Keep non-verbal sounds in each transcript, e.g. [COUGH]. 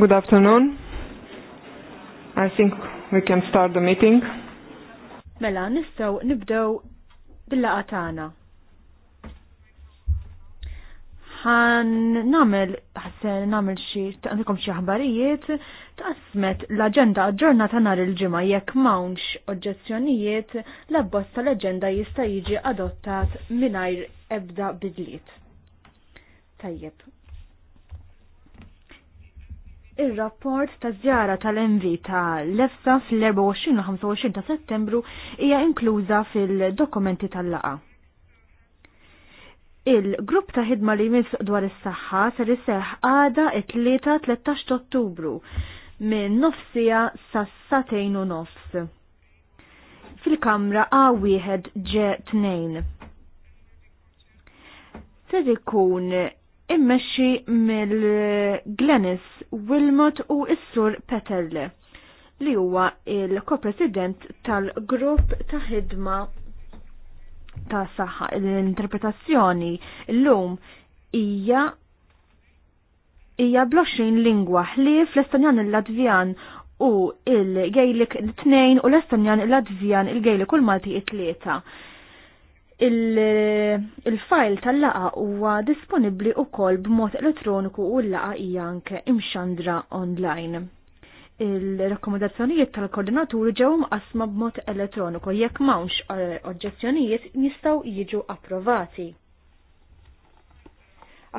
Good afternoon. I think we can start the meeting. Mela, nistaw nibdew bil-laqa tagħna. Ħan nagħmel ħassen nagħmel xi taqnikom xi aħbarijiet taqsmet l-aġenda ġurnata nhar il-ġimgħa jekk m'hawnx oġġezzjonijiet l-abbozz tal-aġenda jista' jiġi adottat mingħajr ebda bidliet. Tajjeb, Il-rapport ta' zjara tal-envi ta' lefsa fl-24 u 25 ta' settembru hija inkluża fil-dokumenti tal-laqa. Il-grupp ta' ħidma li jmiss dwar is-saħħa ser iseħħ għada it-tlieta 13 Ottubru minn nofsija sa' satejn u nofs. Fil-kamra A1 ġe 2 Ser ikun immexxi mill-Glenis Wilmot u s-sur Peterle li huwa il-ko-president tal-grupp ta' ħidma ta' saħħa. L-interpretazzjoni l-lum hija hija bloxin lingwa ħlief l-Estonjan il-Latvjan u il-Gejlik tnejn u l-Estonjan il-Latvjan il-Gejlik u l-Malti it-tlieta. il gejlik u l malti it tlieta Il-file il tal-laqa huwa disponibbli wkoll b'mod elettroniku u l-laqa hija anke imxandra online. Il-rakkomandazzjonijiet tal-koordinaturi ġew mqasma b'mod elettroniku jekk m'hawnx eh, oġġezzjonijiet jistgħu jiġu approvati.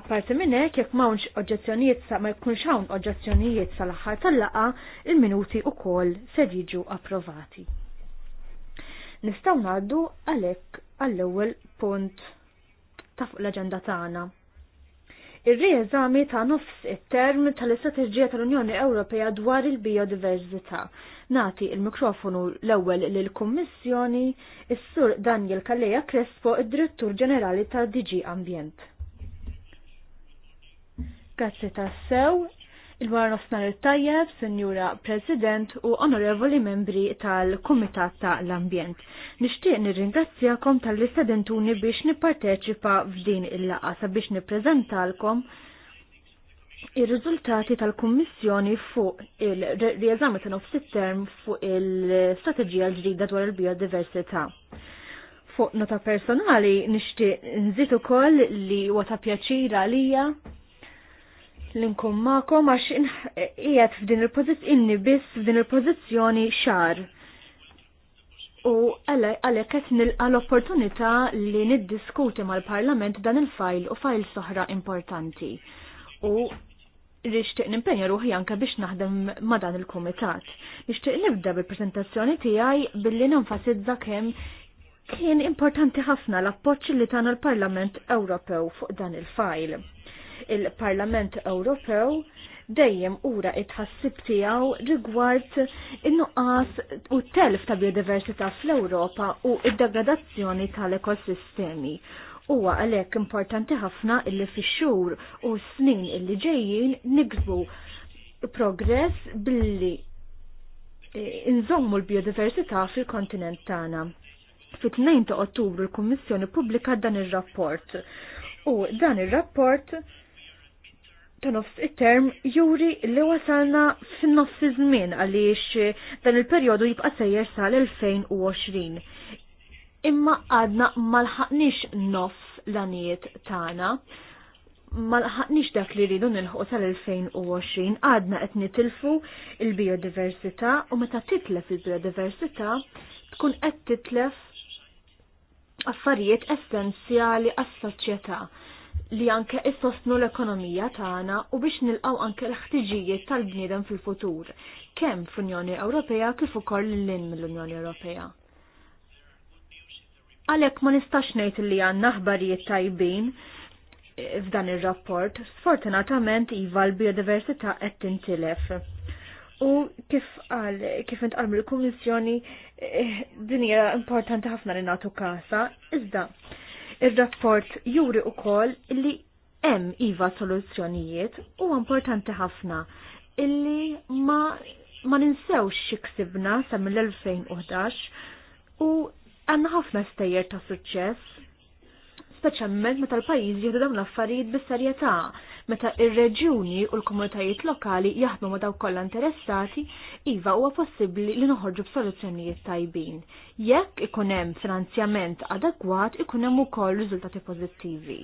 Apparti minn hekk jekk m'hawnx oġġezzjonijiet sa ma jkunx hawn oġġezzjonijiet sal-aħħar tal-laqa, il-minuti wkoll se jiġu approvati. Nistgħu ngħaddu għalhekk għall-ewwel punt ta' fuq l-aġenda tagħna. Ir-rieżami ta' nofs it-term tal-istrateġija tal-Unjoni Ewropea dwar il-biodiversità. Nati il-mikrofonu l-ewwel lill-Kummissjoni is-Sur Daniel Kalleja Crespo, id-Direttur Ġenerali ta' DG Ambjent. Grazzi tassew, Il-war nofsnar il-tajjeb, Senjura President u onorevoli membri tal-Komitat ta' l-Ambjent. Nishtiq nirringrazzjakom tal sedentuni biex nipparteċipa f'din il-laqa sabiex nippreżentalkom Ir-riżultati tal-Kummissjoni fuq il-rieżami ta' nofs term fuq il-strateġija l-ġdida dwar il-biodiversità. Fuq nota personali nixtieq nżitu ukoll li huwa ta' pjaċira għalija l-inkom ma'kom għax ijat f'din il-pozizjoni, inni bis f'din il-pozizjoni xar. U għalek qed nilqa l-opportunità li niddiskuti mal-Parlament dan il-fajl u fajl soħra importanti. U rixtieq nimpenja ruħi anke biex naħdem ma' dan il-kumitat. Nixtieq nibda bil-preżentazzjoni tiegħi billi nenfasizza kemm kien importanti ħafna l-appoġġ li tana l-Parlament Ewropew fuq dan il-fajl il-Parlament Ewropew dejjem ura it-ħassib tiegħu rigward in-nuqqas u telf ta' biodiversità fl-Ewropa u id-degradazzjoni tal-ekosistemi. Huwa għalhekk importanti ħafna illi fix-xhur u snin illi ġejjin nikbu progress billi e, inżommu l-biodiversità fil-kontinent tagħna. Fit-2 ta' Ottubru l-Kummissjoni pubblika dan ir-rapport u dan ir-rapport ta' nofs it-term juri li wasalna fin-nofs iż-żmien għaliex eh, dan il-perjodu jibqa' sejjer sal-2020. Imma għadna ma nofs l għaniet tagħna. Ma dak li rridu nilħu sal-2020 għadna qed nitilfu il-biodiversità u meta titlef il-biodiversità tkun qed titlef affarijiet essenzjali għas-soċjetà li anke issostnu l-ekonomija tagħna u biex nilqaw anke l-ħtiġijiet tal-bniedem fil-futur, kemm fl-Unjoni Ewropea kif ukoll lil mill-Unjoni Ewropea. Għalhekk ma nistax ngħid li għandna ħbarijiet tajbin eh, f'dan ir-rapport, sfortunatament iva l-biodiversità qed tintilef. U kif għal, kif intqal mill-Kummissjoni, eh, din hija importanti ħafna li nagħtu kasa, iżda Ir-rapport juri kol li hemm iva soluzzjonijiet u importanti ħafna illi ma ma ninsewx ksibna sa mill-2011 u għanna ħafna stejjer ta' suċċess, speċjalment meta l-pajjiż jieħdu dawn l-affarijiet bis-serjetà meta ir-reġjuni u l-komunitajiet lokali jaħdmu ma' daw kollha interessati, iva huwa possibbli li noħorġu b'soluzzjonijiet tajbin. Jekk ikun hemm finanzjament adekwat, ikun hemm ukoll riżultati pożittivi.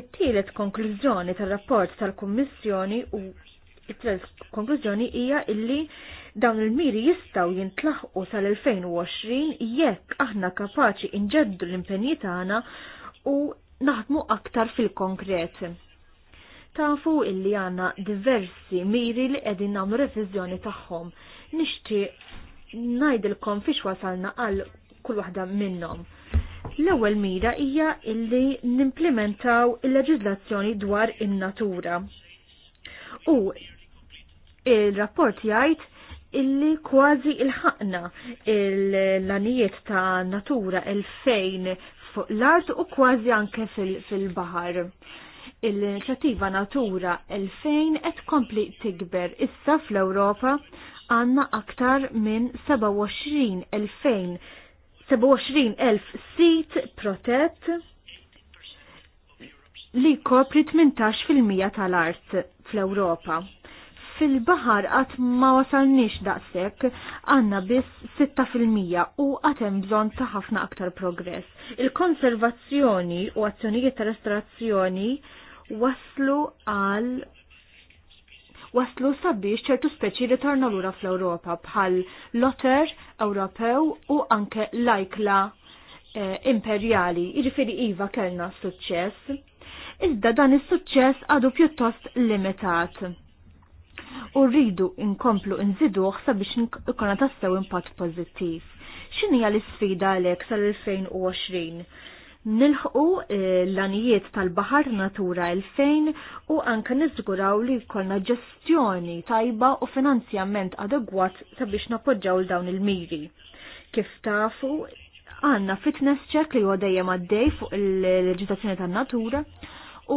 It-tielet konklużjoni tar-rapport tal-Kummissjoni u it-tielet konklużjoni hija illi dawn il-miri jistaw jintlaħqu sal-2020 jekk aħna kapaċi inġeddu l impenjitana tagħna u naħdmu aktar fil-konkret tafu illi għanna diversi miri li qegħdin nagħmlu revizjoni tagħhom. Nishti ngħidilkom fiex wasalna għal kull waħda minnhom. L-ewwel mira hija illi nimplementaw il-leġiżlazzjoni dwar in-natura. U il-rapport jgħid illi kważi il-ħakna il-lanijiet ta' natura fejn fuq l-art u kważi anke fil-bahar. Fil l-inċjattiva Natura 2000 qed kompli tikber issa fl-Ewropa għandna aktar minn 27,000 27,000 sit protett li kopri 18% tal-art fl-Ewropa fil-bahar għat ma wasalniex daqsek, għanna bis 6% u għatem bżon ta' ħafna aktar progress. Il-konservazzjoni u azzjonijiet ta' restorazzjoni waslu għal waslu sabiex ċertu speċi ritorna lura fl-Europa bħal l-Otter Ewropew u anke lajkla eh, imperjali, jiġifieri iva kellna suċċess. Iżda dan is-suċċess għadu pjuttost limitat u rridu inkomplu nżiduh sabiex ikonna tassew impatt pożittiv. X'inhi hija l-isfida għalhekk sal-2020? Nilħqu eh, l-anijiet tal-Bahar Natura 2000 u anka niżguraw li jkollna ġestjoni tajba u finanzjament adegwat sabiex napoġġaw l-dawn il-miri. Kif tafu, għanna fitness check li huwa dejjem fuq il-leġitazzjoni tan-natura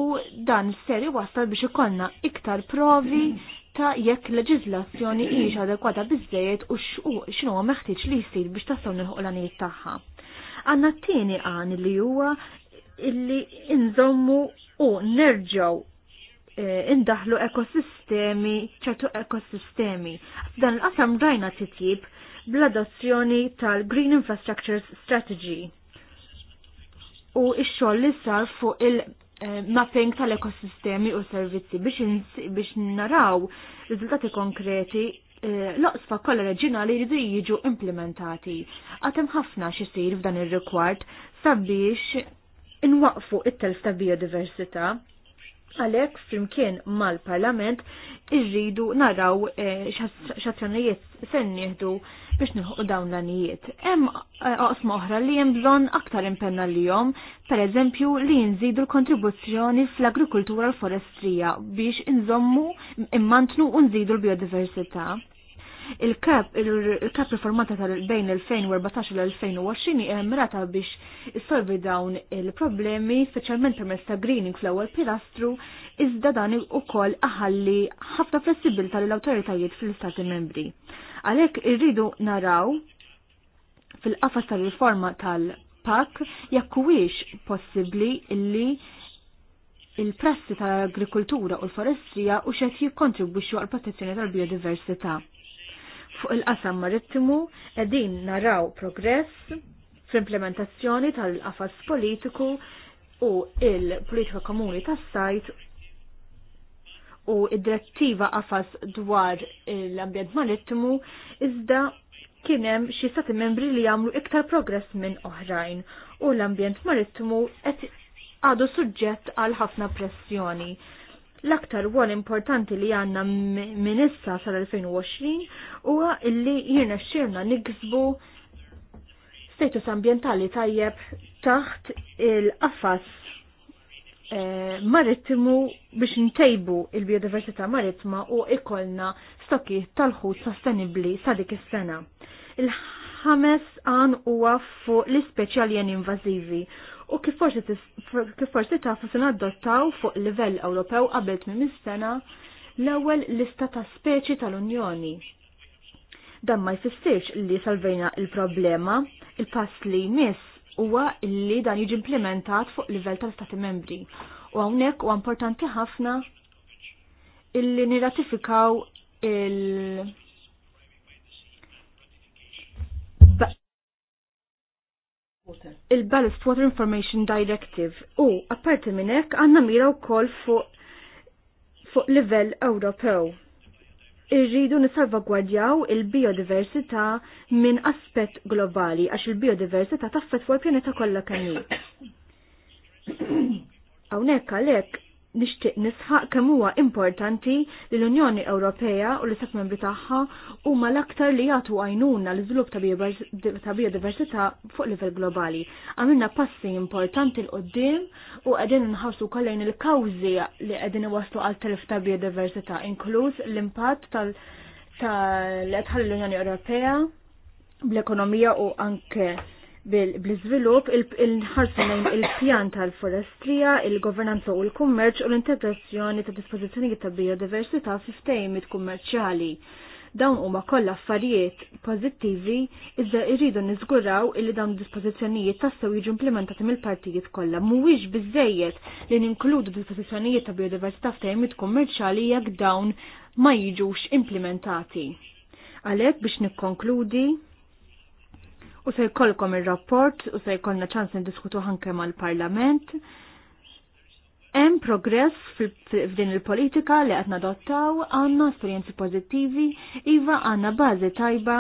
u dan s-seri wasal biex ikollna iktar provi ta' jekk leġizlazzjoni hija adekwata biżejjed u x'inhu meħtieġ li jsir biex tassew nilħuq l-għanijiet tagħha. Għandna t-tieni għan li huwa illi inżommu u nerġgħu e, indaħlu ekosistemi, ċertu ekosistemi. Dan l-qasam rajna titjib bl-adozzjoni tal-Green Infrastructures Strategy u x-xogħol li sar fuq il- mapping eh, tal-ekosistemi u servizzi biex, biex naraw riżultati konkreti eh, l-oqsfa kollha reġjonali jridu jiġu implementati. Għatem ħafna xisir f'dan ir-rikward sabiex inwaqfu it-telf ta' biodiversità għalek flimkien mal-parlament irridu naraw eh, xazzjonijiet sen nieħdu biex nilħu dawn l-anijiet. Hemm eh, oqsma oħra li hemm bżonn aktar impenna per pereżempju li nżidu l-kontribuzzjoni fl-agrikultura l-forestrija biex inżommu immantnu u nżidu l-biodiversità. Il-kap il-kap riformata tal-bejn l-2014 u l-2020 hemm mirata biex solvi dawn il-problemi, speċjalment permezz ta' greening fl-ewwel pilastru, iżda dan ukoll aħalli ħafna flessibil tal awtoritajiet fl-Istati membri. Għalhekk irridu naraw fil-qafas tal-riforma tal-PAK jekk huwiex possibbli illi il-prassi tal agrikoltura u l-forestrija u xed jikkontribwixxu għal protezzjoni tal-biodiversità. Fuq il-qasam marittimu edin naraw progress fl-implementazzjoni tal-qafas politiku u il-politika komuni tas-sajt u id-direttiva qafas dwar l-ambjent marittimu iżda kienem xi stati membri li jagħmlu iktar progress minn oħrajn u l-ambjent marittimu għadu suġġett għal ħafna pressjoni l-aktar wol importanti li għanna minn issa sal-2020 huwa illi jirna xirna niksbu status ambientali tajjeb taħt il-qafas eh, marittimu biex ntejbu il-biodiversità marittima u ikolna stokki tal-ħut sostenibli sa dik is-sena. Il-ħames għan huwa fuq l-ispeċjali invażivi u kif forsi tafu se nadottaw fuq livell Ewropew qabel minn sena l-ewwel lista ta' speċi tal-Unjoni. Dan ma jfissirx li salvejna il-problema, il-pass li jmiss huwa li dan jiġi implementat fuq livell tal-Stati membri. U hawnhekk huwa importanti ħafna illi niratifikaw il- il-Ballast Water Information Directive u apparti minn hekk għandna mira wkoll fuq fuq livell Ewropew. Irridu nisalvagwardjaw il-biodiversità minn aspett globali għax il-biodiversità taffet fuq il-pjaneta kollha kemm [CLEARS THROAT] Hawnhekk għalhekk nixtieq nisħaq kemm huwa importanti li l-Unjoni Ewropea u l-istat membri tagħha huma l-aktar li jagħtu għajnuna l iżvilupp ta' biodiversità fuq livell globali. Għamilna passi importanti l qoddim u qegħdin nħarsu kollejn il-kawżi li qegħdin iwaslu għal telf ta' biodiversità, inkluż l-impatt tal qed l-Unjoni Ewropea bl-ekonomija u anke bil-izvilup il-ħarsu lejn il-pjan tal-forestrija, il-governanza u l-kummerċ u l-integrazzjoni ta' dispożizzjonijiet ta' biodiversità fi ftehimiet kummerċjali. Dawn huma kollha affarijiet pożittivi iżda jridu niżguraw illi dawn dispożizzjonijiet tassew jiġu implementati mill-partijiet kollha. Mhuwiex biżejjed li ninkludu dispożizzjonijiet ta' biodiversità f'Tejmit kummerċjali jekk dawn ma jiġux implementati. Għalhekk biex nikkonkludi, U se jkollkom ir-rapport u se jkollna ċans ndiskutu ħanke mal-Parlament. Hemm progress f'din il-politika li qed nadottaw għandna esperjenzi pożittivi, iva għandna bażi tajba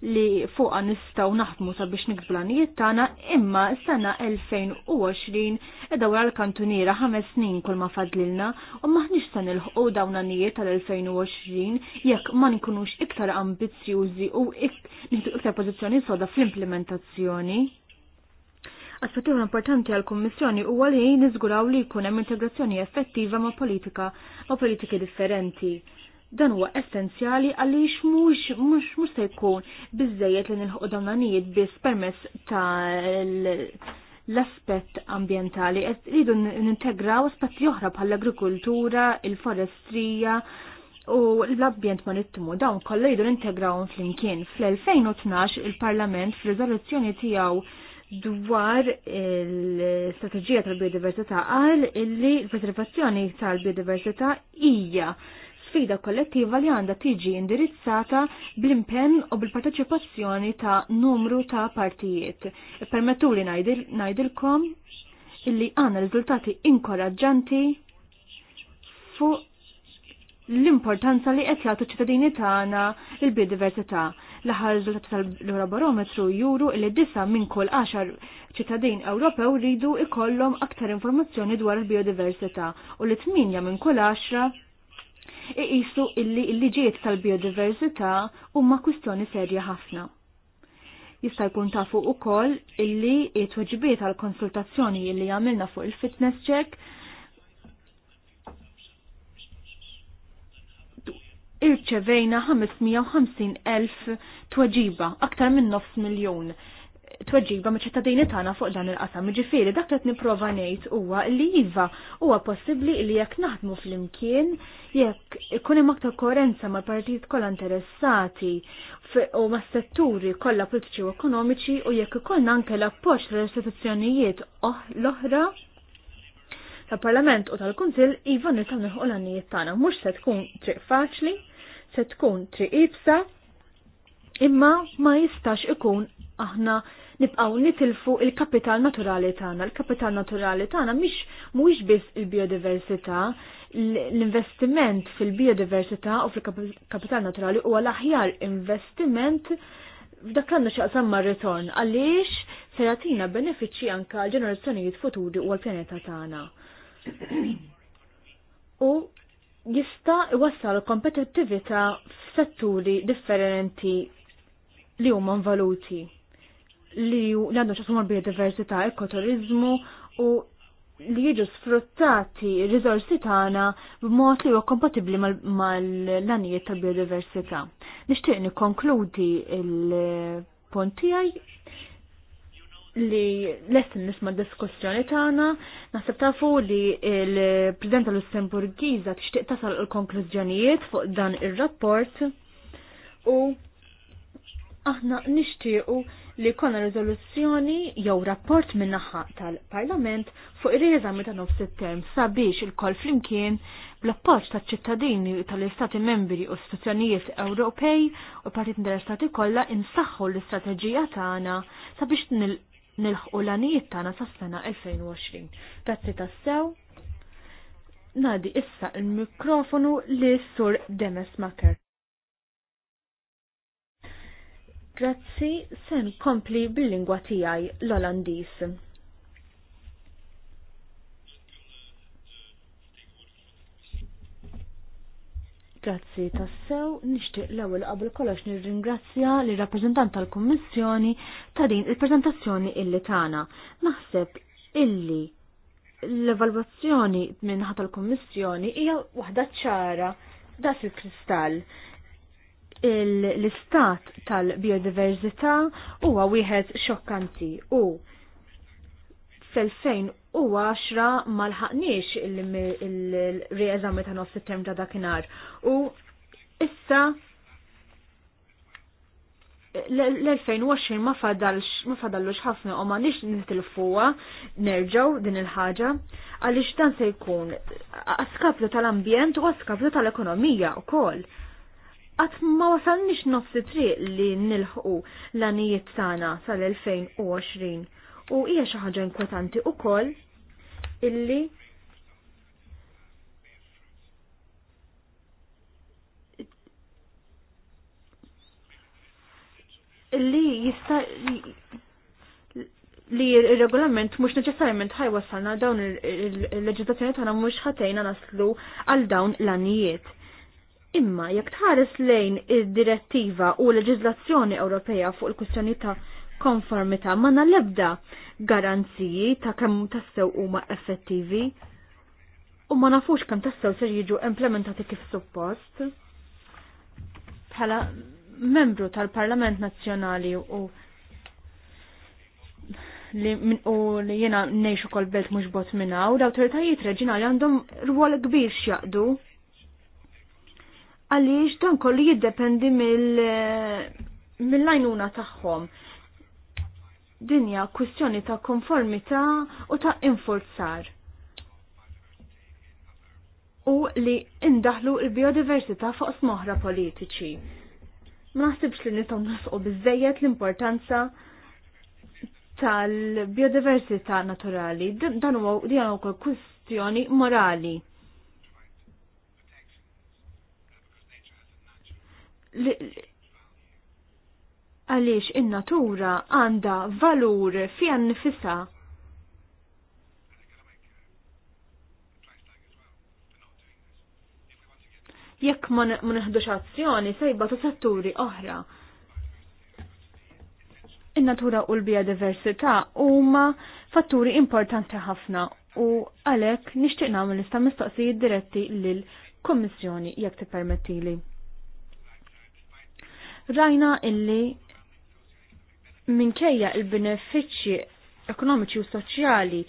li fuqa nistaw naħdmu sabiex nikblanijiet l tagħna imma s-sena 2020 edawra l-kantuniera ħames snin kull ma fadlilna u maħniex se nilħqu dawn n-nijiet tal-2020 jekk ma nkunux iktar ambizzjużi u iktar pożizzjoni soda fl-implementazzjoni. Aspetti importanti għal kummissjoni huwa li niżguraw li jkun hemm integrazzjoni effettiva ma' politika ma' politiki differenti Dan huwa essenzjali għaliex mhux mhux mhux se jkun biżejjed li nilħuq domnanijiet biss permess ta' l-aspett ambientali qed iridu nintegraw aspetti oħra bħall-agrikultura, il-forestrija u l-ambjent marittimu dawn kollha jridu nintegrawhom flimkien. Fl-2012 il-Parlament f'riżoluzzjoni tiegħu dwar l strategija tal-biodiversità għal illi l-preservazzjoni tal-biodiversità hija sfida kollettiva li għandha tiġi indirizzata bl-impenn u bil-parteċipazzjoni ta' numru ta' partijiet. Permettuli ngħidilkom illi għandna riżultati inkoraġġanti fuq l-importanza li qed jagħtu ċittadini tagħna il-biodiversità. L-aħħar tal tal barometru juru li disa minn kull 10 ċittadin Ewropew ridu ikollhom aktar informazzjoni dwar il-biodiversità u li tminja minn kull iqisu illi l-liġijiet tal-biodiversità huma kwistjoni serja ħafna. Jista' jkun tafu ukoll illi it-tweġibiet għall konsultazzjoni illi għamilna fuq il-fitness check irċevejna 550.000 tweġiba, aktar minn nofs miljon tweġiba ma' ċittadini tagħna fuq dan il-qasam. Ġifieri dak qed nipprova ngħid huwa li iva huwa possibbli li jekk naħdmu flimkien jekk ikun hemm aktar koerenza mal-partijiet kollha interessati u ma' setturi kollha politiċi u ekonomiċi u jekk ikollna anke l-appoġġ tal-istituzzjonijiet l-oħra tal-Parlament u tal kunsill iva nistgħu nħuq l-għannijiet tagħna. Mhux se tkun triq faċli, se tkun triq ibsa, imma ma jistax ikun aħna nibqaw nitilfu il-kapital naturali tagħna. Il-kapital naturali tagħna mhix mhuwiex biss il-biodiversità, l-investiment fil-biodiversità u fil-kapital naturali huwa l-aħjar investiment f'dak l-għandu xaqsam ma' return għaliex se jagħtina benefiċċji anke ġenerazzjonijiet futuri u għal-pjaneta tagħna. u jista' iwassal kompetittività f'setturi differenti li huma valuti li għandu ċasumar biodiversità, ekoturizmu u li jiġu sfruttati rizorsi tagħna b'mod li huwa kompatibbli mal-lanijiet tal-biodiversità. Nixtieq nikkonkludi il-punt tiegħi li lessin nisma' diskussjoni tagħna, naħseb tafu li l-Presidenta Lussemburgiża tixtieq tasal il-konklużjonijiet fuq dan ir-rapport u aħna nixtiequ li konna rezoluzzjoni jew rapport minnaħħa tal-Parlament fuq ir-reżami ta' nofs term sabiex il-kol flimkien bl-appoġġ ta' ċittadini tal-Istati membri u istituzzjonijiet Ewropej u partit tal-Istati kollha insaħħu l-istrateġija tagħna sabiex nilħqu l-għanijiet tagħna sas-sena 2020. Grazzi tassew. Nadi issa il-mikrofonu li sur Demes Maker. Grazzi, sen kompli bil-lingwa tijaj l-Olandis. Grazzi tassew, nishtiq l-ewwel qabel kollox nirringrazzja li rappreżentant tal-Kummissjoni ta' din il-preżentazzjoni illi tagħna. Naħseb illi l-evalwazzjoni minn ħadd tal-Kummissjoni hija waħda ċara das il-kristall l-istat tal-biodiversità huwa wieħed xokkanti u fl-2010 ma lħaqniex il-rieżami ta' nofs it-term ta' dakinhar u issa l-2020 ma fadallux ħafna u ma nix nitilfuwa nerġaw din il-ħaġa għalix dan se jkun għaskaplu tal-ambjent u għaskaplu tal-ekonomija u koll Għat ma wasalniex nofsi triq li nilħu l-anijiet tagħna sal-2020 u hija xi ħaġa inkwetanti wkoll illi li jista li il-regolament mux neċessarjament ħajwassalna dawn il-leġizazzjoni tagħna mhux ħatejna naslu għal dawn l-anijiet. Imma jekk tħares lejn id-direttiva u leġizlazzjoni Ewropea fuq il-kwistjoni ta' konformità ma nalebda garanziji ta' kemm tassew huma effettivi u ma nafux kemm tassew se jiġu implementati kif suppost. Bħala membru tal-Parlament Nazzjonali u li min u li jena nejxu kol belt mux minna u l-autoritajiet reġinali għandhom rwol kbir xjaqdu għaliex dan kollu jiddependi mill-lajnuna mil taħħom. Dinja kwistjoni ta' konformità u ta' infurzar. U li indaħlu il-biodiversità fuq smohra politiċi. Ma naħsibx li nitom nasqu bizzejet l-importanza tal-biodiversità naturali. Dan huwa kwistjoni morali għaliex in-natura għandha valur fija nifisa. Jekk ma neħdux azzjoni sejba ta' setturi oħra. In-natura u l-biodiversità huma fatturi importanti ħafna u għalhekk nixtieq nagħmel nista' mistoqsijiet diretti lill-Kummissjoni jekk tippermettili rajna illi minkejja il-benefiċċji ekonomiċi u soċjali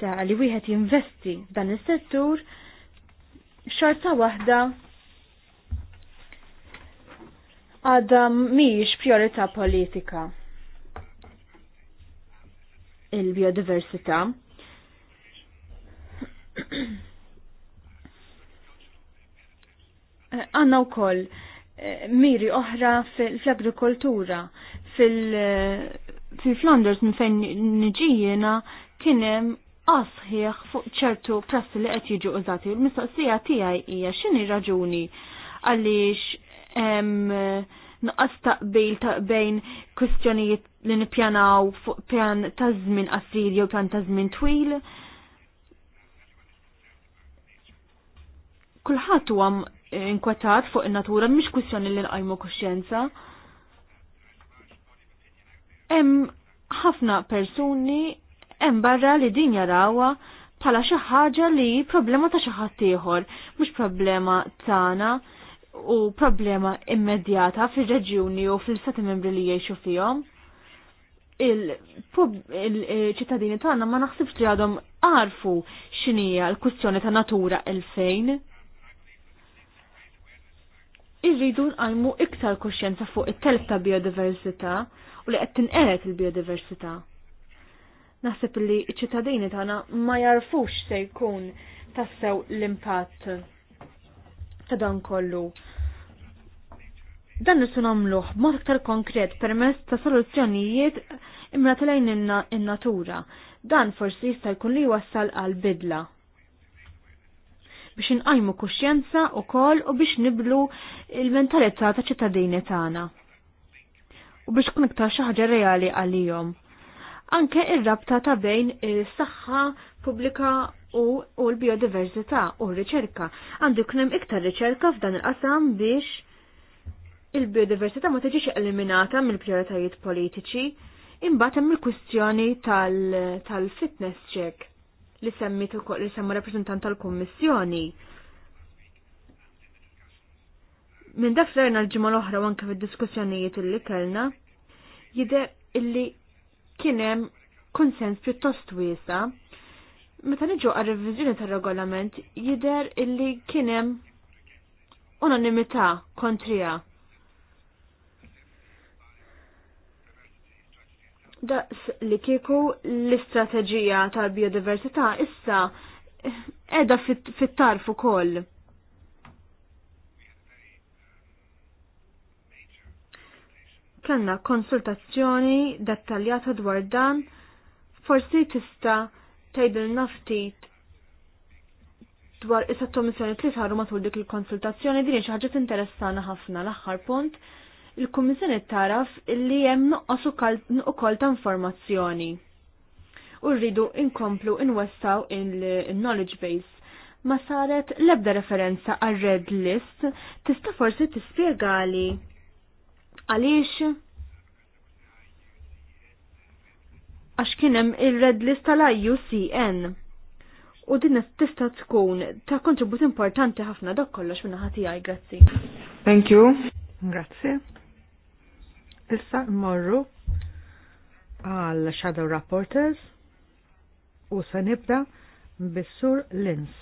ta' li wieħed jinvesti dan is-settur xorta waħda għadha mhijiex priorità politika il-biodiversità. [CLEARS THROAT] Eh, għanna u koll miri oħra fil agrikoltura Fil-Flanders minn fejn niġijina kienem asħiħ fuq ċertu prassi li qed jiġu użati. Il-mistoqsija tiegħi hija x'inhi raġuni għaliex hemm nuqqas taqbil ta' bejn kwistjonijiet li nippjanaw fuq pjan ta' żmien qasir jew pjan ta' żmien twil. Kulħadd huwa inkwetat fuq in-natura mhix kwistjoni li nqajmu kuxjenza. Hemm ħafna persuni hemm barra li din jarawha bħala xi ħaġa li problema ta' xi ħadd ieħor, mhux problema tagħna u problema immedjata fir-reġjuni u fil-stati membri li jgħixu fihom il-ċittadini tagħna ma naħsibx li għadhom għarfu x'inhija l-kwistjoni ta' natura il fejn irridu nqajmu iktar kuxjenza fuq it-telf ta' biodiversità u li qed tinqeret il-biodiversità. Naħseb li ċ-ċittadini tagħna ma jarfux se jkun tassew l-impatt ta' dan kollu. Dan nistgħu nagħmluh b'mod iktar konkret permezz ta' soluzzjonijiet imra in-natura. Dan forsi jista' jkun li wassal għal bidla biex inqajmu kuxjenza u kol u biex niblu il-mentalità ta' ċittadini tagħna. U biex tkun iktar xi ħaġa reali għalihom. Anke ir-rabta ta' bejn is-saħħa pubblika u, u l-biodiversità u r-riċerka. Għandu hemm iktar riċerka f'dan il-qasam biex il-biodiversità ma tiġix eliminata mill prijoritajiet politiċi, imbagħad hemm il-kwistjoni tal-fitness check li semmi ukoll li semmu rappreżentant tal-Kummissjoni. Minn dak rajna l-ġimgħa l-oħra anke fid-diskussjonijiet illi kellna, jidher illi kien hemm konsens pjuttost wiesa. Meta niġu għal revizjoni tar-regolament jidher illi kien hemm unanimità kontrija daqs li kieku l-istrateġija tal-biodiversità issa edha fit-tarf ukoll. Kellna konsultazzjoni dettaljata dwar dan, forsi tista' tgħidilna ftit dwar is-sottomissjoni li saru matul dik il-konsultazzjoni din xi ħaġa ħafna l-aħħar punt il-Kummissjoni taraf li hemm noqqas ukoll ta' informazzjoni. U rridu inkomplu inwessaw il-knowledge base. Ma saret l-ebda referenza għal red list, tista' forsi tispjegali għaliex għax kienem il-red list tal-IUCN. U din tista tkun ta' kontribut importanti ħafna dak kollox minna ħati għaj, grazzi. Thank you. Grazzi. Issa morru għal Shadow Rapporters u se nibda bis-sur Lins.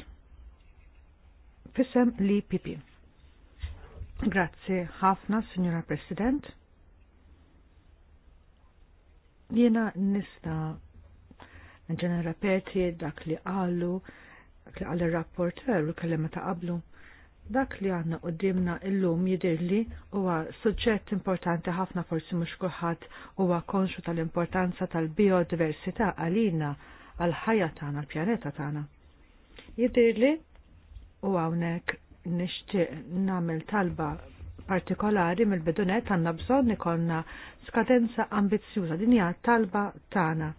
Fisem li pipi. Grazzi ħafna, Signora President. Jena nista ġenera peti dak li għallu, dak li għallu rapporter u kellem ta' qablu Dak li għanna u dimna illum jidirli huwa suġġett importanti ħafna forsi mhux kulħadd huwa konxu tal-importanza tal-biodiversità għalina għal-ħajja tagħna, għal pjaneta tagħna. Jidirli u hawnhekk nixtieq nagħmel talba partikolari mill-bidunet għandna bżonn ikollna skadenza ambizzjuża din hija talba tagħna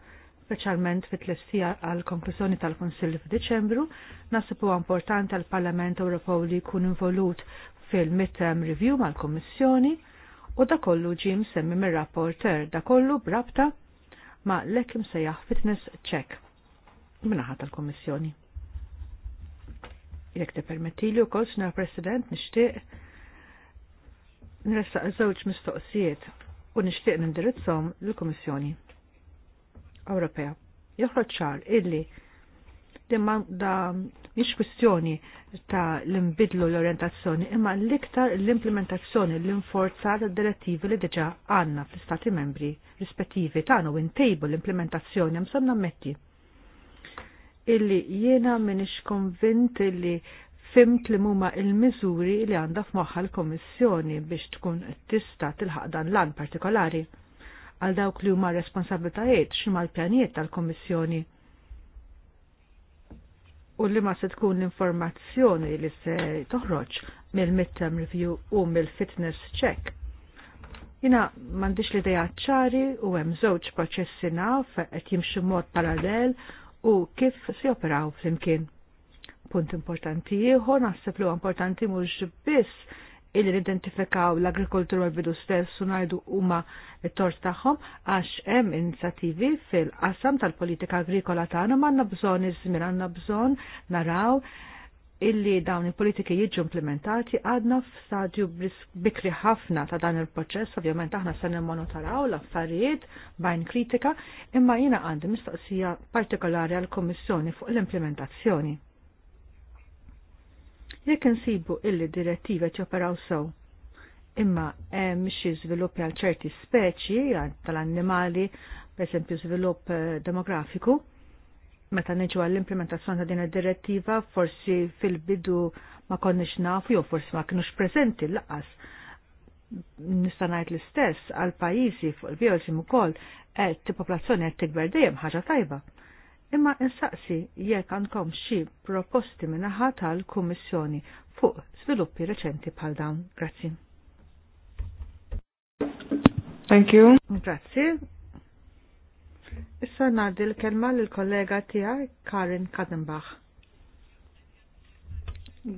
speċjalment fit-tlessija għal konklusjoni tal-Konsill f'Diċembru, nasib huwa importanti għal Parlament Ewropew li jkun involut fil-midterm review mal-Kommissjoni u da kollu ġim semmi mir-rapporter da kollu brabta ma lekkim sejjaħ fitness check b'naħa tal-Kommissjoni. Jek te permettilju kol, s Sr. President, nishtiq nressaq żewġ mistoqsijiet u nishtiq nindirizzom l-Kommissjoni. Ewropea. Joħroġ ċar illi imma da mhix kwistjoni ta' l imbidlu l-orientazzjoni, imma l-iktar l-implementazzjoni l-inforzar direttivi li diġa għanna fl-Stati membri rispettivi tagħna u intejbu l-implementazzjoni msonna nammetti. Illi jiena minix konvint illi fimt li muma il-miżuri li għandha f'moħħa l komissjoni biex tkun tista' tilħaq dan l partikolari għal dawk li huma responsabiltajiet xi mal pjanijiet tal-Kommissjoni. U li ma se tkun l-informazzjoni li se toħroġ mill-midterm review u mill-fitness check. Jina mandiċ li dejja ċari u hemm żewġ proċessi naf qed jimxu mod parallel u kif se operaw flimkien. Punt importanti ieħor naħseb li importanti mhux biss illi identifikaw l-agrikoltura l-bidu stess u umma huma t-tort tagħhom għax hemm inizjattivi fil-qasam tal-politika agrikola tagħna m'għandna bżonn iż-żmien għandna bżonn naraw illi dawn il-politiki jiġu implementati għadna f'stadju bikri ħafna ta' dan il-proċess, ovvjament aħna se nimmonitaraw l-affarijiet bajn kritika, imma jiena għandi mistoqsija partikolari għall-Kommissjoni fuq l-implementazzjoni Jekk insibu illi direttiva ċoperaw sew, imma hemm xi żviluppi għal ċerti speċi tal-annimali, pereżempju żvilupp eh, demografiku, meta niġu għall-implementazzjoni ta' din id-direttiva forsi fil-bidu ma konniex nafu jew forsi ma kinux preżenti laqas. Nista' ngħid l-istess għal pajjiżi fuq il-biosim ukoll qed eh, popolazzjoni qed tikber dejjem ħaġa tajba. Imma insaqsi jekk għandkom xi proposti minaħa tal-Kummissjoni fuq sviluppi reċenti bħal dawn. Grazzi. Thank you. Grazzi. Issa ngħaddi l-kelma lill-kollega tiegħi Karin Kadenbach.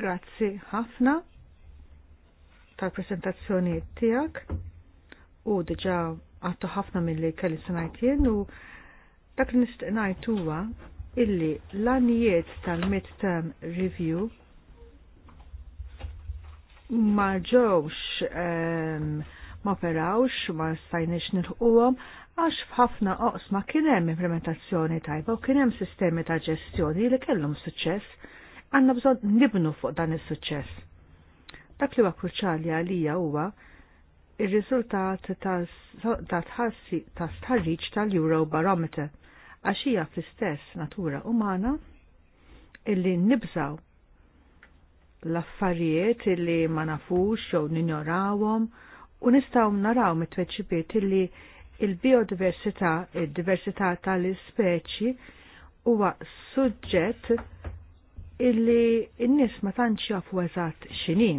Grazzi ħafna tal-presentazzjoni tiegħek u diġà għattu ħafna mill-li kelli sanajtien u Dak li nixtieq huwa illi l-anijiet tal-midterm review ma ġewx ehm, ma operawx, ma stajniex nilħuqom, għax f'ħafna oqsma kien hemm implementazzjoni tajba u kien hemm sistemi ta' ġestjoni li kellhom suċċess, għandna bżonn nibnu fuq dan is-suċċess. Dak li huwa kruċjali għalija huwa ir-riżultat ta' tħassi ta' tħarriġ tal-Eurobarometer għax hija fl-istess natura umana illi nibżaw l-affarijiet illi ma nafux jew ninjorawhom u nistgħu naraw mit-tweċibiet illi il-biodiversità, id-diversità il biodiversità id diversità tal ispeċi huwa suġġett illi n-nies ma tantx jafu eżatt x'inhi.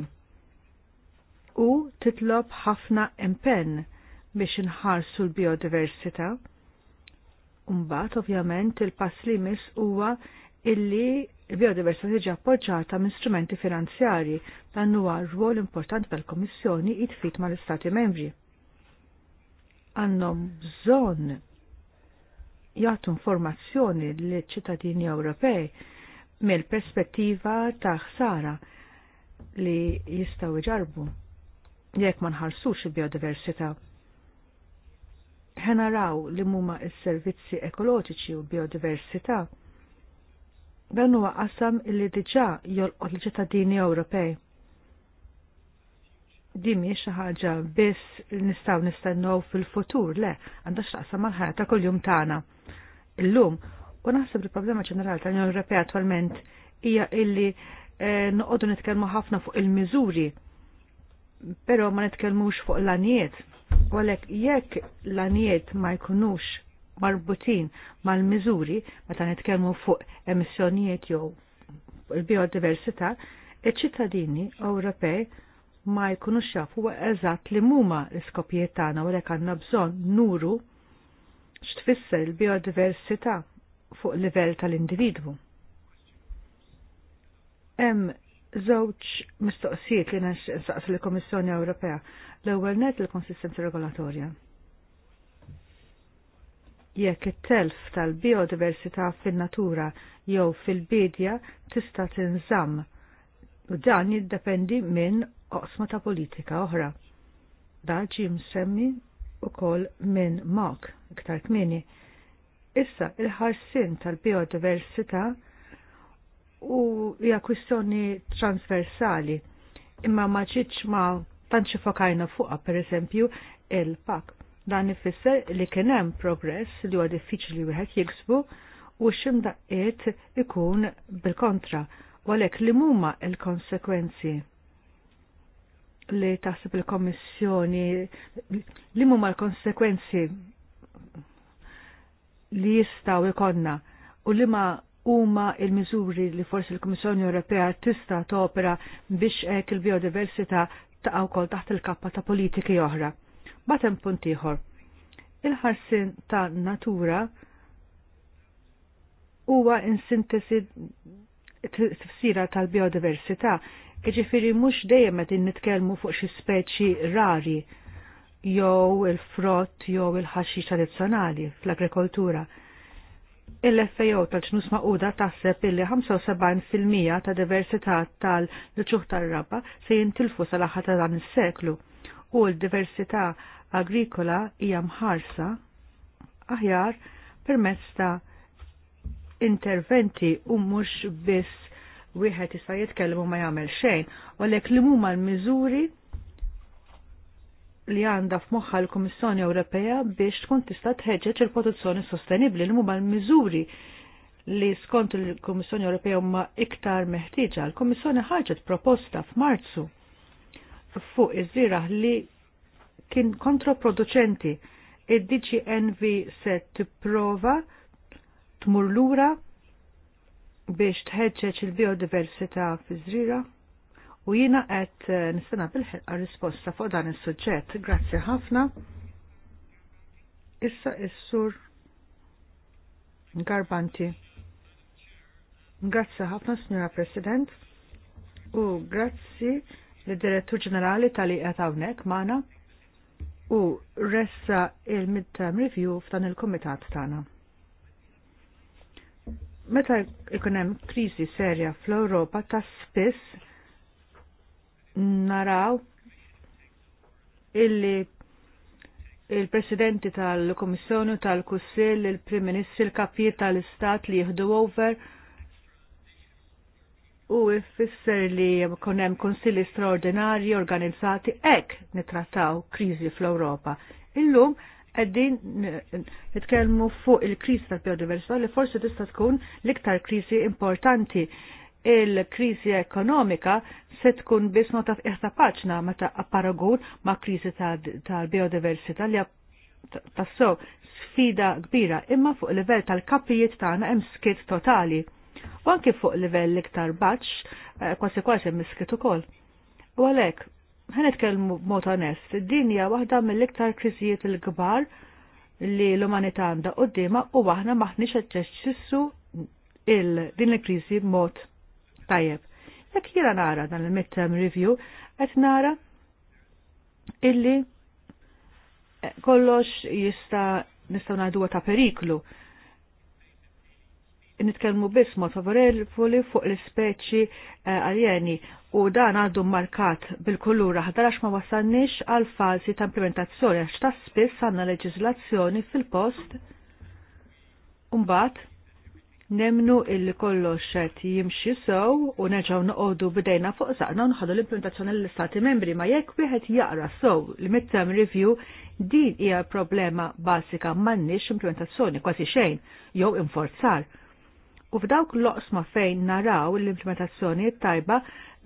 U titlob ħafna impenn biex inħarsu l-biodiversità Umbat, ovvjament, il-pass li mis huwa illi il-biodiversità appoġġata minn strumenti finanzjari dan huwa rwol importanti tal-Kommissjoni jitfit mal-Istati membri. Għandhom bżonn jagħtu informazzjoni lill-ċittadini Ewropej mill-perspettiva ta' ħsara li jistgħu iġarbu jekk ma nħarsux il-biodiversità ħenaraw li mumma s-servizzi ekoloġiċi u biodiversità. Dan huwa qasam illi diġà jolqot l-ċittadini Ewropej. Din mhijiex xi ħaġa biss nistgħu nistennew fil-futur, le, għandha x'taqsam mal-ħajja ta' kuljum tagħna. Illum, u naħseb il-problema ġenerali tal-Unjoni Ewropea attwalment hija illi eh, noqogħdu nitkellmu ħafna fuq il-miżuri pero ma nitkellmux fuq l-anijiet. Għalek jekk l-anijiet ma jkunux marbutin mal-miżuri, meta nitkellmu fuq emissjonijiet jew il-biodiversità, iċ-ċittadini Ewropej ma jkunux jafu eżatt li muma l-iskopijiet tagħna għalek għandna bżonn nuru x'tfisser il-biodiversità fuq livell tal-individwu. Hemm żewġ mistoqsijiet li nsaqsu il komissjoni Ewropea. L-ewwel net il-konsistenza regolatorja. Jekk it-telf tal-biodiversità fin-natura jew fil-bidja tista' tinżamm u dan jiddependi minn oqsma ta' politika oħra. Dan ġie msemmi ukoll minn mok, iktar kmieni. Issa il-ħarsin tal-biodiversità u hija kwistjoni transversali imma ma ċitx ma tantx fokajna fuqha pereżempju il-pak. Dan ifisser li kien hemm progress li huwa diffiċli wieħed jiksbu u x'imdaqqiet ikun bil-kontra u għalhekk li huma l-konsekwenzi li taħseb il-Kommissjoni li huma l-konsekwenzi li jistaw ikonna u li ma huma il-miżuri li forsi l-Kummissjoni Ewropea tista' topera biex hekk il-biodiversità ta' wkoll taħt il-kappa ta' politiki oħra. Batem punt ieħor. Il-ħarsin ta' natura huwa in sintesi tal-biodiversità, jiġifieri mhux dejjem qed nitkellmu fuq xi speċi rari jew il-frott jew il-ħaxix tradizzjonali fl-agrikoltura Il-FAO tal-ċnus maquda taħseb illi 75% ta' diversità tal-ċuħ tal-raba se jintilfu sal-aħħar ta' dan is-seklu u l-diversità agrikola hija mħarsa aħjar permezz ta' interventi u mhux biss wieħed jista' jitkellem u ma jagħmel xejn, u għalhekk li huma l-miżuri li għanda f'moħħa l-Kummissjoni Ewropea biex tkun tista' tħeġġeġ il-produzzjoni sostenibbli li huma l-miżuri li skont il-Kummissjoni Ewropea huma iktar meħtieġa. L-Kummissjoni ħarġet proposta f'Marzu fuq iż żieraħ li kien kontraproduċenti id diġi NV se tipprova tmur lura biex tħeġġeġ il-biodiversità fi żrira u jina qed eh, nistana bil-ħelqa risposta fuq dan is-suġġett. Grazzi ħafna. Issa is-sur Garbanti. Grazzi ħafna, Signora President, u grazzi l-Direttur Ġenerali tal qed hawnhekk magħna u ressa il-midterm review f'dan il-Kumitat tagħna. Meta ikun hemm kriżi serja fl-Ewropa ta' spiss naraw illi il-presidenti tal-Komissjoni tal-Kussil, il-Prim Ministri, il kapir tal-Istat li jihdu over u ifisser li konem konsilli straordinarji organizzati ek nitrataw krizi fl-Europa. Illum għeddin nitkellmu fuq il-krizi tal-biodiversità li forsi tista' tkun l-iktar krizi importanti il-krizi ekonomika se tkun biss nota f'iħta paċna meta paragun ma' krizi tal-biodiversità li tassew sfida kbira imma fuq livell tal-kapijiet tagħna hemm skit totali. U anke fuq livell iktar baċċ eh, kważi kważi hemm skit ukoll. U għalhekk, ħa nitkellmu b'mod onest, din hija waħda mill-iktar kriżijiet il-kbar li l-umanità għandha qudiema u aħna maħniex qed il din il-kriżi b'mod tajjeb. Jekk jiena nara dan il-midterm review, qed nara illi eh, kollox jista' nistgħu ngħidu ta' periklu. Nitkellmu biss mod favorevoli fuq l-ispeċi eh, aljeni u dan għaddu markat bil-kulur aħdar għax ma wasalniex għal falsi ta' implementazzjoni għax ta' spiss għandna leġiżlazzjoni fil-post. Umbat, nemnu il kollox qed jimxi sew u nerġgħu noqogħdu bidejna fuq saqna nħadu l-implementazzjoni l-istati membri ma jekk wieħed jaqra sew l-midterm review din hija problema basika m'għandniex implementazzjoni kważi xejn jew inforzar u f'dawk l-oqsma fejn naraw l-implementazzjoni tajba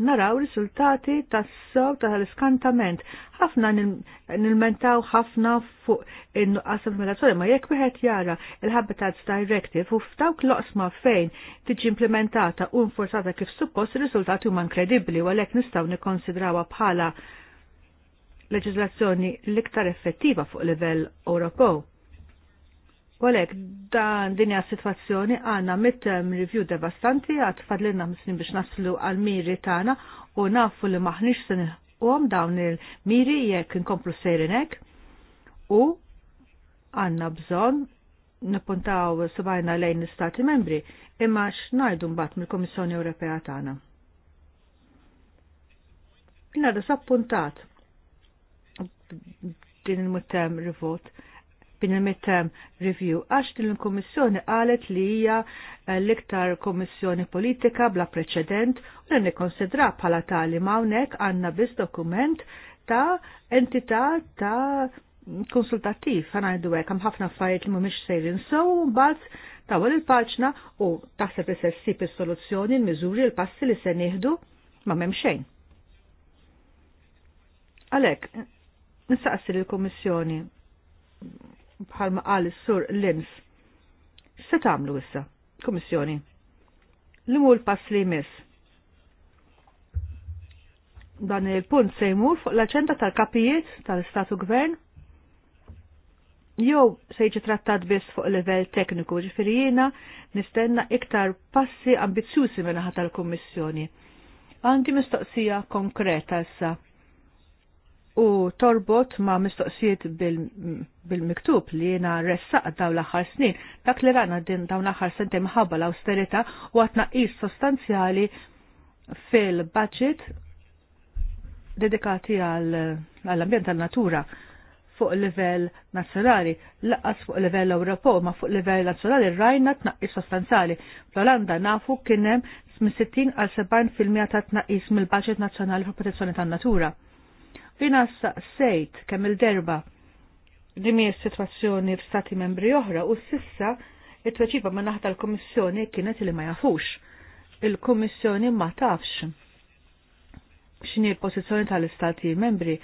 naraw risultati tas-sew tal-iskantament. Ħafna nilmentaw ħafna fuq in-nuqqas implementazzjoni, ma jekk wieħed jara l habitats Directive u f'dawk l-oqsma fejn tiġi implementata u nforzata kif suppost ir-riżultati huma inkredibbli u għalhekk nistgħu nikkonsidrawha bħala leġiżlazzjoni l-iktar effettiva fuq livell Ewropew Walek, dan dinja situazzjoni għanna midterm review devastanti għat fadlinna msnin biex naslu għal-miri tana u nafu li maħnix sen għam dawn il-miri jekk nkomplu sejrinek u għanna bżon nipuntaw subajna lejn l-Stati membri imma x'najdu mbagħad mill-Komissjoni Ewropea tagħna. Nada sappuntat din il mutem rivot din il-midterm review għax din il-Kummissjoni qalet li hija l-iktar Kommissjoni politika bla preċedent u li nikkonsidra bħala tali ma hawnhekk għandna biss dokument ta' entità ta' konsultattiv għanajdu għek għam ħafna fajt li mhumiex sejrin so ta' għal il-paċna u taħseb li se ssib is-soluzzjoni, l-miżuri, l-passi li se nieħdu ma' memxejn. Għalek, nistaqsi l-Komissjoni bħalma qal is-sur Lims. Se tagħmlu issa, Kummissjoni? l mhu l-pass li jmiss? Dan il-punt se jmur fuq l-aċenda tal-kapijiet tal-Istatu Gvern jew se jiġi trattat biss fuq livell tekniku ġifieri jiena nistenna iktar passi ambizjużi minn naħa tal-Kummissjoni. Għandi mistoqsija konkreta issa u torbot ma' mistoqsijiet bil-miktub li jena ressaq daw l-axar snin. Dak li rana din daw l-axar senti mħabba l-austerita u għatna is sostanzjali fil-budget dedikati għall-ambjent għal-natura fuq livell nazzjonali, laqas fuq level Ewropo, ma fuq livell nazzjonali rajna tnaqqis sostanzjali. Fl-Olanda nafu kien hemm 60 għal 70% ta' tnaqqis mill budget nazzjonali fuq protezzjoni tan-natura Jina sejt kemm il-derba li mi situazzjoni f'stati membri oħra u sissa it-tweċiba ma naħta l-Komissjoni kienet li ma jafux. Il-Komissjoni ma tafx xini l-posizjoni tal-Istati membri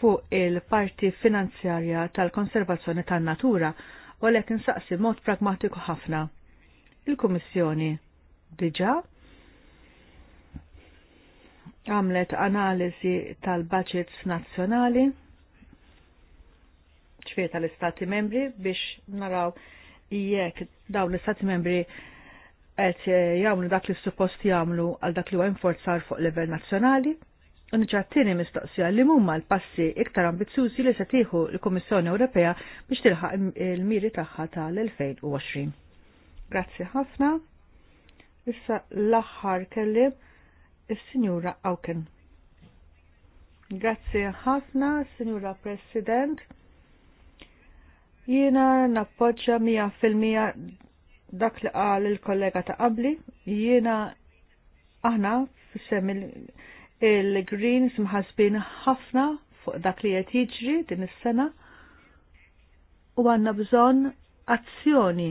fuq il-parti finanzjarja tal-konservazzjoni tan-natura, u għalek insaqsi mod pragmatiku ħafna. Il-Komissjoni diġa għamlet analizi tal-budgets nazzjonali ċfiet tal-istati membri biex naraw jekk dawn l-istati membri qed jagħmlu dak li suppost jagħmlu għal dak li huwa inforzar fuq livell nazzjonali. U mistoqsija li mumma l-passi iktar ambizzużi li se tieħu l-Kummissjoni Ewropea biex tilħaq il-miri tagħha tal-2020. Grazzi ħafna. Issa l-aħħar kellim il-Sinjura Auken. Grazie ħafna, Sinjura President. Jiena nappoġġa fil-mija dak li qal il-kollega ta' qabli. Jiena aħna fissem il-Greens mħasbin ħafna fuq dak li qed jiġri din is-sena u għandna bżonn azzjoni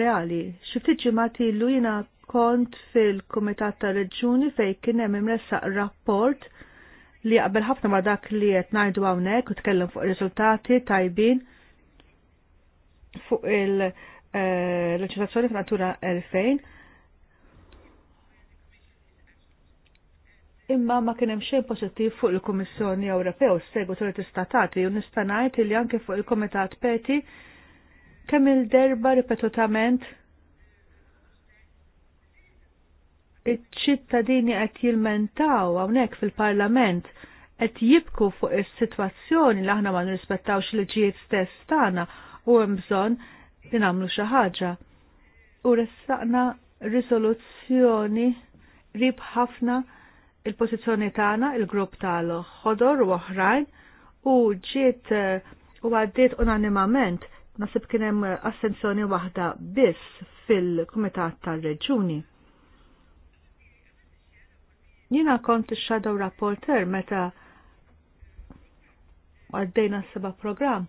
reali. Xi ftit ġimgħat ilu jiena kont fil-Kumitat ta' Reġuni fej kien hemm imressaq rapport li qabel ħafna ma' dak li qed ngħidu hawnhekk u tkellem fuq ir riżultati tajbin fuq il-leġislazzjoni eh, f'Natura 2000. Imma ma kien hemm xejn pożittiv fuq il-Kummissjoni Ewropew segwu tista' istatati u nista' ngħid li anke fuq il-Kumitat Peti kemm il-derba ripetutament iċ-ċittadini qed jilmentaw hawnhekk fil-Parlament qed jibku fuq is-sitwazzjoni li aħna ma nirrispettawx il-ġijiet stess tagħna u hemm bżonn li nagħmlu xi ħaġa. U ressaqna risoluzzjoni rib ħafna il-pożizzjoni tagħna il-grupp tal-ħodor u oħrajn u ġiet eh, u għaddiet unanimament nasib kien hemm assenzjoni waħda biss fil-Kumitat tal-Reġuni. Jina kont il-shadow rapporter meta għaddejna s-seba program.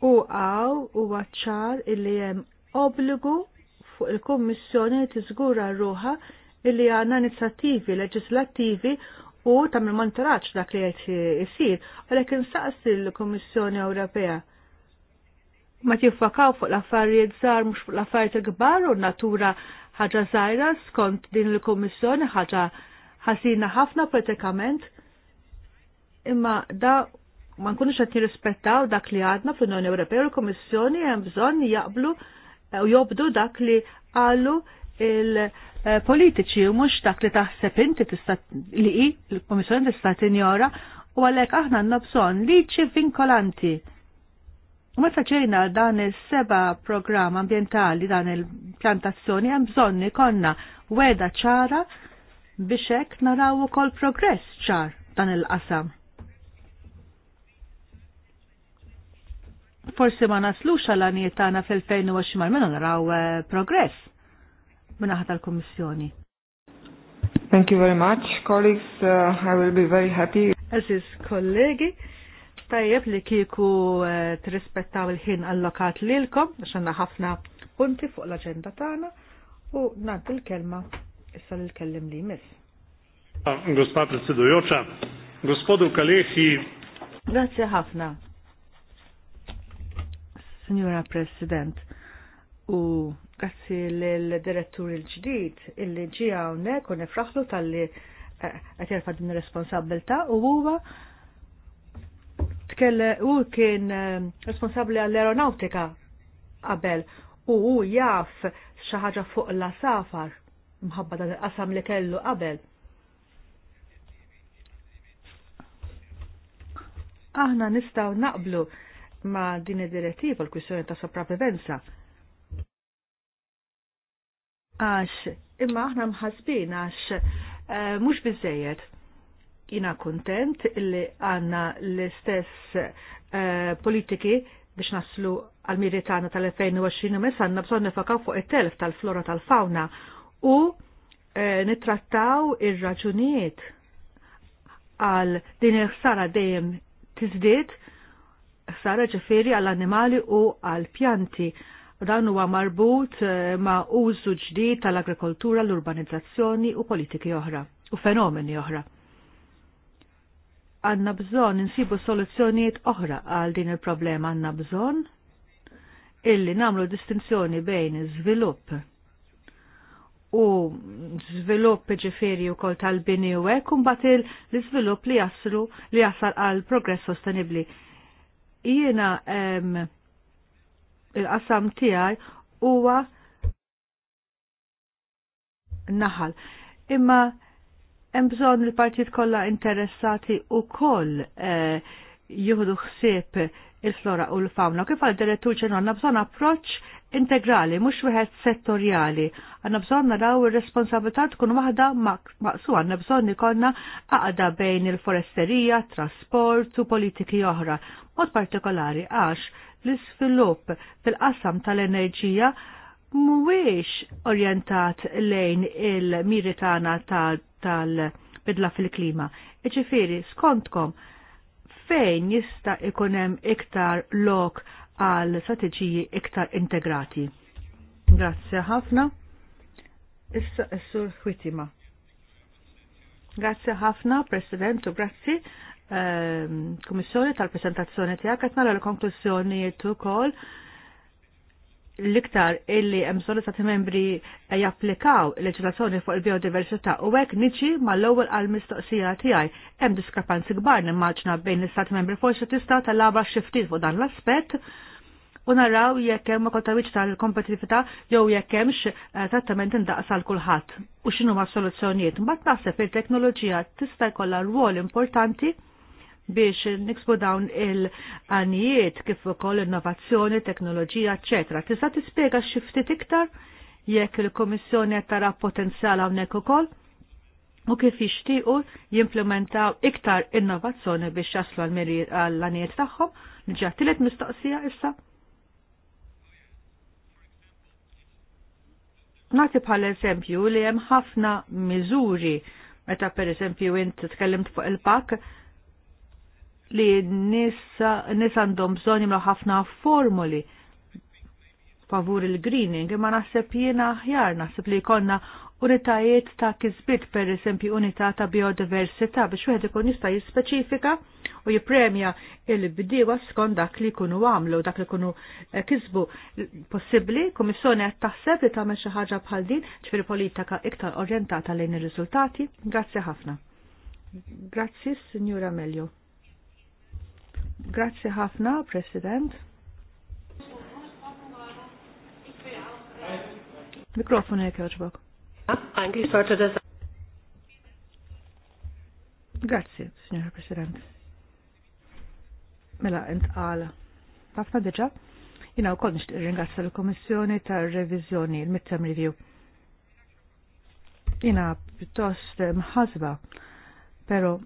U għaw u għacċar illi jem obligu fuq il-Kommissjoni li tiżgura ruħa illi għanna inizjattivi leġislattivi u tamil il dak li għet jisir, għalekin saqs il-Kommissjoni Ewropea ma tiffakaw fuq l-affarijiet żgħar mhux fuq l-affarijiet gbar kbar u natura ħaġa żgħira skont din il-Kummissjoni ħaġa ħasina ħafna pratikament imma da ma nkunux qed nirrispettaw dak li għadna fl-Unjoni Ewropea u l-Kummissjoni hemm bżonn jaqblu eh, u jobdu dak li qalu il-politiċi u mhux dak li taħseb inti tista' li l kommissjoni tista' tinjora u għalhekk aħna għandna bżonn ċi vinkolanti U meta ġejna dan is-seba' programm ambjentali dan il-pjantazzjoni hemm bżonn ikonna weda ċara biex hekk naraw ukoll progress ċar dan il-qasam. Forsi ma naslux għal għaniet tagħna fil-2020 mal naraw eh, progress minn tal-Kummissjoni. Thank you very much, colleagues. Uh, I will be very happy. Aziz kollegi, tajjeb li kiku eh, trispettaw il-ħin allokat lilkom, xanna ħafna punti fuq l-agenda tagħna u nad il-kelma issa li kellim li miss. Gospa Joċa, gospodu Kalehi. Grazie ħafna. Signora President, u grazie l-direttur il-ġdid illi ġi hawnhekk u nifraħlu tal-li eh, qed jerfa' din ir u huwa tkelle u kien eh, responsabli għall-aeronautika qabel u hu jaf xi ħaġa fuq la safar mħabba dan il-qasam li kellu qabel. Aħna nistgħu naqblu ma' din id-direttiva l-kwissjoni ta' sopravivenza. Għax imma aħna mħasbin għax eh, mhux biżejjed jina kontent li għanna l-istess uh, politiki biex naslu għal miri tana tal-2020 mess għandna bżonn nifakaw fuq it-telf tal-flora tal-fawna u uh, nittrattaw ir-raġunijiet għal din il-ħsara dejjem tizdiet ħsara ġifiri għall-annimali u għall-pjanti dan huwa marbut eh, ma' użu ġdid tal-agrikoltura, l-urbanizzazzjoni u politiki oħra u fenomeni oħra għanna bżon insibu soluzzjonijiet oħra għal din il-problema għanna bżon illi namlu distinzjoni bejn żvilupp u żvilupp ġifiri u kol tal-bini u ek bat l-iżvilupp li jaslu li jasal għal progress sostenibli. Jiena il-qasam tijaj huwa naħal. Imma hemm bżonn il-partijiet kollha interessati wkoll eh, jieħdu ħsieb il-flora u l-fawna. Kif għal direttur ġenerali bżonn approċċ integrali, mhux wieħed settorjali. Għandna bżonn naraw ir-responsabilità tkun waħda maqsu għandna bżonn ikollna għaqda bejn il-foresterija, trasport u politiki oħra. Mod partikolari għax l-isvilupp fil-qasam tal-enerġija mhuwiex orientat lejn il-miri tagħna tal-bidla fil-klima. Iġifieri, skontkom, fejn jista' ikunem hemm iktar lok għal strategiji iktar integrati. Grazzi ħafna. Issa s-sur Huitima. Grazzi ħafna, President, u grazzi eh, Kummissjoni tal-presentazzjoni tiegħek qed l konklusjoni ukoll. kol l-iktar illi emżon stati membri japplikaw leġislazzjoni fuq il-biodiversità u hekk niċi mal-ewwel għal mistoqsija tiegħi. Hemm diskrepanzi kbar nimmaġna bejn l istati membri forsi tista' tal-labra xiftit fuq dan l-aspett u naraw jekk hemm kontawiċ tal-kompetitività jew jekk hemmx eh, trattament indaqsa l kulħadd u x'inhuma s soluzzjonijiet. Mbagħad naħseb il-teknoloġija tista' jkollha rwol importanti biex niksbu dawn il-għanijiet kif ukoll innovazzjoni, teknoloġija, eċetera. Tista' tispjega xi iktar jekk il-Kummissjoni qed tara potenzjal hawnhekk ukoll u kif jixtiequ jimplementaw iktar innovazzjoni biex jaslu għall-għanijiet tagħhom. Niġa tielet mistoqsija issa. Nati bħal eżempju li hemm ħafna miżuri meta per eżempju int tkellimt fuq il-pak li n-nis għandhom bżon jimlu ħafna formuli favur il-greening, imma naħseb jiena aħjar, naħseb li jkollna unitajiet ta' kizbit, per esempio unità ta' biodiversità, biex wieħed ikun jista' jispeċifika u jippremja il-bdiewa skont dak li jkunu għamlu, dak li jkunu eh, kisbu possibbli, kummissjoni qed taħseb li tagħmel xi ħaġa bħal din ċifieri politika iktar orjentata lejn ir-riżultati. Grazzi ħafna. Grazzi, Signora Melio. Grazie ħafna, President. Mikrofon jek joġbok. Anki sorta da. Grazzi, Signora President. Mela, intqala. Ħafna diġa? Jina u konnix nishtiq ringrazzja l-Komissjoni ta' revizjoni il mittem Review. Jina piuttost mħazba, pero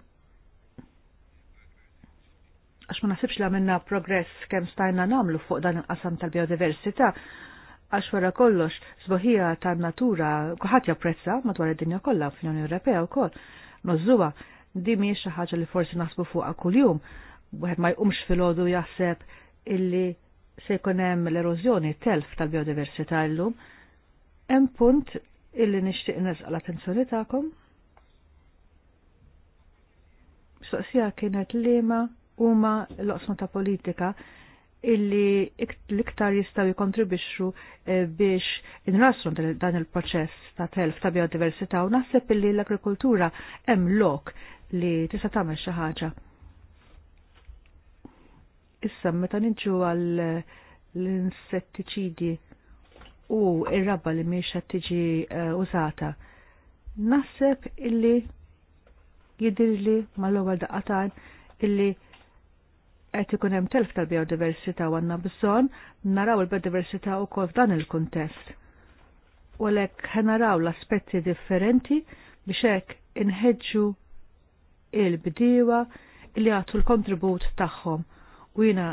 għax ma nasibx li għamilna progress kemm stajna namlu fuq dan il-qasam tal-biodiversità, għax wara kollox zbohija tan-natura kuħat japprezza madwar id-dinja kollha fl-Unjoni Ewropea wkoll. Nożuha di mhijiex xi ħaġa li forsi naħsbu fuqha kuljum, wieħed ma jqumx filgħodu jaħseb illi se jkun hemm l-erożjoni telf tal-biodiversità llum. Hemm punt illi nixtieq nesqa l-attenzjoni tagħkom. Soqsija kienet liema huma l-oqsma ta' politika illi l-iktar jistaw jikontribixxu eh, biex inrasru dan il-proċess ta' telf ta' biodiversità u naħseb illi l-agrikoltura hemm lok li tista' tagħmel xi ħaġa. Issa meta niġu għal eh, l-insettiċidi u ir-rabba li mhix qed tiġi eh, użata, naħseb illi jidirli mal-ewwel daqatan illi qed ikun hemm telf tal-biodiversità u għandna bżonn naraw il-biodiversità wkoll f'dan il-kuntest. U għalhekk ħenaraw l-aspetti differenti biex hekk inħeġġu il-bdiewa li għatu l-kontribut tagħhom u jiena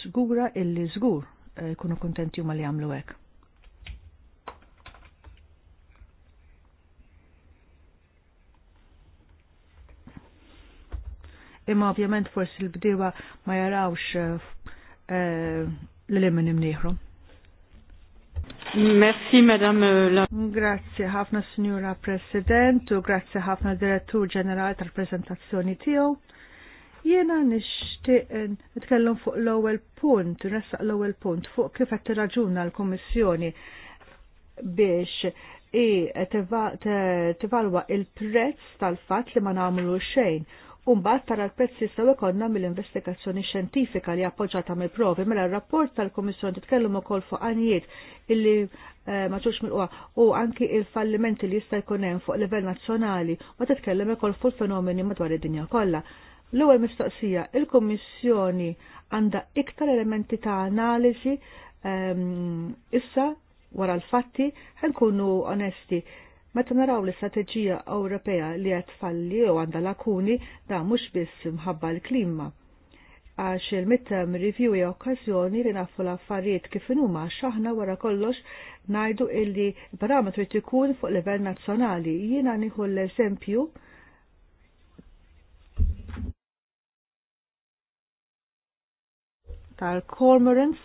żgura illi żgur eh, jkunu kontenti huma li jagħmlu hekk. imma ovvjament forsi l bdiewa ma jarawx eh, eh, l-lim imniħru. imnieħru. Merci, Madame euh, la... Grazie ħafna, Signora President, u grazie ħafna Direttur Ġenerali tal-prezentazzjoni tiegħu. Jiena nixtieq nitkellem fuq l-ewwel punt, nressaq l-ewwel punt fuq kif qed tirraġuna l-Kummissjoni biex i tevalwa il-prezz tal-fatt li ma nagħmlu xejn Umbat tara l-prezzi sew ikonna mill-investigazzjoni xjentifika li appoġġata mill provi mela r-rapport tal-Komissjoni titkellem ukoll fuq għanijiet illi eh, ma ġewx qwa u anki il-fallimenti li jista' jkun hemm fuq livell nazzjonali ma titkellem ukoll fuq fenomeni madwar id-dinja kollha. L-ewwel mistoqsija, il-Kummissjoni għandha iktar elementi ta' analiżi ehm, issa wara l-fatti ħankunu onesti Meta naraw l-istrateġija Ewropea li qed tfalli u għandha lakuni da mhux biss mħabba l-klima għax il mittem review hija okkażjoni li nafu l-affarijiet kif inhuma x'aħna wara kollox ngħidu illi parametru ikun fuq livell nazzjonali. Jiena nieħu l-eżempju tal-cormorants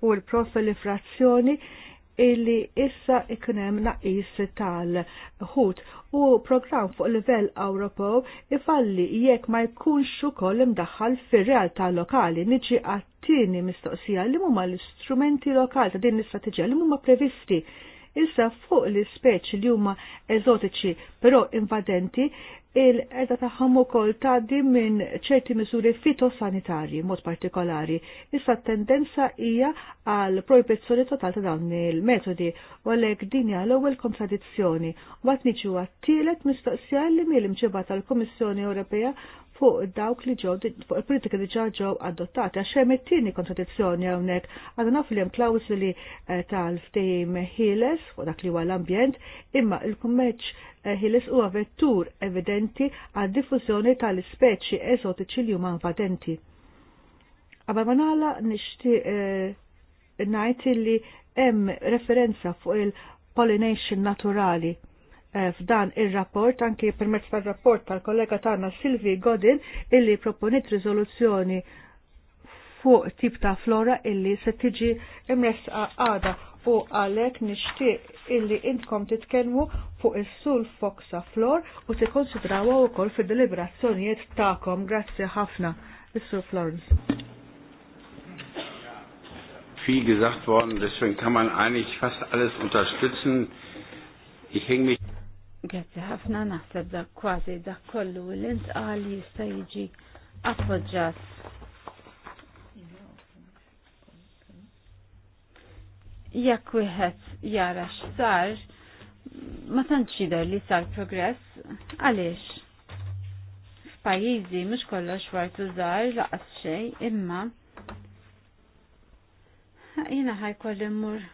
u l profilifrazzjoni frazzjoni illi issa ikunem naqis tal-ħut u program fuq livell Ewropew ifalli jekk ma jkunx ukoll imdaħħal fir-realtà lokali niġi għattini mistoqsija li huma l-istrumenti lokali ta' din l-istrateġija li huma previsti issa fuq l-ispeċi li huma eżotiċi però invadenti il-qeda tagħhom ukoll tgħaddi minn ċerti misuri fitosanitarji mod partikolari. Issa t-tendenza hija għal proibizzjoni totali ta' dawn il-metodi u għalhekk din hija l-ewwel kontradizzjoni. Mbagħad għattilet tielet mistoqsija li mill imċibata tal-Kummissjoni Ewropea fuq dawk li ġew fuq il-politika li ġew ġew adottati għax hemm it-tieni kontradizzjoni hawnhekk għadna nafu li hemm klawsuli eh, tal-ftehim ħieles fuq dak li huwa l-ambjent imma l kummerċ eh, ħieles huwa vettur evidenti għad diffużjoni tal-ispeċi eżotiċi li huma invadenti. Aba ma nagħla nixtieq eh, ngħid li hemm referenza fuq il-pollination naturali Eh, f'dan il-rapport, anki permezz tal-rapport tal-kollega tagħna Silvi Godin, illi proponit rizoluzzjoni fuq tip ta' flora illi se tiġi imresqa għada u għalek nixtieq illi intkom titkellmu fuq is-sul Foxa Flor u tikkonsidrawha wkoll fid-deliberazzjonijiet tagħkom. Grazzi ħafna. is sul Florence. Wie gesagt worden, deswegen kann man eigentlich fast alles unterstützen. Ich hänge mich Grazie, ħafna naħseb dak kważi dak kollu l-intqal jista' jiġi appoġġjat. Jekk wieħed jara x'sar, ma tantx jidher li sar progress għaliex. F'pajjiżi mhux kollox wartu żgħar laqas xejn imma jiena ħajkolli mmur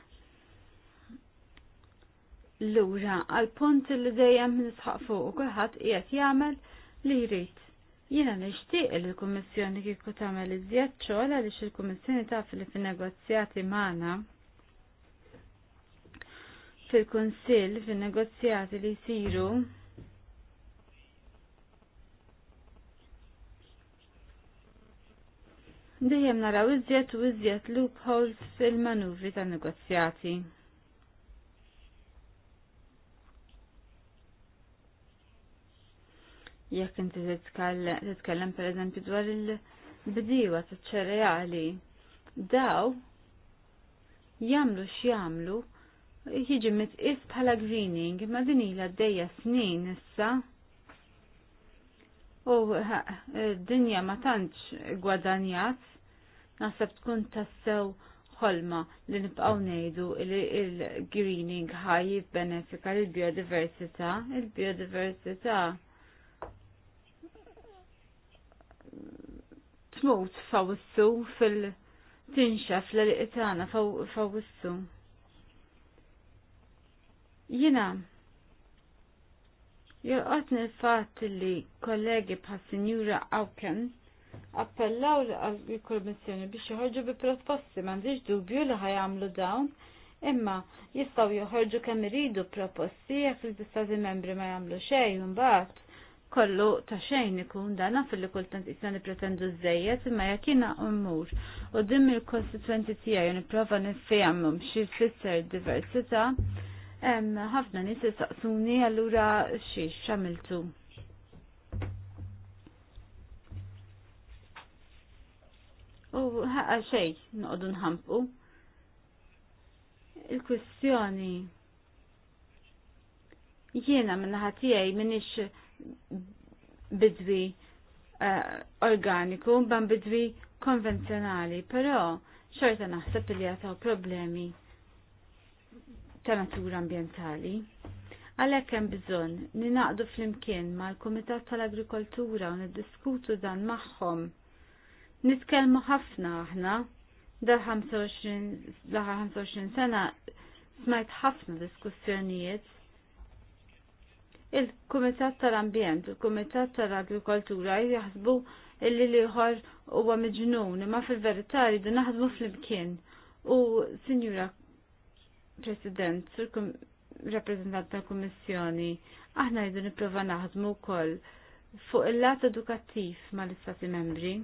lura għal punt li dejjem nisħaq fuq u kulħadd qiegħed jagħmel li jrid. Jiena nixtieq li l-Kummissjoni kieku tagħmel iżjed xogħol għaliex il-Kummissjoni taf li fin-negozjati magħna fil-Kunsill fin-negozjati li jsiru dejjem naraw iżjed u iżjed loopholes fil-manuvri tan-negozjati. jekk inti titkellem pereżempju dwar il bdiwa taċ-ċereali. Daw jagħmlu x'jamlu, jiġi mitqis bħala greening, ma din ilha għaddejja snin issa. U dinja ma tantx gwadanjat, naħseb tkun tassew ħolma li nibqaw nejdu il-greening ħaj jibbenefika il-biodiversità, il-biodiversità tmut fawissu fil-tinxaf l-liqtana fawissu. Jina, jorqotni l-fat li kollegi bħal Sinjura Awken appellaw l-Kommissjoni biex joħorġu bi proposti, m'għandix dubju li ħajamlu dawn, imma jistaw joħorġu kemm iridu proposti jekk il istati membri ma jagħmlu xejn imbagħad kollu ta' xejn ikun dana fil-li kultant isna li pretendu zzejjet imma jek jina ummur u dim il-konstituenti tijaj niprofa nifijammum xie fisser diversita ħafna nis saqsuni għallura xie xamiltu. U ħaqa xej noqdu nħampu. Il-kwistjoni jiena minna ħatijaj minix bidwi uh, organiku ban bidwi konvenzjonali, però xorta naħseb li jataw problemi ta' natura ambientali. Għalhekk hemm bżonn naqdu flimkien mal-Kumitat tal-Agrikoltura u niddiskutu dan magħhom. Nitkellmu ħafna aħna dal 25 sena smajt ħafna diskussjonijiet il-Kumitat tal-Ambjent, il-Kumitat tal-Agrikoltura jaħsbu illi liħor huwa għamġnun, ma fil-verità rridu naħdmu fl-imkien. U Sinjura President, rappresentant tal-Kummissjoni, aħna rridu nipprova naħdmu wkoll fuq il-lat edukattiv mal-Istati Membri.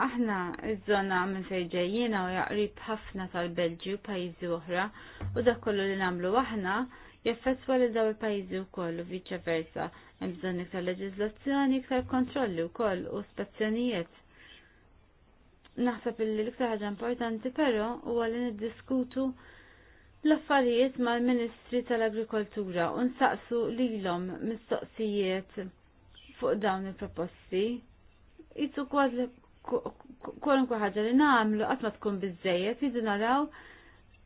Aħna iż-żona minn fejġejjina u jaqrib ħafna tal-Belġju pajjiżi oħra u dak kollu li nagħmlu aħna jaffettwa li daw il-pajjiżi wkoll u viċa versa hemm bżonn iktar leġiżlazzjoni, iktar kontrolli wkoll u spazzjonijiet. Naħseb li l-iktar ħaġa importanti però huwa li niddiskutu l-affarijiet mal-Ministri tal-Agrikoltura u nsaqsu lilhom mistoqsijiet fuq dawn il-proposti. Jitu kważi kwalunkwe ħaġa li nagħmlu qatt ma tkun biżejjed jidu naraw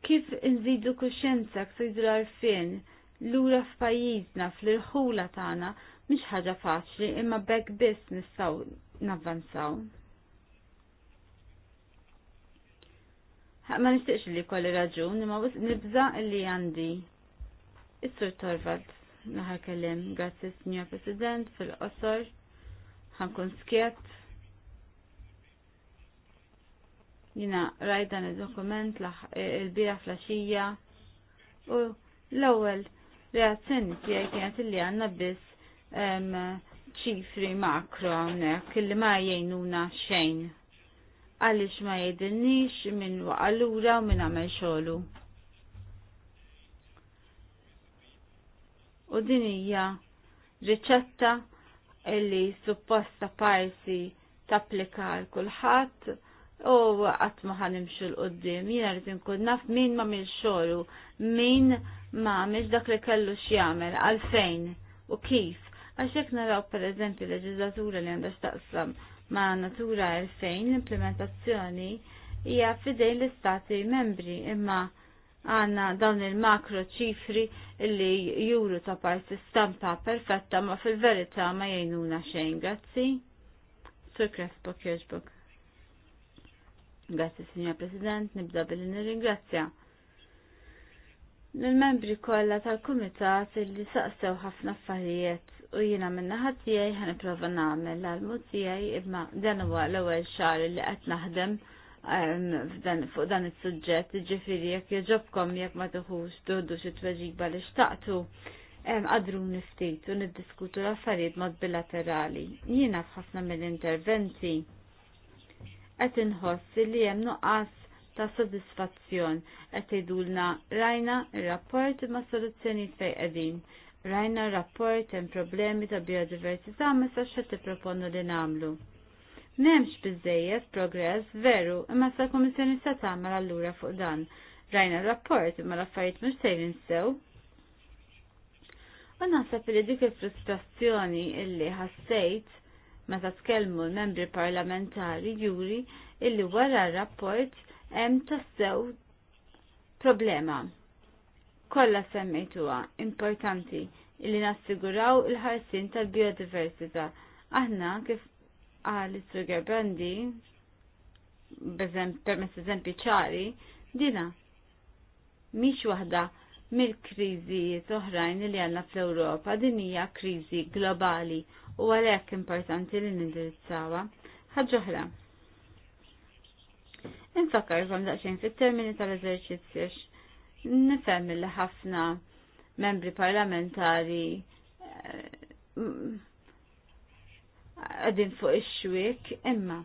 kif nżidu kuxenza, kif jidu l-arfin lura f'pajjiżna fl-irħula tagħna mhix ħaġa faċli imma bekk biss nistgħu navvanzaw. Ma nistiqx li kolli raġun, imma nibża li għandi. Is-Sur Torvald, naħar kellim, grazzi Signor President, fil-qosor, ħankun skjett, Jina rajt dan il-dokument il bira flasġija u l-ewwel reazzjoni tiegħi kienet li għandna biss ċifri makro hawnhekk illi ma jgħinuna xejn. Għaliex ma jajdinnix minn waqalura u minn għamel xogħlu. U din hija riċetta illi supposta parsi tapplika għal kulħadd u għat maħan imxu l-qoddim, jina rrit nkun naf min ma mil xoru, min ma mil dak li kellu xjamel, għalfejn u kif. Għaxek naraw per eżempju leġislatura li għandha xtaqsam ma natura għalfejn l-implementazzjoni hija f'idej l-istati membri imma għanna dawn il-makro ċifri li juru ta' parti stampa perfetta ma fil-verita ma jgħinuna xejn, grazzi. Sur Crespo Kirchbuk. Grazzi, Signor President, nibda billi nirringrazzja. Lill-membri kollha tal-Kumitat li saqsew ħafna affarijiet u jiena minna ħadd tiegħi ħaniprova nagħmel għall tiegħi imma dan huwa l-ewwel xahar li qed naħdem ehm, fuq dan is-suġġett, ġifieri jekk jogħġobkom jekk ma tieħux tuħdu xi tweġiba li xtaqtu ehm, għadru ftit u niddiskutu l-affarijiet mod bilaterali. Jiena f'ħafna mill-interventi qed inħoss li hemm nuqqas ta' sodisfazzjon qed tgħidulna rajna r-rapport ma' soluzzjonijiet fejn qegħdin. Rajna r-rapport hemm problemi ta' biodiversità ma sax qed tipproponu li nagħmlu. M'hemmx biżejjed progress veru imma sa' kummissjoni se tagħmel allura fuq dan. Rajna r-rapport imma l-affarijiet mhux se jinsew. U naħseb li dik il-frustrazzjoni illi ħassejt meta tkellmu l-membri parlamentari juri illi wara r-rapport hemm tassew problema. Kollha semmejtuha importanti illi nassiguraw il-ħarsin tal-biodiversità. Aħna kif għal Sugar Brandi, permess eżempju ċari, dina miex waħda mill-kriżijiet oħrajn li għandna fl-Ewropa, din hija kriżi globali u għalhekk importanti li nindirizzawa. Ħaġoħra. Infakar kom daqsxejn fit-termini tal-eżerċizzju nifhem li ħafna membri parlamentari eh, għadin fuq ix-xwiek, imma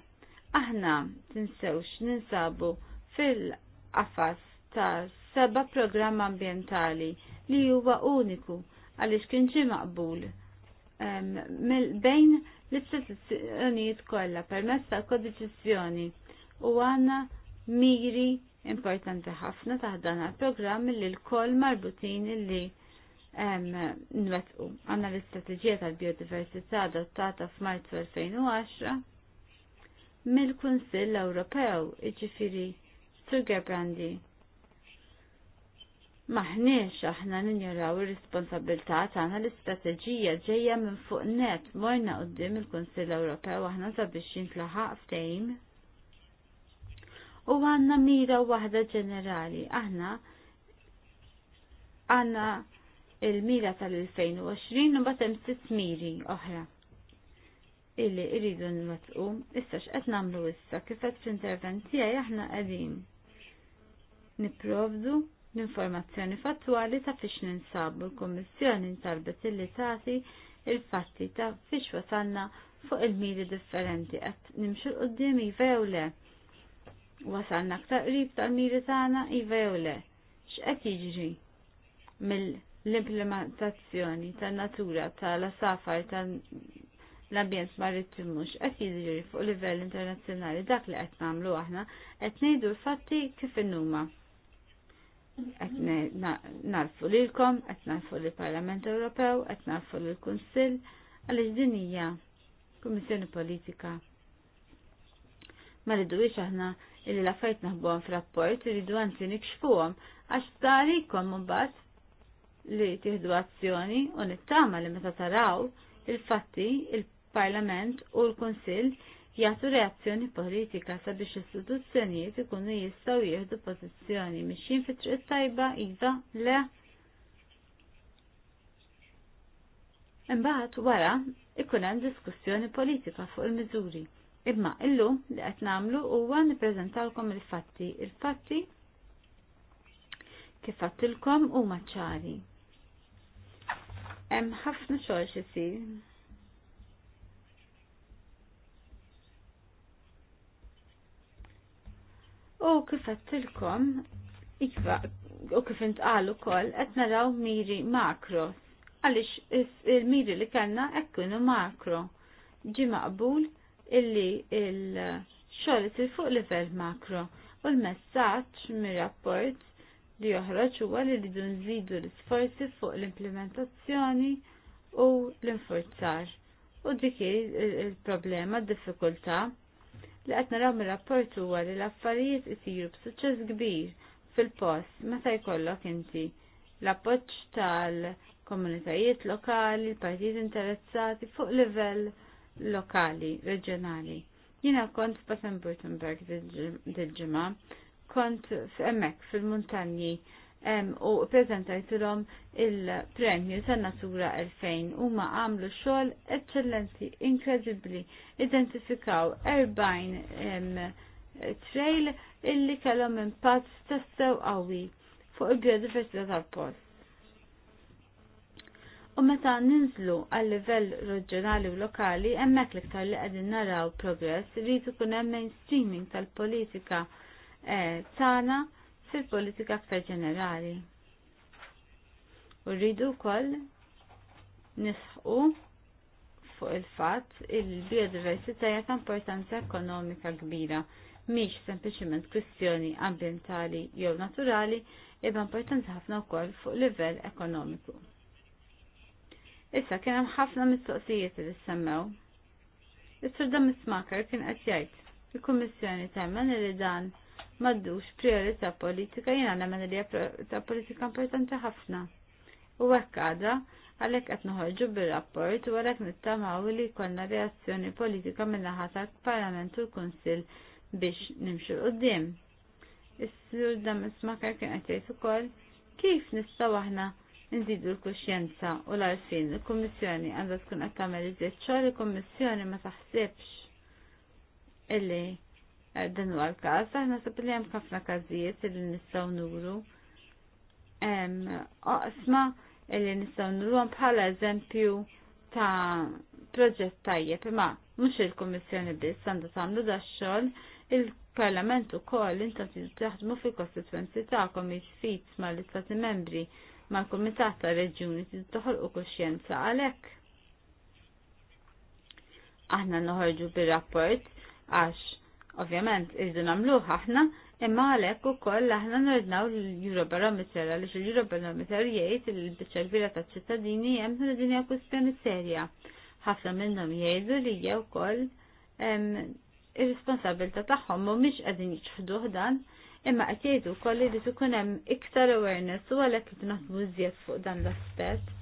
aħna tinsewx ninsabu fil-qafas ta' seba programm ambientali li huwa uniku għaliex kien ġi maqbul bejn l-istituzzjonijiet kollha permezz ta' kodeċiżjoni u għandna miri importanti ħafna ta' dan għal programm li l-koll marbutin li nwettqu għandna l-istrateġija tal-biodiversità adottata f'Mart 2010 mill-Kunsill Ewropew, iġifiri Sugar Brandi maħniex aħna ninjuraw ir-responsabilità tagħna l-istrateġija ġejja minn fuq net morna qudiem il-Kunsill Ewropew aħna fl jintlaħaq ftehim. U għanna mira waħda ġenerali, aħna għanna il-mira tal-2020 u batem sitt miri oħra illi irridu nmatqu, issa x'qed nagħmlu issa kif qed f'intervent tiegħi aħna qegħdin nipprovdu l-informazzjoni fattuali ta' fiex ninsabu l-Kommissjoni ntalbet illi tagħti il-fatti ta' fiex wasalna fuq il-miri differenti qed nimxu l qoddim iva jew le. Wasalna aktar qrib tal-miri tagħna iva jew le. X'qed jiġri mill-implementazzjoni tan-natura tal-safar tal-ambjent marittimu x'qed jiġri fuq livell internazzjonali dak li qed nagħmlu aħna qed ngħidu l-fatti kif innuma qed narfu lilkom, qed narfu lill-Parlament Ewropew, qed narfu lill-Kunsill, għaliex din hija Kummissjoni Politika. Ma rridux aħna illi l-affarijiet naħbuhom f'rapport irridu anzi nikxfuhom għax tarikom mbagħad li tieħdu azzjoni u nittama li meta taraw il-fatti il-Parlament u l-Kunsill jgħatu reazzjoni politika sabiex istituzzjonijiet ikunu jistgħu jieħdu pożizzjoni mixin fi triq tajba iva le. Imbagħad wara ikun hemm diskussjoni politika fuq il-miżuri. Imma illum li qed nagħmlu huwa nippreżentalkom il-fatti. Il-fatti kif fattilkom huma ċari. Hemm ħafna xogħol xi U kif għattilkom, ikva, u kif intqalu kol, qed naraw miri makro. Għaliex il-miri li kellna ekkunu makro. Ġi maqbul illi il-xogħol il fuq livell makro. U l-messaġġ mir-rapport li joħroġ huwa li dun nżidu l-isforzi fuq l-implementazzjoni u l-infurzar. U dik il-problema, d-diffikultà li qed naraw mir-rapport huwa li l-affarijiet isiru b'suċċess kbir fil-post meta jkollok inti l-appoġġ tal-komunitajiet lokali, l-partijiet interessati fuq livell lokali, reġjonali. Jiena kont f'Baden-Württemberg dil-ġimgħa, kont f'hemmhekk fil-muntanji u prezentajtilhom il-premju tan Natura 2000 huma għamlu xogħol eċċellenti, inkredibbli, identifikaw 40 trail illi kellhom impatt tassew qawwi fuq il-biodiversità tal-post. U meta ninżlu għal livell reġjonali u lokali hemmhekk l-iktar li qegħdin naraw progress irid ikun hemm mainstreaming tal-politika eh, tagħna fil-politika aktar ġenerali. U rridu wkoll nisħu fuq il-fatt il-biodiversità hija ta' importanza ekonomika kbira mhix sempliċement kwistjoni ambjentali jew naturali imma importanza ħafna wkoll fuq livell ekonomiku. Issa kien hemm ħafna mistoqsijiet li semmew. Is-Sur Damis Maker kien qed jgħid il-Kummissjoni temmen li dan maddux priorità politika jena nemmen li priorità politika importanti ħafna. U hekk għada għalhekk qed noħorġu bir-rapport u għalhekk nittamaw li jkollna reazzjoni politika min-naħa tal-Parlament u l-Kunsill biex nimxu l-qoddim. Is-sur Damis Makar kien qed jgħid ukoll kif nistgħu aħna nżidu l-kuxjenza u l-arfin il-Kummissjoni għandha tkun qed tagħmel iżjed xogħol il-Kummissjoni ma taħsibx illi Eh, din huwa l-każ, aħna sab li hemm ħafna każijiet li nistgħu nuru. Oqsma li nistgħu nuruhom bħala eżempju ta' proġett tajjeb, imma mhux il-Kummissjoni biss għandha tagħmlu da xogħol il-Parlament ukoll intom taħdmu fil-kostitwenzi fit ma' mal-Istati Membri mal-Kumitat ta' Reġjuni tidħolqu kuxjenza għalhekk. Aħna noħorġu bir-rapport għax Ovvjament, irridu namlu ħafna, imma għalek u koll aħna nordnaw l-Eurobarometer, għaliex l-Eurobarometer jgħid il-bicċa kbira ta' ċittadini jem din hija kwistjoni serja. Ħafna minnhom jgħidu li hija wkoll ir-responsabilta tagħhom mhumiex qegħdin jiġħduh dan, imma qed jgħidu wkoll li ikun hemm iktar awareness u għalhekk li naħdmu żjed fuq dan l-aspett.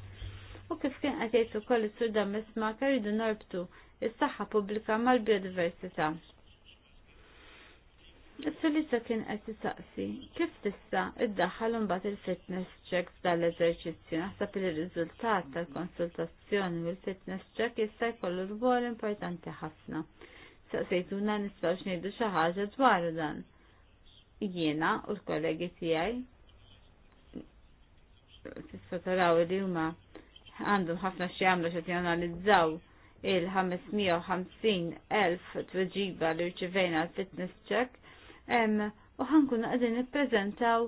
U kif kien qed jgħidu wkoll is-sur dan mismaka rridu norbtu is-saħħa pubblika mal-biodiversità Is-solita kien qed isaqsi kif tista' iddaħħal imbagħad il-fitness check tal eżerċizzju naħseb li r-riżultat tal-konsultazzjoni u l-fitness check jista' jkollu rwol importanti ħafna. Saqsejtuna nistgħu x'ngħidu xi ħaġa dwar dan. Jiena u l-kollegi tiegħi tista' taraw li huma għandhom ħafna xi jagħmlu xi janalizzaw il-550,000 tweġiba li rċivejna fitness check hemm u ħankun qegħdin nippreżentaw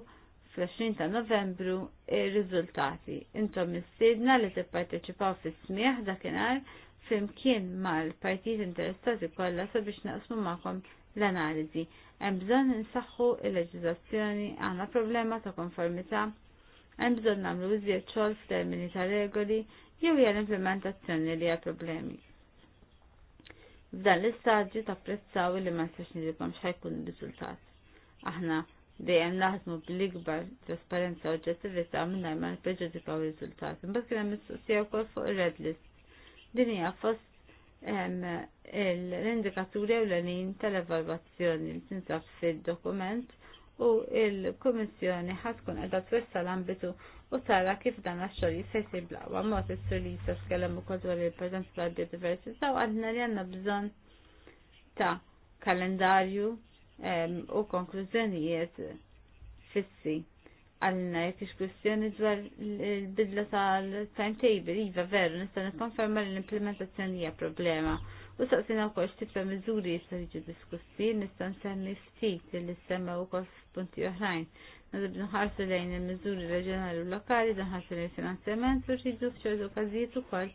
fl-20 ta' Novembru ir-riżultati. Intom mistiedna li tipparteċipaw fis-smieħ dakinhar flimkien mal-partijiet interessati kollha sabiex naqsmu magħkom l-analiżi. Hemm bżonn insaħħu l-leġiżlazzjoni għandna problema ta' konformità, hemm bżonn nagħmlu iżjed xogħol f'termini ta' regoli jew hija l-implementazzjoni li hija problemi. F'dan l-istadju prezzaw li ma s-sax nidilkom xajkun il riżultat Aħna dejjem naħdmu bl-ikbar trasparenza u minn mingħajr ma nippreġudikaw ir-riżultat. Imbagħad kien hemm mistoqsija wkoll fuq ir-red list. Din hija fost l-indikaturi ewlenin tal-evalvazzjoni li tinsab fid-dokument u l-Kummissjoni ħatkun qiegħda wessa l-ambitu u tara kif dan għax-xogħol jista' blaqwa mod is-sur li jista' tkellem ukoll dwar il-preżenza tal-biodiversità u għadna li għandna bżonn ta' kalendarju u konklużjonijiet fissi għalna jek ix dwar il-bidla tal-timetable, iva veru, nista' nikkonferma li l-implementazzjoni hija problema. U saqsina wkoll x'tip ta' miżuri jista' jiġu diskussi, nista' nsemmi ftit li semma wkoll f'punti oħrajn nħarsu lejn il-mizzuri reġjonali u lokali, nħarsu lejn finanzjament u rridu f'ċertu każijiet ukoll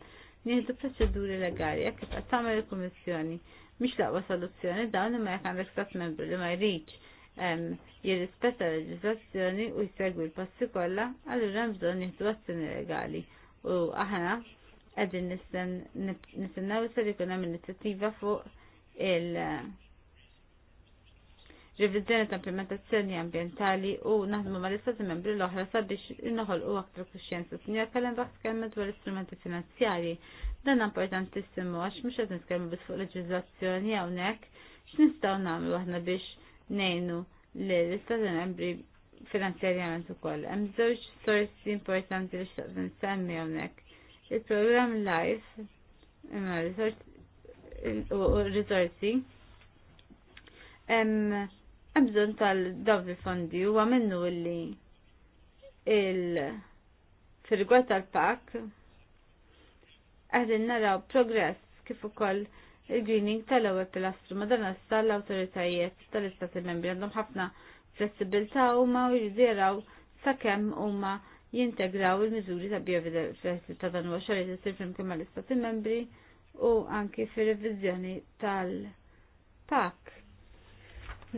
nieħdu proċeduri legali jekk qed tagħmel il-Kummissjoni. Mhix laqwa soluzzjoni dawn imma jekk għandek stat membru li ma jridx ehm, jirrispetta l-leġiżlazzjoni u jsegwi l-passi kollha, allura hemm bżonn nieħdu azzjoni legali. U aħna qegħdin nistennew se jkun hemm inizjattiva fuq il- revizjoni ta' implementazzjoni ambientali u naħdmu ma' l-istati membri l-oħra sabiex innoħol u aktar kuxjenza. Sinjor kellem skemmet dwar istrumenti finanzjari. Dan importantissimu għax mux għed nitkellmu bis fuq leġizlazzjoni hawnhekk x'nistgħu nagħmlu aħna biex ngħinu l-istati membri finanzjarjament ukoll. Hemm żewġ sorsi importanti li xtaqt nsemmi hawnhekk. Il-programm Life imma risorsi u risorsi għabżon tal-dawn il-fondi u għamennu li il-firgwa tal-pak għadin naraw progress kif ukoll il-greening tal-ewwel pilastru ma dan issa l-awtoritajiet tal-istati membri għandhom ħafna flessibilta u ma jridu jaraw sakemm huma jintegraw il-miżuri ta' biovidelfessi ta' dan huwa xogħol jisir flimkien mal-istati membri u anki fir revizjoni tal-pak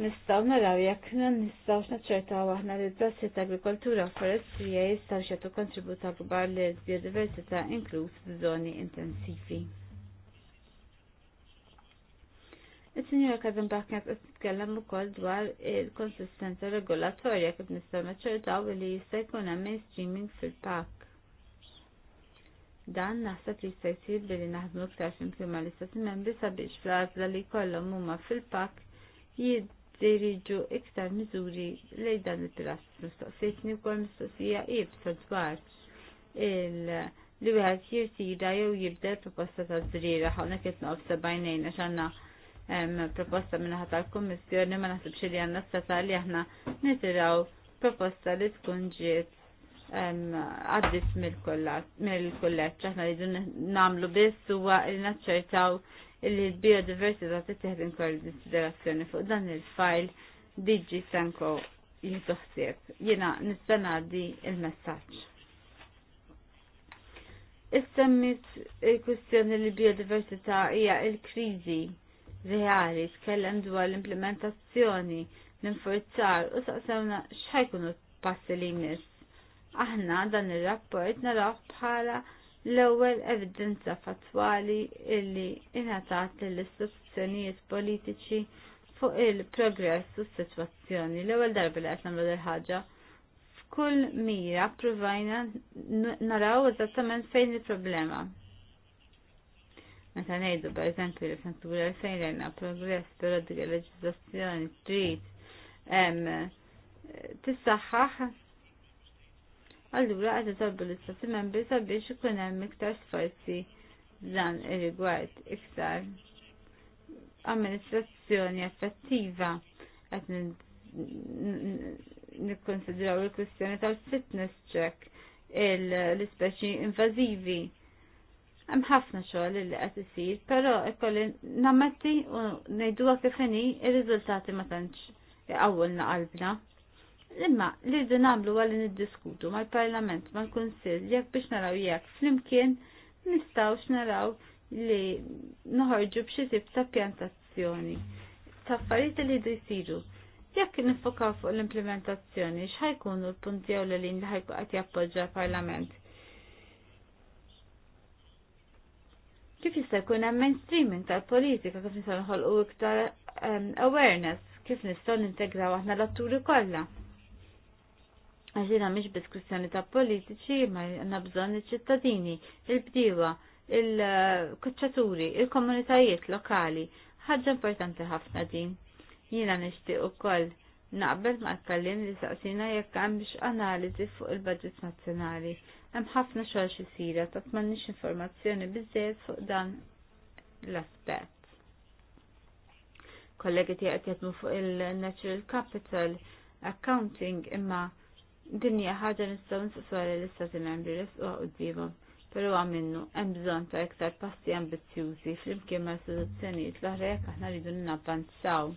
nistaw naraw jekk nistaw naċċertaw aħna li d-dassi ta' agrikoltura u forestrija jistaw xetu kontributa akbar li biodiversità inkluż f'żoni intensivi. Is-Sinjora Kazenbach kienet qed titkellem ukoll dwar il-konsistenza regolatorja kif nistgħu naċċertaw li jista' jkun hemm mainstreaming fil-pak. Dan naħseb li jista' jsir billi naħdmu iktar flimkien l istati membri sabiex fl-għażla li jkollhom huma fil-pak jid li jridu iktar miżuri lejn dan il-pilastru. Mistoqsejtni kol mistoqsija ibsa dwar il- li wieħed jirsira jew jibda proposta ta' żrira ħawna qed noqgħod sebgħinejn għax għandna proposta minnaħa tal-Kummissjoni ma naħsibx li għandna stata li aħna nitiraw proposta li tkun ġiet għaddis mill-kollet, aħna li nagħmlu biss u li naċċertaw illi l-biodiversità tittieħed inkoll konsiderazzjoni fuq dan il-fajl Digi Sanko jitoħsieb. Jiena nista' ngħaddi il-messaġġ. Issemmit il-kwistjoni li biodiversità hija il-kriżi reali tkellem dwar l-implementazzjoni l-infurzar u saqsewna x'ħajkunu passi li jmiss. Aħna dan ir-rapport naraw bħala l-ewwel evidenza fatwali illi ingħatat lill-istituzzjonijiet politiċi fuq il-progress u s-sitwazzjoni. L-ewwel darba li qed nagħmlu ħaġa f'kull mira provajna naraw eżattament fejn il-problema. Meta ngħidu pereżempju li fentura fejn rejna progress però dik il-leġiżlazzjoni trid tissaħħaħ allura għad li l-istati membri sabiex ikun hemm iktar sforzi dan ir-rigward iktar amministrazzjoni effettiva qed nikkonsidraw il kustjoni tal-fitness check l-ispeċi invazivi. Hemm ħafna xogħol li qed isir, però ikolli nammetti u ngħiduha kif inhi r riżultati ma tantx iqawwilna qalbna. Imma li rridu nagħmlu għalli niddiskutu mal-Parlament, mal-Kunsill, jekk biex naraw jekk flimkien nistgħux naraw li noħorġu b'xi tip ta' pjantazzjoni ta' affarijiet li jdu jsiru jekk nifokaw fuq l-implementazzjoni, xħajkunu l-punti għaw l-lin li ħajku għat jappoġġa parlament? Kif jista' jkun hemm mainstreaming tal-politika kif nistgħu nħolqu iktar awareness kif nistgħu nintegraw aħna l-atturi kollha. Għaxina miex bis kwistjoni ta' politiċi, ma' għanna bżon il-ċittadini, il-bdiwa, il-kuċċaturi, il-komunitajiet lokali. ħagġa importanti ħafna din. Jina nishti u koll naqbel ma' kallim li saqsina jekk għam biex analizi fuq il-budget nazzjonali. Hemm ħafna xogħol xi sira ta' tmannix informazzjoni biżejjed fuq dan l-aspett. Kollegi tiegħek jaħdmu fuq il-Natural Capital Accounting imma dinja ħaġa nistgħu nistaqsu għal l-istati membri resqu qudiemhom, però huwa pero hemm bżonn ta' iktar passi ambizzjużi flimkien ma' istituzzjonijiet l-oħra jekk aħna rridu nabbanzaw.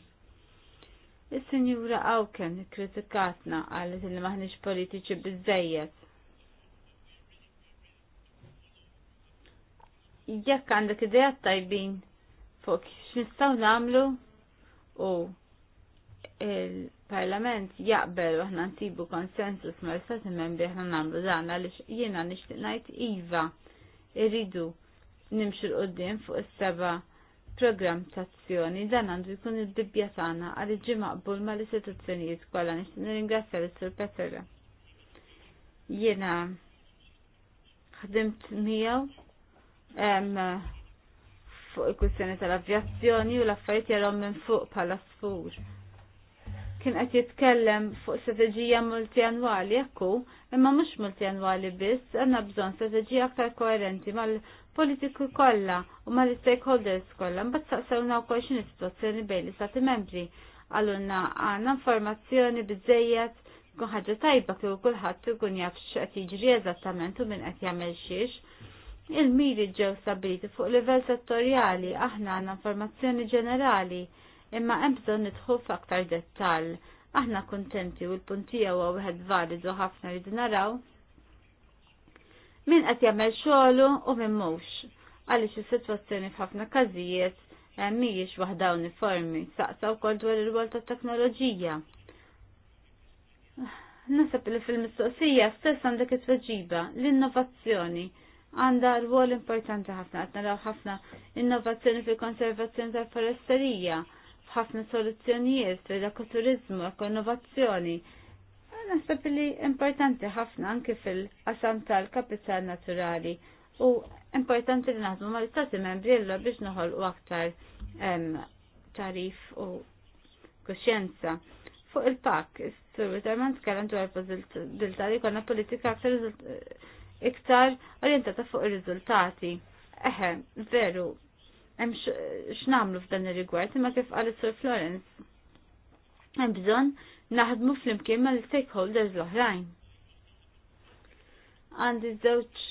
is senjura Awken kritikatna għalet li maħniex politiċi biżejjed. Jekk għandek idea tajbin fuq x'nistgħu nagħmlu u parlament jaqbel u ħna nsibu konsensus ma l-istati membri ħna namlu dan għalix jiena nixtieq ngħid iva irridu nimxu l-qoddim fuq is-seba program tazzjoni dan għandu jkun il bibja tagħna għal ġi maqbul ma l-istituzzjonijiet kollha nixtieq nirringrazzja l sur Petera. Jiena ħdimt miegħu fuq il-kwistjoni tal-avjazzjoni u l-affarijiet jarhom minn fuq bħala sfur kien qed jitkellem fuq strateġija multianwali ekku, imma mhux multianwali biss, għandna bżonn strateġija aktar koerenti mal-politiku kollha u mal-stakeholders kollha, mbagħad saqsewna wkoll x'inhi sitwazzjoni bejn l-istati membri. Għalunna għandna informazzjoni biżejjed tkun ħaġa tajba kieku kulħadd ikun jaf x'qed jiġri eżattament u min qed jagħmel xiex. Il-miri ġew stabiliti fuq livell settorjali aħna għandna informazzjoni ġenerali imma hemm bżonn nidħu f'aktar dettall. Aħna kuntenti u l-puntija huwa wieħed validu ħafna rridu naraw min qed jagħmel xogħlu u min mhux għaliex is-sitwazzjoni f'ħafna każijiet eh, mhijiex waħda uniformi, saqsa wkoll dwar ir-rwol tat-teknoloġija. Nasab li fil-mistoqsija stess għandek it-tweġiba, l-innovazzjoni għanda rwol importanti ħafna, għatna naraw ħafna innovazzjoni fil-konservazzjoni tal-foresterija, ħafna soluzzjonijiet fil-ekoturizmu, eko-innovazzjoni. Nasab li importanti ħafna anke fil-qasam tal-kapital naturali u importanti li naħdmu mal istati membri l biex noħol u aktar tarif u kuxjenza. Fuq il-pak, s-sur Witterman t tu dwar dil-tali konna politika aktar eh, iktar orientata fuq il-riżultati. Eħe, veru, hemm x'namlu f'dan ir-rigward imma kif qal is-Sur Florence hemm bżonn naħdmu flimkien mal-stakeholders l-oħrajn. Għandi żewġ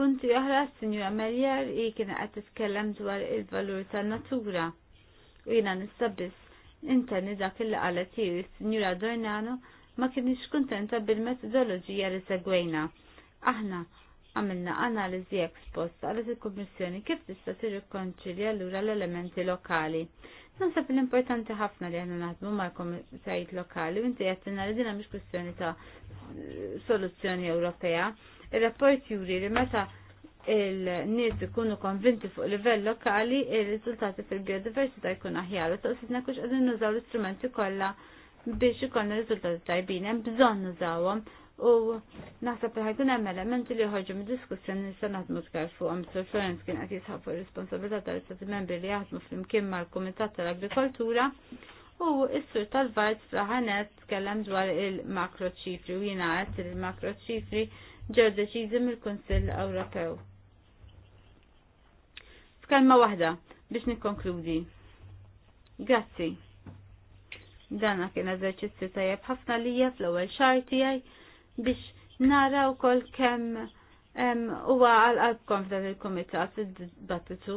punti oħra s-Sinjura Merjer i kien qed titkellem dwar il-valur tan-natura u jiena nista' biss intenni dak il qalet hi s-Sinjura Dornano ma kienx kuntenta bil-metodoloġija li segwejna. Aħna għamilna analiżi ekspost għal il-Kummissjoni kif tista' tirrikonċilja lura l-elementi lokali. Nansab l-importanti ħafna li għanna naħdmu ma' komissajt lokali, minti għattina li dina mux kwestjoni ta' soluzzjoni Ewropea. Il-rapport juri li meta il-nies ikunu konvinti fuq livell lokali, il-rizultati fil biodiversita jkun aħjar, u taqsidna kux għadin nużaw l-istrumenti kollha biex ikollna riżultati tajbin, hemm bżonn nużawhom u naħseb li ħajkun hemm elementi li ħarġu mid-diskussjoni se naħdmu skar fuqhom Sir Florence kien qed jisħab fuq ir-responsabilità tal-istati membri li jaħdmu flimkien mal-Kumitat tal-Agrikoltura U s-sur tal-vart fl tkellem dwar il-makro ċifri u jina għed il-makro ċifri ġew deċiżi mill-Kunsill Ewropew. F'kelma waħda biex nikkonkludi. Grazzi. Dana kien eżerċizzju tajjeb ħafna lija fl-ewwel xahar tiegħi biex nara wkoll kemm huwa għal qalbkom f'dan il-kumitat id-dibattitu.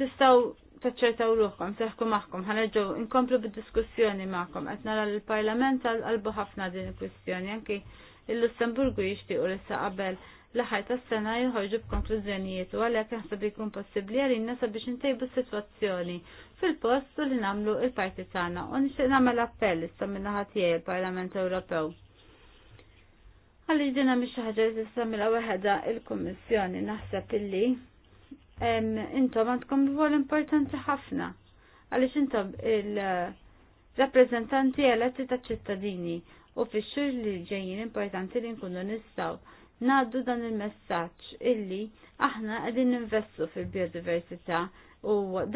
Tistgħu taċċertaw ruħkom, seħku maħkom, ħanerġu inkomplu bid-diskussjoni maħkom, qed nara l-Parlament għal-qalbu ħafna din il-kwistjoni, anki il-Lussemburgu jixtiequ issa qabel l-aħħar tas-sena jħorġu b'konklużjonijiet u għalhekk naħseb ikun possibbli għalina sabiex intejbu s-sitwazzjoni fil-post u li nagħmlu l-parti tagħna u nixtieq nagħmel appell issa min-naħa tiegħi il-Parlament Ewropew. Għalli ġena miex ħaġa li tistamila waħda il komissjoni naħseb illi intom għandkom rwol importanti ħafna għaliex intom il-rappresentanti eletti ta' ċittadini u fi xur li ġejjin importanti li nkunu nistaw. naddu dan il-messaġġ illi aħna qegħdin investu fil-biodiversità u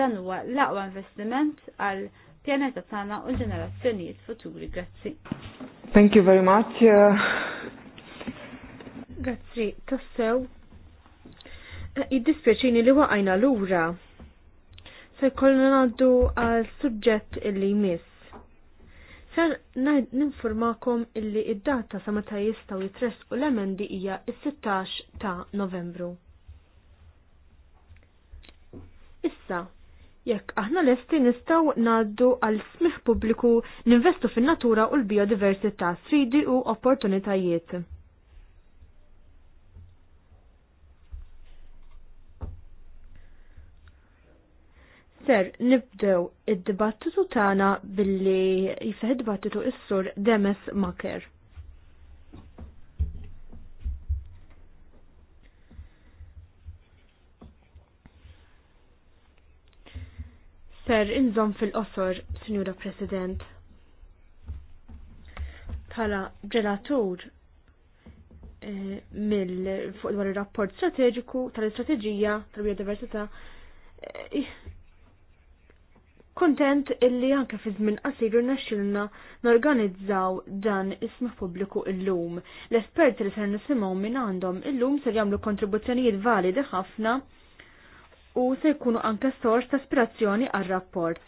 dan huwa l-aqwa investiment għal pjaneta tagħna u ġenerazzjonijiet futuri. Grazzi. Thank you very much. Uh... Grazzi, tassew. Eh, id dispieċini li waqajna l-ura. Se jkollna għaddu għal suġġett illi jmiss. Ser ninformakom illi id-data sa meta jistgħu jitresqu l-emendi hija is-16 ta' Novembru. Issa, jekk aħna lesti nistaw ngħaddu għal smih pubbliku ninvestu fin-natura u l-biodiversità, sfidi u opportunitajiet. Ser, nibdew id-dibattitu tagħna billi jifeħ dibattitu is-sur Demes Maker. Ser, inżom fil-qosor, Sinjura President. Pala ġelatur eh, mill fuq dwar ir rapport strateġiku tal-istrateġija tal-biodiversità eh, Kontent illi anke fi żmien qasir irnexxilna norganizzaw dan isma pubbliku illum. L-esperti li ser nisimgħu minn għandhom illum ser jagħmlu kontribuzzjonijiet validi ħafna u se jkunu anke sors ta' aspirazzjoni għar-rapport.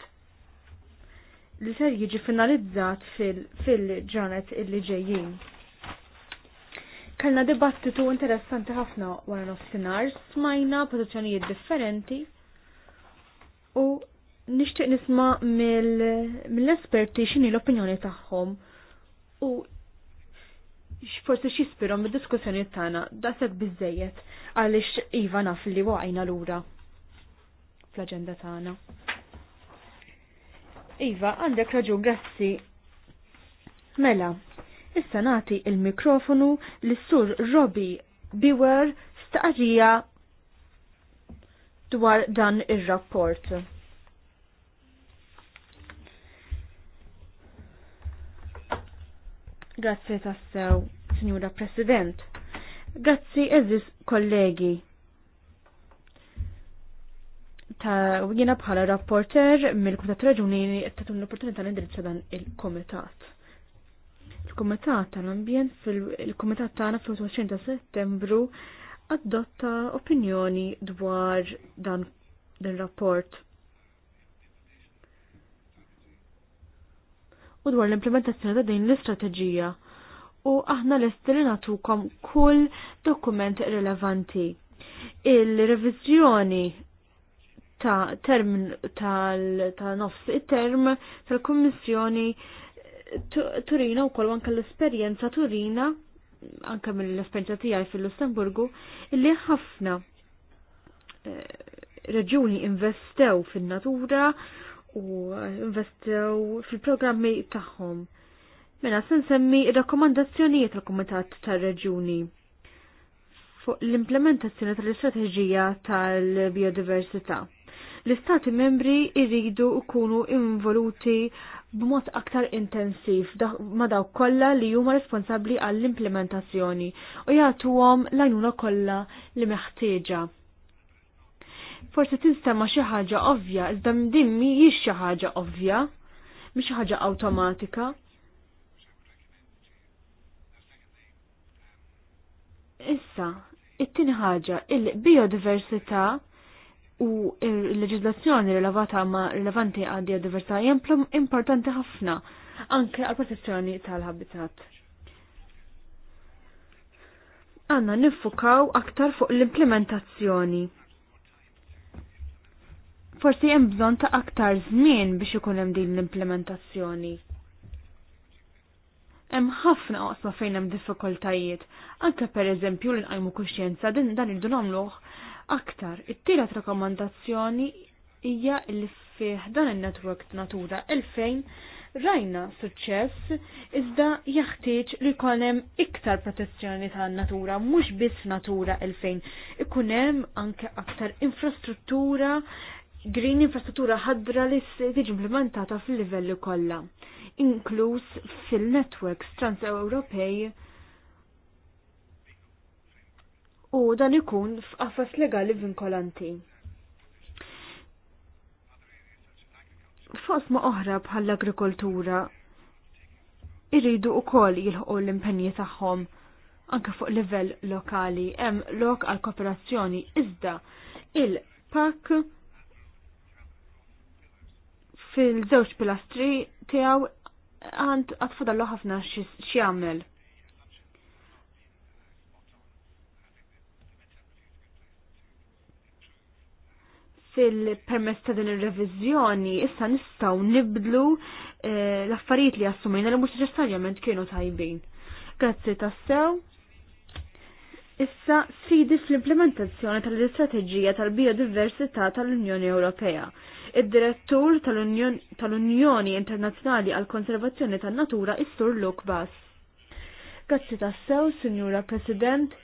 Li ser jiġi finalizzat fil-ġranet fil illi ġejjin kellna dibattitu interessanti ħafna wara nofsinhar, smajna pożizzjonijiet differenti u nixtieq nisma' mill-esperti x'inhi l-opinjoni tagħhom u forsi x'ispirhom mid-diskussjoni tagħna daqshekk biżejjed għaliex iva naf li waqajna lura fl-aġenda tagħna. Iva, għandek raġu grazzi. Mela, issa nagħti il-mikrofonu lis-sur Robbie Biwer staqarrija dwar dan ir-rapport. Grazzi tassew, Signora President. Grazzi eżis kollegi. Ta' u bħala rapporter mill komitat Raġuni tatun l-opportunità l-indirizza dan il-Komitat. Il-Komitat tal-Ambjent fil-Komitat tagħna fl-20 ta' Settembru adotta opinjoni dwar dan il-rapport u dwar l-implementazzjoni ta' din l-istrateġija u aħna l-estri natukom kull dokument rilevanti. Il-revizjoni ta' term ta' nofs it-term tal-Kommissjoni Turina u kol anka l-esperienza Turina anka mill-esperienza tiegħi fil-Lussemburgu li ħafna eh, reġuni investew fin-natura u investew fil-programmi tagħhom. Mela se nsemmi rakkomandazzjonijiet tal-Kumitat tar-Reġuni fuq l-implementazzjoni tal-istrateġija tal-biodiversità. L-Istati membri irridu kunu involuti b'mod aktar intensiv ma daw kollha li huma responsabbli għall-implementazzjoni u jagħtuhom l-għajnuna kollha li meħtieġa forsi tinstema xi ħaġa ovvja, iżda din mhijiex xi ħaġa ovvja, mhix ħaġa awtomatika. Issa, it-tieni ħaġa, il-biodiversità u l leġislazzjoni rilevanti ma rilevanti għal biodiversità importanti ħafna anke għal protezzjoni tal-habitat għanna nifukaw aktar fuq l-implementazzjoni forsi hemm bżonn ta' aktar żmien biex ikun hemm din l-implementazzjoni. Hemm ħafna oqsma fejn hemm diffikultajiet, anke pereżempju li nqajmu kuxjenza din dan irdu nagħmluh aktar. It-tielet rakkomandazzjoni hija li fih dan in-network Natura 2000 rajna suċċess iżda jaħtieġ li jkun hemm iktar protezzjoni tan-natura mhux biss Natura 2000 ikun hemm anke aktar infrastruttura green infrastruttura ħadra li tiġi implementata fil-livelli kollha, inkluż fil-networks trans-Ewropej u dan ikun f'qafas legali vinkolanti. ma oħra bħall-agrikoltura irridu wkoll jilħqu l-impenji tagħhom anke fuq livell lokali hemm lok għal kooperazzjoni iżda il-pak fil-żewġ pilastri tiegħu għand għatfadallu ħafna x'jagħmel. fil-permess ta' din ir-reviżjoni issa nistgħu nibdlu eh, l-affarijiet li assumejna li mhux neċessarjament kienu tajbin. Grazzi tassew. Issa sfidi fl-implementazzjoni tal-istrateġija tal-biodiversità tal-Unjoni Ewropea. Id-direttur tal-Unjoni Internazzjonali għal konservazzjoni tan-natura is-Sur Luke Bass. Grazzi tassew, Sinjura President.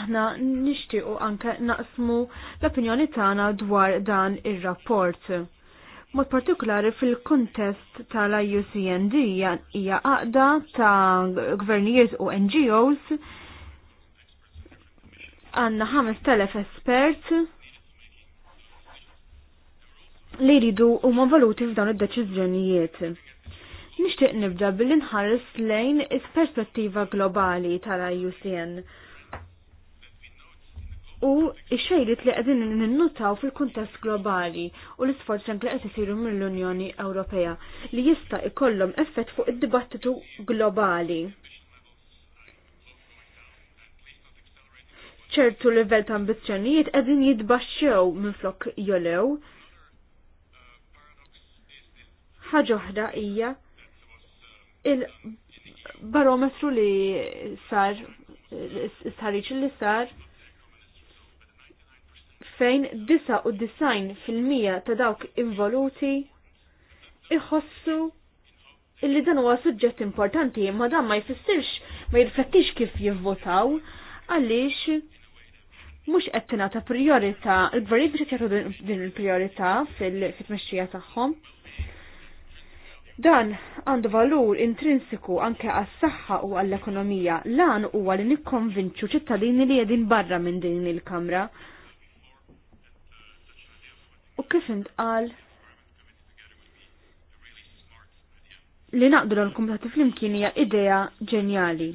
Aħna nixtiequ anke naqsmu l-opinjoni tagħna dwar dan ir-rapport. Mod partikolari fil-kontest tal-IUCND hija għaqda ta' gvernijiet u NGOs għanna 5.000 espert li jridu huma valuti f'dawn id-deċiżjonijiet. Nixtieq nibda billi nħares lejn is-perspettiva globali tal-IUCN u xejrit li qegħdin ninnutaw fil-kuntest globali u l-isforz li qed isiru mill-Unjoni Ewropea li jista' ikollhom effett fuq id-dibattitu globali. ċertu livell ta' ambizzjonijiet qegħdin jitbaxxew minflok jolew. Ħaġa oħra hija il-barometru li sar is-sħariġ li sar fejn 99% ta' dawk involuti iħossu illi dan huwa suġġett importanti imma dan ma jfissirx ma jirfettix kif jivvotaw għaliex mhux qed tingħata priorità l gvernijiet biex jagħtu din il-priorità fil-tmexxija tagħhom. Dan għandu valur intrinsiku anke għas-saħħa u għall-ekonomija. Lan huwa li nikkonvinċu ċittadini li qegħdin barra minn din il-Kamra kif intqal li naqdu l-kumplati fl-imkien hija idea ġenjali.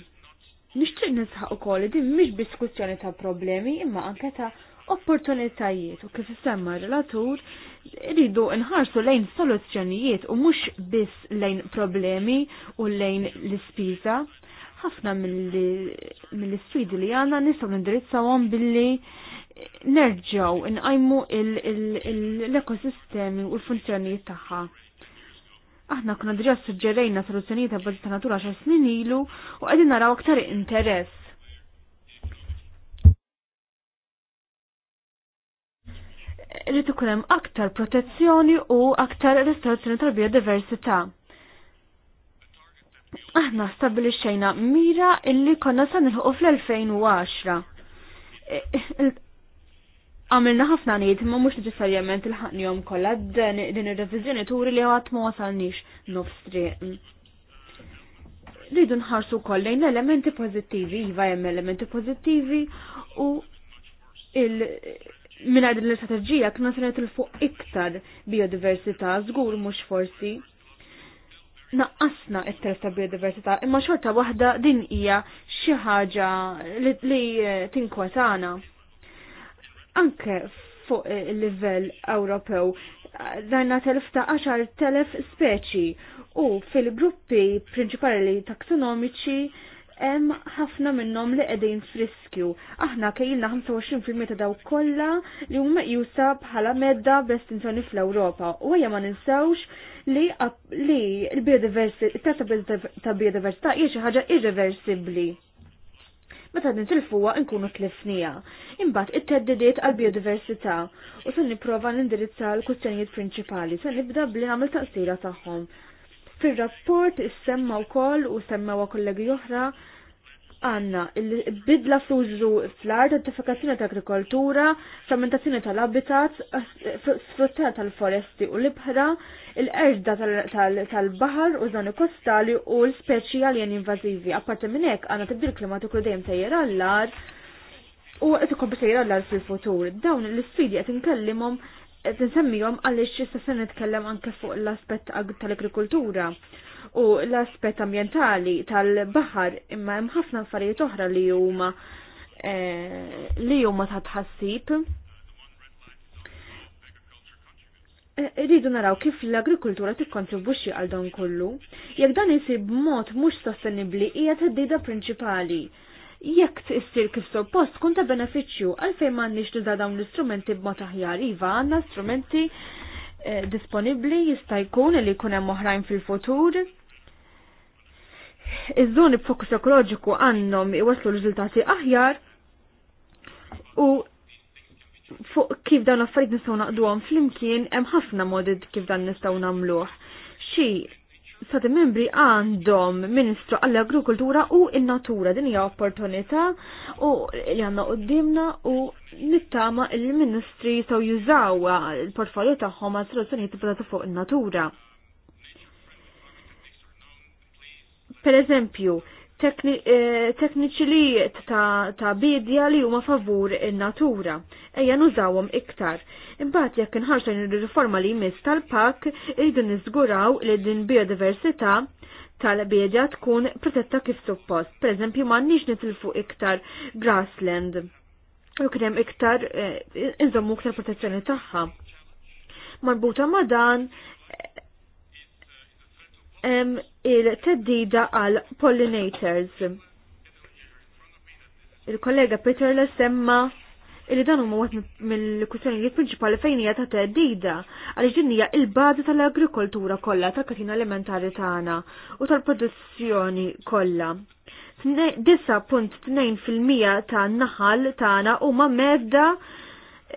Nixtieq nisħaq ukoll li din mhix diskussjoni ta' problemi imma anke ta' opportunitajiet u kif semma relatur rridu nħarsu lejn soluzzjonijiet u mhux biss lejn problemi u lejn l-ispiża. Ħafna mill-sfidi li għandna nistgħu nindirizzawhom billi nerġaw inqajmu l-ekosistemi u l-funzjonijiet tagħha. Aħna kuna diġà suġġerejna soluzzjonijiet ta' bażi ta' natura xa snin ilu u qegħdin naraw aktar interess. rritu ikun hemm aktar protezzjoni u aktar restorazzjoni tal-biodiversità. Aħna xejna mira illi konna sa nilħuqu fl-2010 eh, eh, għamilna ħafna nid, ma mux neċessarjament il-ħanjom kolla din ir-revizjoni turi li għat ma wasalniex nofstri. Ridu nħarsu kollejn elementi pozittivi, jiva jem elementi pozittivi u il minna din l strategija kna se il-fuq iktar biodiversità, zgur mux forsi naqqasna it terf ta' biodiversità, imma xorta waħda din hija xi ħaġa li tinkwatana anke fuq eh, il-livell Ewropew dajna telfta għaxar telef speċi u fil-gruppi prinċipali taksonomiċi hemm ħafna minnhom li qegħdin friskju. Aħna kejjilna 25% ta' daw kollha li huma jusa bħala medda intoni fl-Ewropa. U għajja ma ninsewx li li l-biodiversità ta' biodiversità hija xi ħaġa irreversibbli meta nitilfuha nkunu tlifnija. Imbagħad it-teddidiet għal biodiversità u se nipprova nindirizza l-kustenijiet prinċipali se nibda bli nagħmel taqsira tagħhom. Fir-rapport issemma wkoll u u kollegi oħra għanna il-bidla fl fl-art, identifikazzjoni ta' agrikoltura, frammentazzjoni tal-habitat, sfruttata tal-foresti u l-ibħra, il-erda tal-bahar u zoni kostali u l-speċi għaljen invazivi. Apparti minn hekk għandna klimatu klimatiku dejjem sejjer għall u qed ikompli sejjer għall fil-futur. Dawn l-isfidi qed inkellimhom qed insemmihom għaliex issa se nitkellem anke fuq l-aspett tal-agrikoltura. tal agrikoltura u l-aspet ambientali tal-bahar imma hemm ħafna affarijiet oħra li huma eh, li huma ta' tħassib. Eh, rridu naraw kif l-agrikultura tikkontribwixxi għal dan kollu. Jekk dan isib b'mod mhux sostenibbli hija teddida prinċipali. Jekk issir kif suppost kun ta' benefiċċju għalfejn m'għandniex tuża dawn l-istrumenti b'mod aħjar iva għandna strumenti eh, disponibbli jista' jkun li jkun hemm oħrajn fil-futur Iż-żoni b'fokus ekoloġiku għandhom iwasslu riżultati aħjar u fuq kif dan l-affarijiet nistgħu naqduhom flimkien hemm ħafna modi kif dan nistgħu nagħmluh. Xi stati membri għandhom ministru għall-agrikultura u in-natura din hija opportunità u li għandna qudiemna u nittama il-ministri jistgħu jużaw l portfolio tagħhom għal soluzzjonijiet fuq in-natura. per eżempju, eh, tekniċi li ta' bidja li huma favur in-natura. Ejja nużawhom iktar. Imbagħad jekk inħarsu riforma li jmiss tal-pak irridu niżguraw li din biodiversità tal-biedja tkun protetta kif suppost. Per eżempju m'għandniex nitilfu iktar grassland. U kien iktar eh, inżommu iktar protezzjoni tagħha. Marbuta ma' dan il-teddida għal pollinators. Il-kollega Peter l semma il dan huma waħed mill-kwistjonijiet prinċipali fejn hija ta' teddida għaliex din hija l-bażi tal-agrikoltura kollha tal-katina elementari tagħna u tal-produzzjoni kollha. 9.2% ta' naħal tagħna huma medda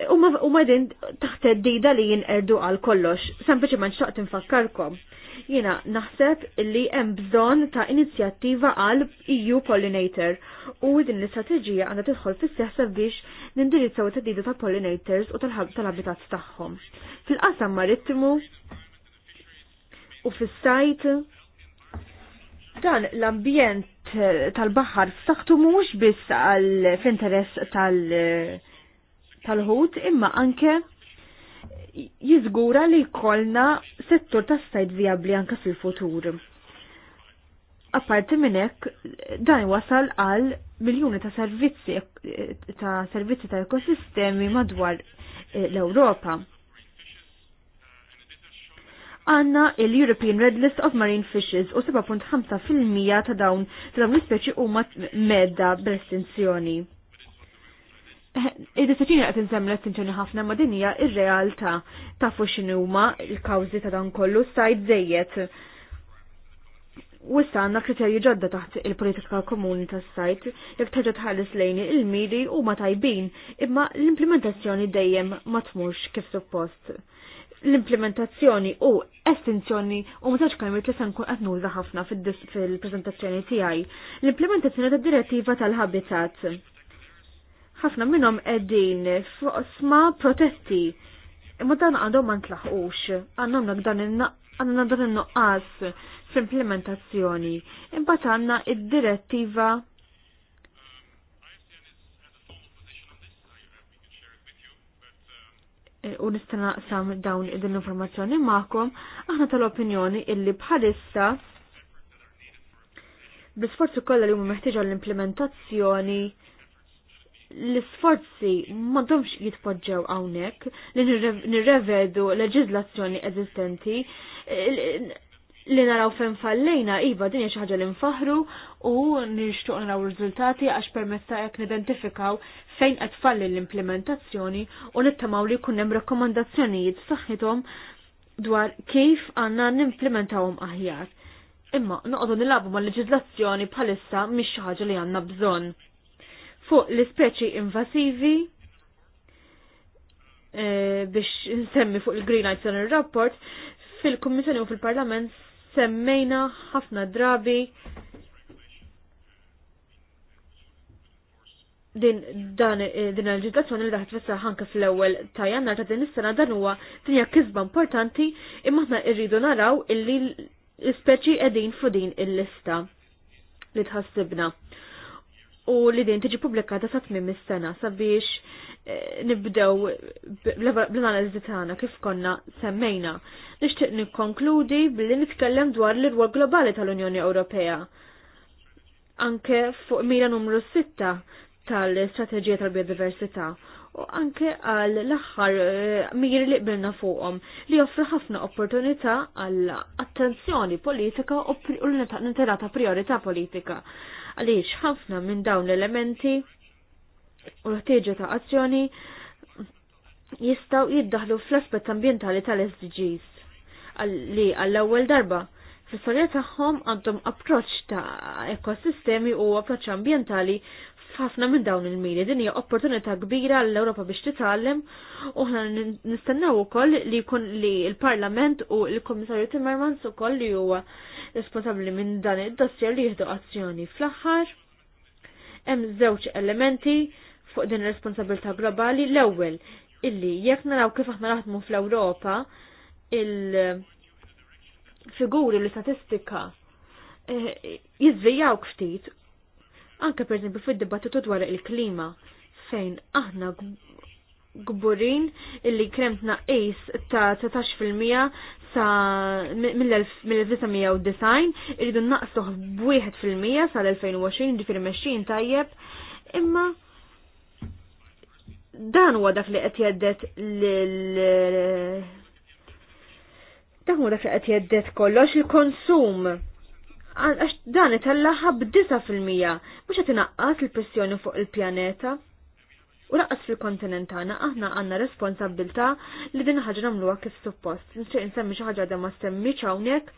u ma din taħt id li jinqerdu għal kollox, sempliċi ma nxtaqt nfakkarkom Jiena naħseb li hemm bżonn ta' inizjattiva għal EU Pollinator u din l-istrateġija għandha tidħol fis-seħsa biex nindirizzaw it-tedida ta' pollinators u tal-habitat tagħhom. Fil-qasam marittimu u fis-sajt dan l-ambjent tal-baħar f'saħħtu mhux biss għal f'interess tal-ħut imma anke jizgura li kolna settur ta' stajt viabli anka fil-futur. Apparti minnek, dan wasal għal miljoni ta' servizzi ta' servizzi ta' ekosistemi madwar eh, l-Europa. Għanna il-European Red List of Marine Fishes u 7.5% ta' dawn ta' dawn l-speċi u medda bl-estinzjoni. Eh, Id-deċiżjoni qed insemmi l-attenzjoni ħafna ma' din hija r-realtà tafu x'inhuma l-kawżi ta' dan kollu stajt żejjed. Wissa għanna kriterju ġodda taħt il-politika komuni tas sajt jekk terġa' tħallis lejn il-miri huma tajbin, imma l-implementazzjoni dejjem ma tmurx kif suppost. L-implementazzjoni u estinzjoni u ma tax kajmet li se nkun qed nuża ħafna fil-preżentazzjoni tiegħi. L-implementazzjoni tad-direttiva tal-habitat ħafna minnhom qegħdin f'qosma protesti. imma dan għandhom ma ntlaħqux, għandhom dan għandna dan il-nuqqas fl-implementazzjoni. Imbagħad għandna id-direttiva u nistana sam dawn id-din informazzjoni ma'kom, aħna tal-opinjoni illi bħalissa bl-sforzi kollha li huma meħtieġa l-implementazzjoni l-sforzi domx jitpoġġew hawnhekk li nirrevedu leġizlazzjoni eżistenti li naraw fejn fallejna iva dinja xi ħaġa li nfaħru u nixtuq naraw riżultati għax permezz ta' jekk nidentifikaw fejn qed falli l-implementazzjoni u nittamaw li jkun hemm rakkomandazzjonijiet saħħithom dwar kif għandna nimplementawhom aħjar. Imma noqogħdu nilagħbu mal-leġiżlazzjoni bħalissa mhix xi ħaġa li għandna bżonn fuq l-ispeċi invasivi eh, biex nsemmi fuq il-Green Lights on Report rapport fil kommissjoni u fil-Parlament semmejna ħafna drabi din dan eh, din il ġitazzjoni li daħt fissa ħanka fl-ewwel ta' jannar ta' din is-sena dan huwa dinja kisba importanti imma aħna rridu naraw illi l-ispeċi qegħdin fuq din il-lista li tħassibna u li din tiġi pubblikata sa tmiem is-sena sabiex nibdew bl-analiżi tagħna kif konna semmejna. Nixtieq nikkonkludi billi nitkellem dwar l-irwol globali tal-Unjoni Ewropea. Anke fuq mira numru 6 tal-Strateġija tal-Biodiversità u anke għal l aħħar mir li qbilna fuqhom li joffri ħafna opportunità għall attenzjoni politika u l-interata priorità politika għaliex ħafna minn dawn l-elementi u l-ħtieġa ta' azzjoni jistaw jiddaħlu fl-aspett ambientali tal-SDGs li għall-ewwel darba fis-sorja tagħhom għandhom approċċ ta' ekosistemi u approċċ ambientali Ħafna minn dawn il-miri. Din hija opportunità kbira għall ewropa biex titgħallem u ħna nistennew ukoll li jkun li l-Parlament u l-Kummissarju Timmermans ukoll li huwa responsabbli minn dan id-dossier li jieħdu azzjoni fl-aħħar. Hemm żewġ elementi fuq din responsabilità globali. L-ewwel illi jekk naraw kif aħna naħdmu fl-Ewropa il-figuri l-istatistika eh, jizvijaw ftit Anke esempio fid-dibattitu dwar il-klima fejn aħna gburin illi krem tnaqqis ta' 13% sa mill-1990 irridu naqsuh sa' sal-2020 ġifieri mexxin tajjeb imma dan huwa dak li qed jeddet lil dak huwa dak li qed jeddet kollox il-konsum għax dan itallaħa b'9 fil-mija mhux qed inaqqas il-pressjoni fuq il-pjaneta. U raqqas fil kontinentana aħna għandna responsabilità li din ħaġa nagħmluha kif suppost. Nixtieq insemmi xi ħaġa ma semmiċ hawnhekk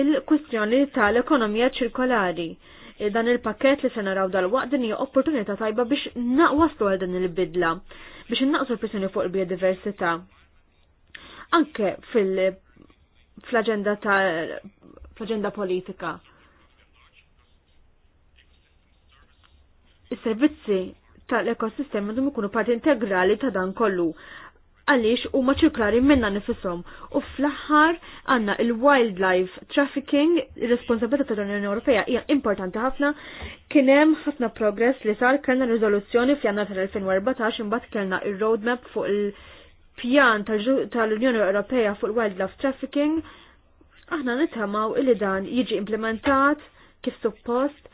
il kustjoni tal-ekonomija ċirkolari. E dan il-pakket li se naraw dal-waqt din hija opportunità tajba biex naqwaslu għal din il-bidla, biex innaqsu l-pressjoni fuq il-biodiversità. Anke fil- fl-agenda ta' fl-aġenda politika. Is-servizzi tal-ekosistema dum ikunu parti integrali ta' dan kollu għaliex u maċirklari minna nifisom. U fl-ħar għanna il-wildlife trafficking, il-responsabilità ta' l-Unjoni Ewropea hija importanti ħafna, kienem ħafna progress li sar kellna rizoluzzjoni f'janna tal-2014 imbagħad kellna il-roadmap fuq il-pjan tal-Unjoni Ewropea fuq il-wildlife trafficking Aħna nitamaw illi dan jiġi implementat kif suppost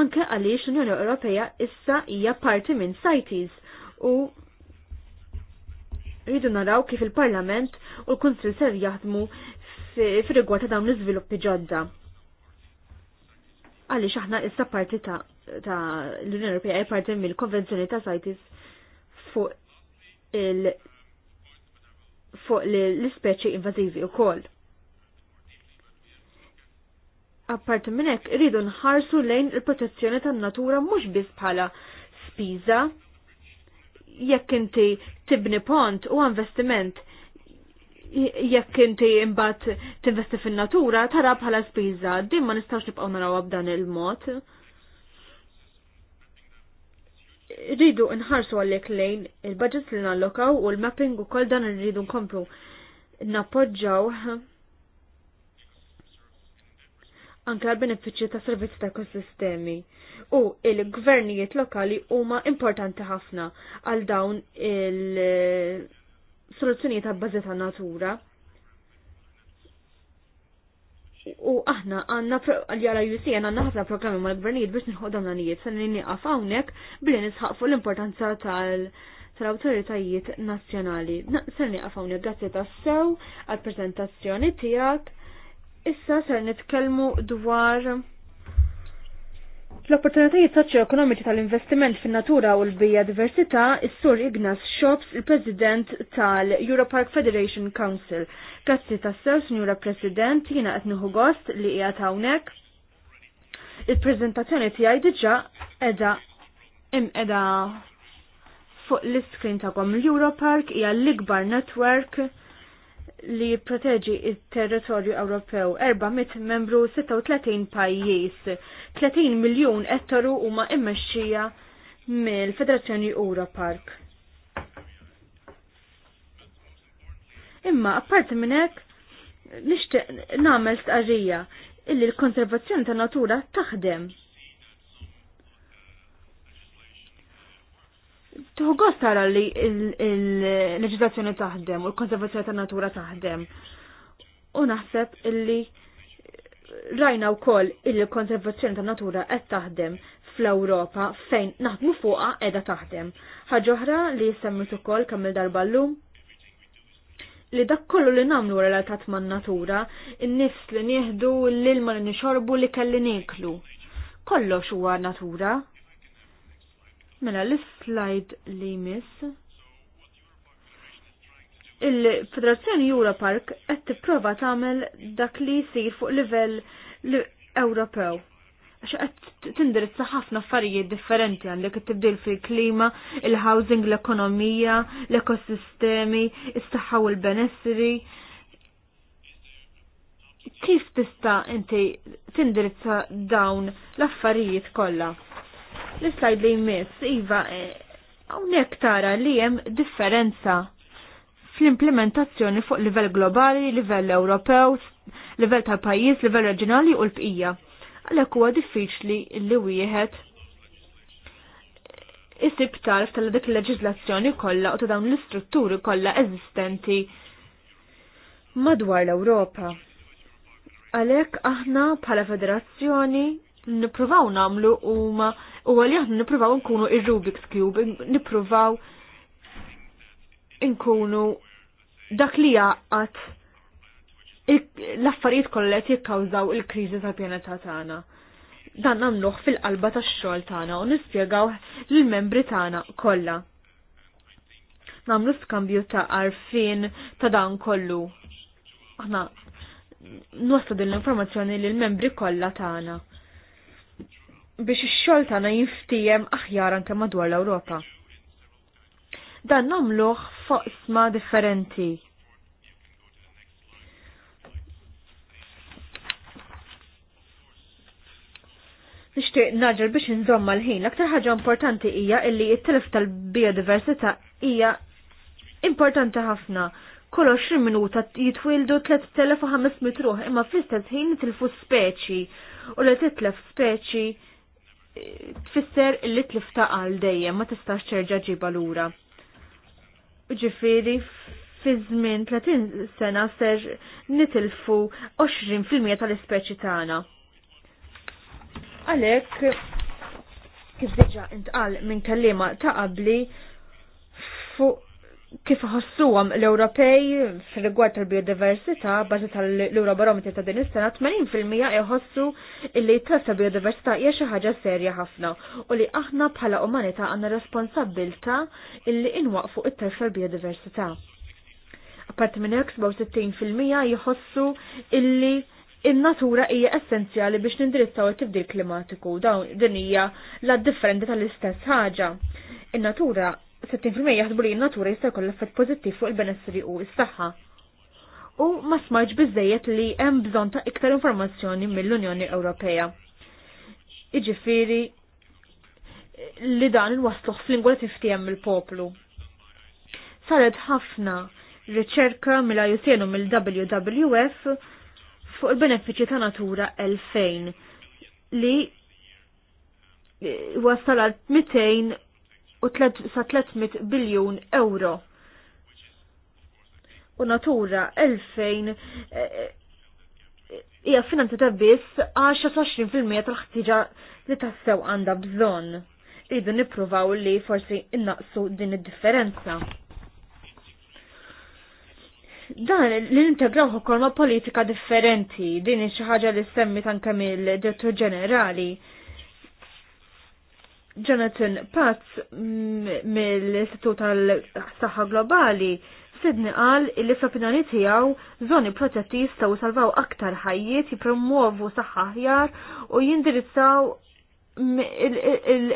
anke għaliex l-Unjoni Ewropea issa hija parti minn CITES u rridu naraw kif il-Parlament u l-Kunsil ser jaħdmu fir ta' dawn l-iżviluppi ġodda. Għaliex aħna issa parti ta', ta l-Unjoni Ewropea hija parti mill-Konvenzjoni ta' CITES fuq il fuq l-ispeċi invażivi wkoll. Apparti minn hekk irridu nħarsu lejn il-protezzjoni tan-natura mhux biss bħala spiża jekk inti tibni pont u investiment jekk inti imbagħad tinvesti fin-natura tara bħala spiża, din ma nistgħux nibqgħu narawha b'dan il-mod. Rridu nħarsu għalhekk lejn il-budgets li nallokaw u l-mapping ukoll dan irridu nkomplu nappoġġaw anke għal benefiċċju ta' servizzi ta' ekosistemi. U il-gvernijiet lokali huma importanti ħafna għal dawn il-soluzzjonijiet ta' bażi ta' natura. U aħna għanna għal-jara UC għanna ħafna programmi mal gvernijiet biex nħu dawn għanijiet sa' n-niqaf għawnek billi nisħaqfu l-importanza tal- tal-autoritajiet nazjonali. Ser niqaf hawnhekk grazzi tas-sew għall-preżentazzjoni tiegħek Issa ser nitkellmu dwar L-opportunitajiet soċjo-ekonomiċi tal-investiment fin-natura u l bija diversità, is-sur Ignas Shops, il-President tal-Europark Federation Council. Grazzi tassew, Sinjura President, jiena qed nieħu gost li hija hawnhekk. Il-preżentazzjoni tiegħi diġà qiegħda imqiegħda fuq l-iskrin tagħkom. L-Europark hija l-ikbar network li proteġi il-territorju Ewropew 400 membru 36 pajjiż. 30 miljun ettaru huma immexxija mill-Federazzjoni Ura Park. Imma apparti minn hekk nixtieq nagħmel stqarrija illi l-konservazzjoni ta' natura taħdem tuħu gost tara li il-leġislazzjoni taħdem u l-konservazzjoni ta' natura taħdem. U naħseb illi rajna wkoll illi l-konservazzjoni ta' natura qed taħdem fl-Ewropa fejn naħdmu fuqha qiegħda taħdem. Ħaġa oħra li semmit ukoll kemm il-darba llum li dak kollu li namlu relatat man natura, in nifs li nieħdu l-ilma li nixorbu li kelli nieklu. Kollox huwa natura, Mela l-slide li miss. Il-Federazzjoni Jura Park qed tipprova tagħmel dak li jsir fuq livell Ewropew. Għax qed tindirizza ħafna affarijiet differenti għandek it-tibdil fil-klima, il-housing, l-ekonomija, l-ekosistemi, is-saħħa u l-benessri kif tista inti tindirizza dawn l-affarijiet kollha? l slide li jmiss, Iva, e, hawnhekk tara li hemm differenza fl-implementazzjoni fuq livell globali, livell Ewropew, livell tal pajjiż livell reġinali u l-bqija. Għalhekk huwa diffiċli li wieħed isib tarf tal dik il-leġiżlazzjoni kollha u ta' dawn l-istrutturi kollha eżistenti madwar l-Ewropa. Għalhekk aħna bħala federazzjoni nippruvaw nagħmlu huma u għalli aħna nipruvaw nkunu ir-Rubik's Cube, nipruvaw nkunu dak li jaqat l-affarijiet kollet jikkawżaw il-kriżi tal-pjaneta tagħna. Dan nagħmluh fil-qalba tax-xogħol tagħna u nispjegaw lill-membri tagħna kollha. Nagħmlu skambju ta' arfin ta' dan kollu. Aħna nwaslu din l-informazzjoni lill-membri kollha tagħna biex ix-xogħol tagħna jinftijem aħjar anke madwar l-Ewropa. Dan nagħmluh foqsma differenti. Nixtieq naġel biex inżomma l-ħin. L-aktar ħaġa importanti hija illi t telef tal-biodiversità hija importanti ħafna. Kol 20 minuta jitwildu 3500 ruħ imma fl-istess ħin nitilfu speċi u li titlef speċi tfisser li tlifta għal dejjem ma tistax ċerġa ġiba lura. Ġifiri fi żmien 30 sena ser nitilfu 20% tal-ispeċi tagħna. Għalhekk kif diġà intqal minn kellima ta' qabli fuq kif ħossuhom l-Ewropej fil-rigward tal-biodiversità, bażi tal-Eurobarometri ta' din is-sena, 80% jħossu li trassa biodiversità hija xi ħaġa serja ħafna u li aħna bħala umanità għandna responsabbilta illi inwaqfu it-telf tal-biodiversità. Apparti minn hekk 67% jħossu illi in-natura hija essenzjali biex nindirizzaw it-tibdil klimatiku dawn din hija la differenti tal-istess ħaġa. In-natura 60% jaħdbu li n-natura jista' jkollha effett pożittiv fuq il-benessri u s-saħħa. U ma smarġ biżejjed li hemm bżonn ta' iktar informazzjoni mill-Unjoni Ewropea. Iġifieri li dan inwasluh fl-lingwa tiftiem il-poplu. Saret ħafna riċerka mill ajusienu mill-WWF fuq il-benefiċi ta' natura 2000 li wasal għal 200 u sa 300 biljun euro. U natura 2000 eh, eh, hija finanzjata biss 10-20% tal-ħtiġa li tassew għandha bżonn. Idu nippruvaw li forsi innaqsu din id-differenza. Dan l nintegraw ukoll ma' politika differenti, din xi ħaġa li semmi tanke mill-Direttur Ġenerali Jonathan Patz mill-Istitut tal-Saħħa Globali Sidni qal li f'opinjoni tiegħu żoni protetti jistgħu salvaw aktar ħajjiet, jippromuovu saħħa aħjar u jindirizzaw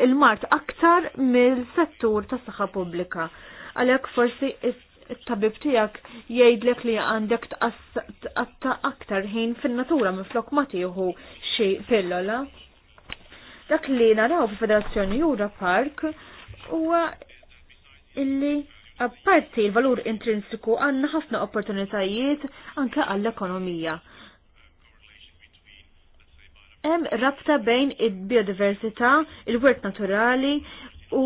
il-mart aktar mill-settur tas-saħħa pubblika. Għalhekk forsi it-tabib tiegħek jgħidlek li għandek tqatta aktar ħin fin-natura minflok ma tieħu xi pillola. Dak li naraw fi federazzjoni Jura Park huwa illi apparti l-valur intrinsiku għanna ħafna opportunitajiet anke għall-ekonomija. Hemm rabta bejn il-biodiversità, il-wirt naturali u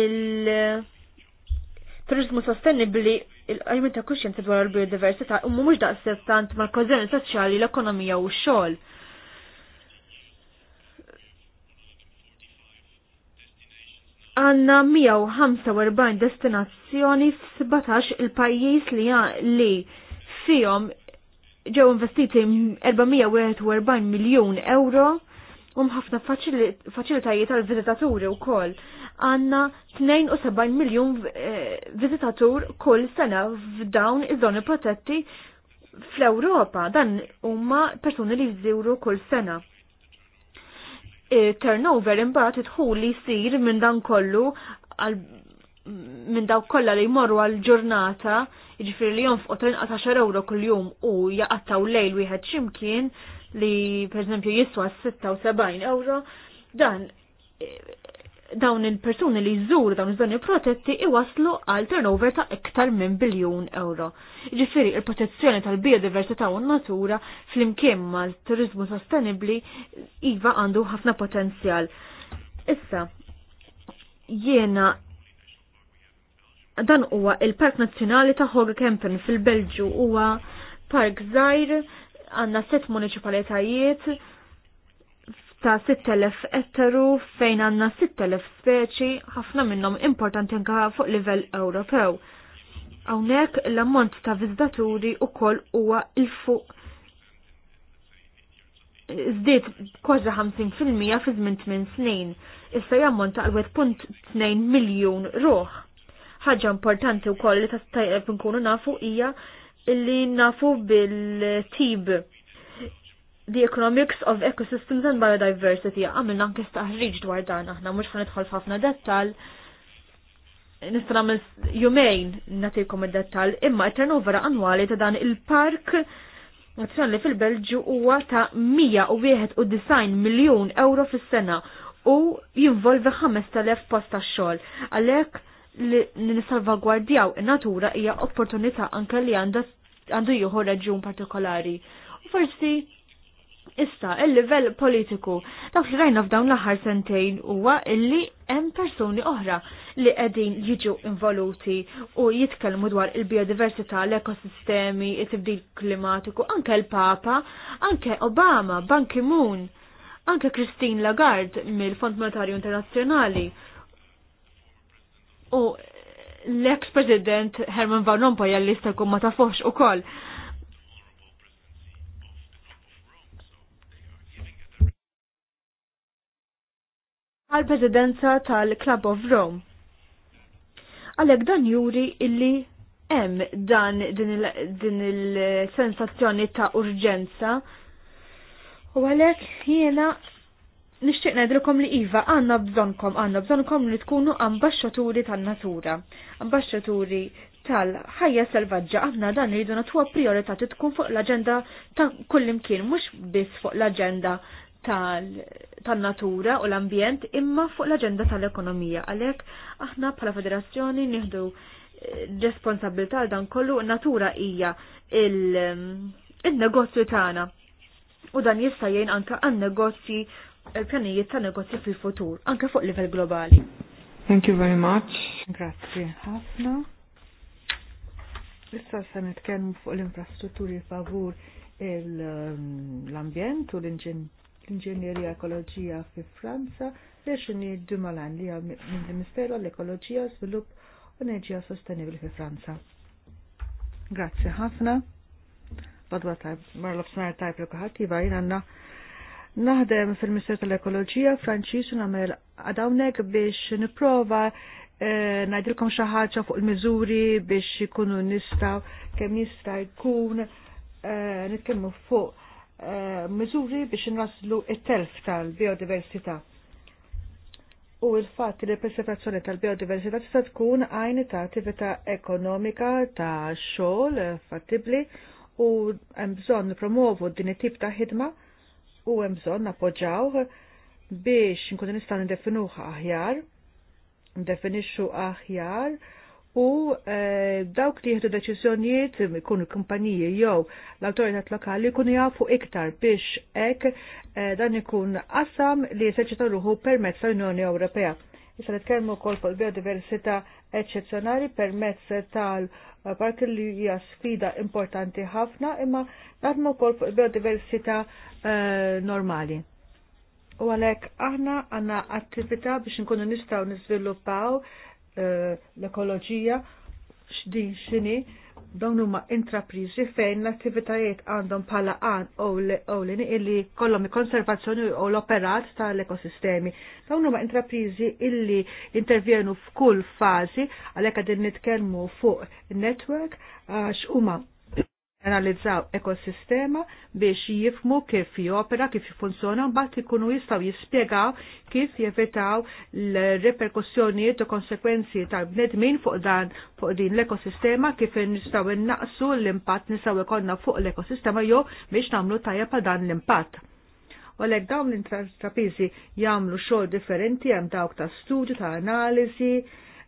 il-turizmu sostenibli il-għajmin ta' kuxjenza dwar il-biodiversità u mhumiex daqshekk tant mal kozjoni soċjali l-ekonomija u x-xogħol. għanna 145 destinazzjoni f-17 il-pajjiż li li fihom ġew investiti 441 miljun euro u m'ħafna faċilitajiet għal vizitaturi u koll. Għanna 72 miljon eh, vizitatur kull sena f'dawn iż-żoni protetti fl-Ewropa. Dan huma persuni li jżuru kull sena turnover imbagħad idħul li jsir minn dan kollu minn dawk kollha li jmorru għal ġurnata, jiġifieri li jonfqu trinqas 10 euro kuljum u jaqattaw lejl wieħed x'imkien li pereżempju jiswa 76 euro, dan dawn il-persuni li jżuru dawn iż-żoni protetti iwaslu għal turnover ta' iktar minn biljun euro. Ġifiri, il-protezzjoni tal-biodiversità u n-natura fl-imkien mal-turizmu sostenibli iva għandu ħafna potenzjal. Issa, jiena dan huwa il-Park Nazzjonali ta' Hoga Kempen fil-Belġu huwa park Zajr, għanna set municipalitajiet ta' 6000 ettaru fejn għanna 6000 speċi, ħafna minnhom importanti nka fuq livell Ewropew. Hawnhekk l-ammont ta' viżdaturi ukoll huwa il fuq Zdiet kważi 50% fi żmien 8 snin, issa jammont ta' 1.2 miljun ruħ. Ħaġa importanti wkoll li ta' nkunu nafu hija illi nafu bil-tib the economics of ecosystems and biodiversity. Għamilna anke staħriġ dwar dan aħna, mhux fan nidħol fafna dettal. Nista' nagħmel jumejn nagħtilkom id-dettall, imma t-turnover annwali ta' dan il-park nazzjonali fil-Belġu huwa ta' 191 miljun euro fis-sena u jinvolvi 5000 post tax-xogħol. Għalhekk li nissalvagwardjaw in-natura hija opportunità anke li għandu jieħu reġjun partikolari. U forsi Issa, il-livell politiku, dawk li rajna f'dawn l-aħħar sentejn huwa illi hemm persuni oħra li qegħdin jiġu involuti u jitkellmu dwar il-biodiversità, l-ekosistemi, it-tibdil klimatiku, anke l-Papa, anke Obama, Ban Ki-moon, anke Christine Lagarde mill-Fond Monetarju Internazzjonali. U l-ex-president Herman Van Rompuy għallista kumma ma tafox u koll. għal presidenza tal-Club of Rome. Għalek dan juri illi hemm dan din il-sensazzjoni ta' urġenza u għalek jiena nishtiq nedrukom li Iva għanna bżonkom, għanna bżonkom li tkunu ambasċaturi tal-natura, ambasċaturi tal-ħajja selvaġġa, għanna dan li jiduna tuwa prioritati tkun fuq l-agenda ta' kullimkien, mux bis fuq l-agenda tal-natura u l-ambjent imma fuq l-agenda tal-ekonomija. Għalek, aħna bħala federazzjoni nieħdu eh, responsabilità għal dan kollu natura hija eh, il-negozju tagħna. U dan jista' jgħin anke għan-negozji eh, pjanijiet ta' negozji fil-futur, anke fuq livell globali. Thank you very much. Grazie ħafna. Issa se nitkellmu fuq l-infrastrutturi favur l-ambjent u l-inġin l-Inġenjerija Ekoloġija fi Franza, Rexini Dumalan li l ministeru l ekoloġija Svilup u Enerġija Sostenibili fi Franza. Grazzi ħafna. Badwa tajb, marlob snar tajb li kħativa għanna naħdem fil-Ministeru tal-Ekoloġija Franċis u namel għadawnek biex niprofa eh, najdilkom xaħġa fuq il-mizuri biex ikunu nistaw kem jista' jkun eh, nitkellmu fuq Eh, miżuri biex inwaslu it-telf tal-biodiversità. U il-fatt li l-preservazzjoni tal-biodiversità tista' tkun għajni ta' attività ekonomika ta' xogħol fattibbli u hemm bżonn nipromovu din it-tip ta' ħidma u hemm bżonn appoġġaw biex nkunu nistgħu ndefinuha aħjar, ndefinixxu aħjar u eh, dawk li jieħdu deċiżjonijiet il kumpaniji jew l-autoritat lokali jkunu jafu iktar biex hekk eh, dan ikun qasam li jeseċita ruħu permezz tal-Unjoni Ewropea. Issa nitkellmu wkoll fuq biodiversità eċċezzjonali permezz tal-park li hija sfida importanti ħafna imma naħdmu wkoll fuq biodiversità eh, normali. U għalhekk aħna għandna attività biex nkunu nistgħu niżviluppaw Eh, l-ekoloġija x'din x'ini dawn huma intrapriżi fejn l-attivitajiet għandhom bħala għan ewlieni illi kollhom konservazzjoni u l-operat tal-ekosistemi. Dawn huma intrapriżi illi intervjenu f'kull fażi għalhekk qegħdin nitkellmu fuq network għax huma analizzaw ekosistema biex jifmu kif jopera, kif jifunzjona, mbagħad ikunu jistgħu jispjegaw kif jevitaw l-reperkussjonijiet u konsekwenzi ta' bnedmin fuq dan fuq din l-ekosistema kif nistgħu innaqsu l-impatt nistaw ikonna fuq l-ekosistema jew biex nagħmlu tajja pa' dan l-impatt. U għalhekk dawn l-intrapizi jagħmlu xogħol differenti hemm dawk ta' studju, ta' analiżi,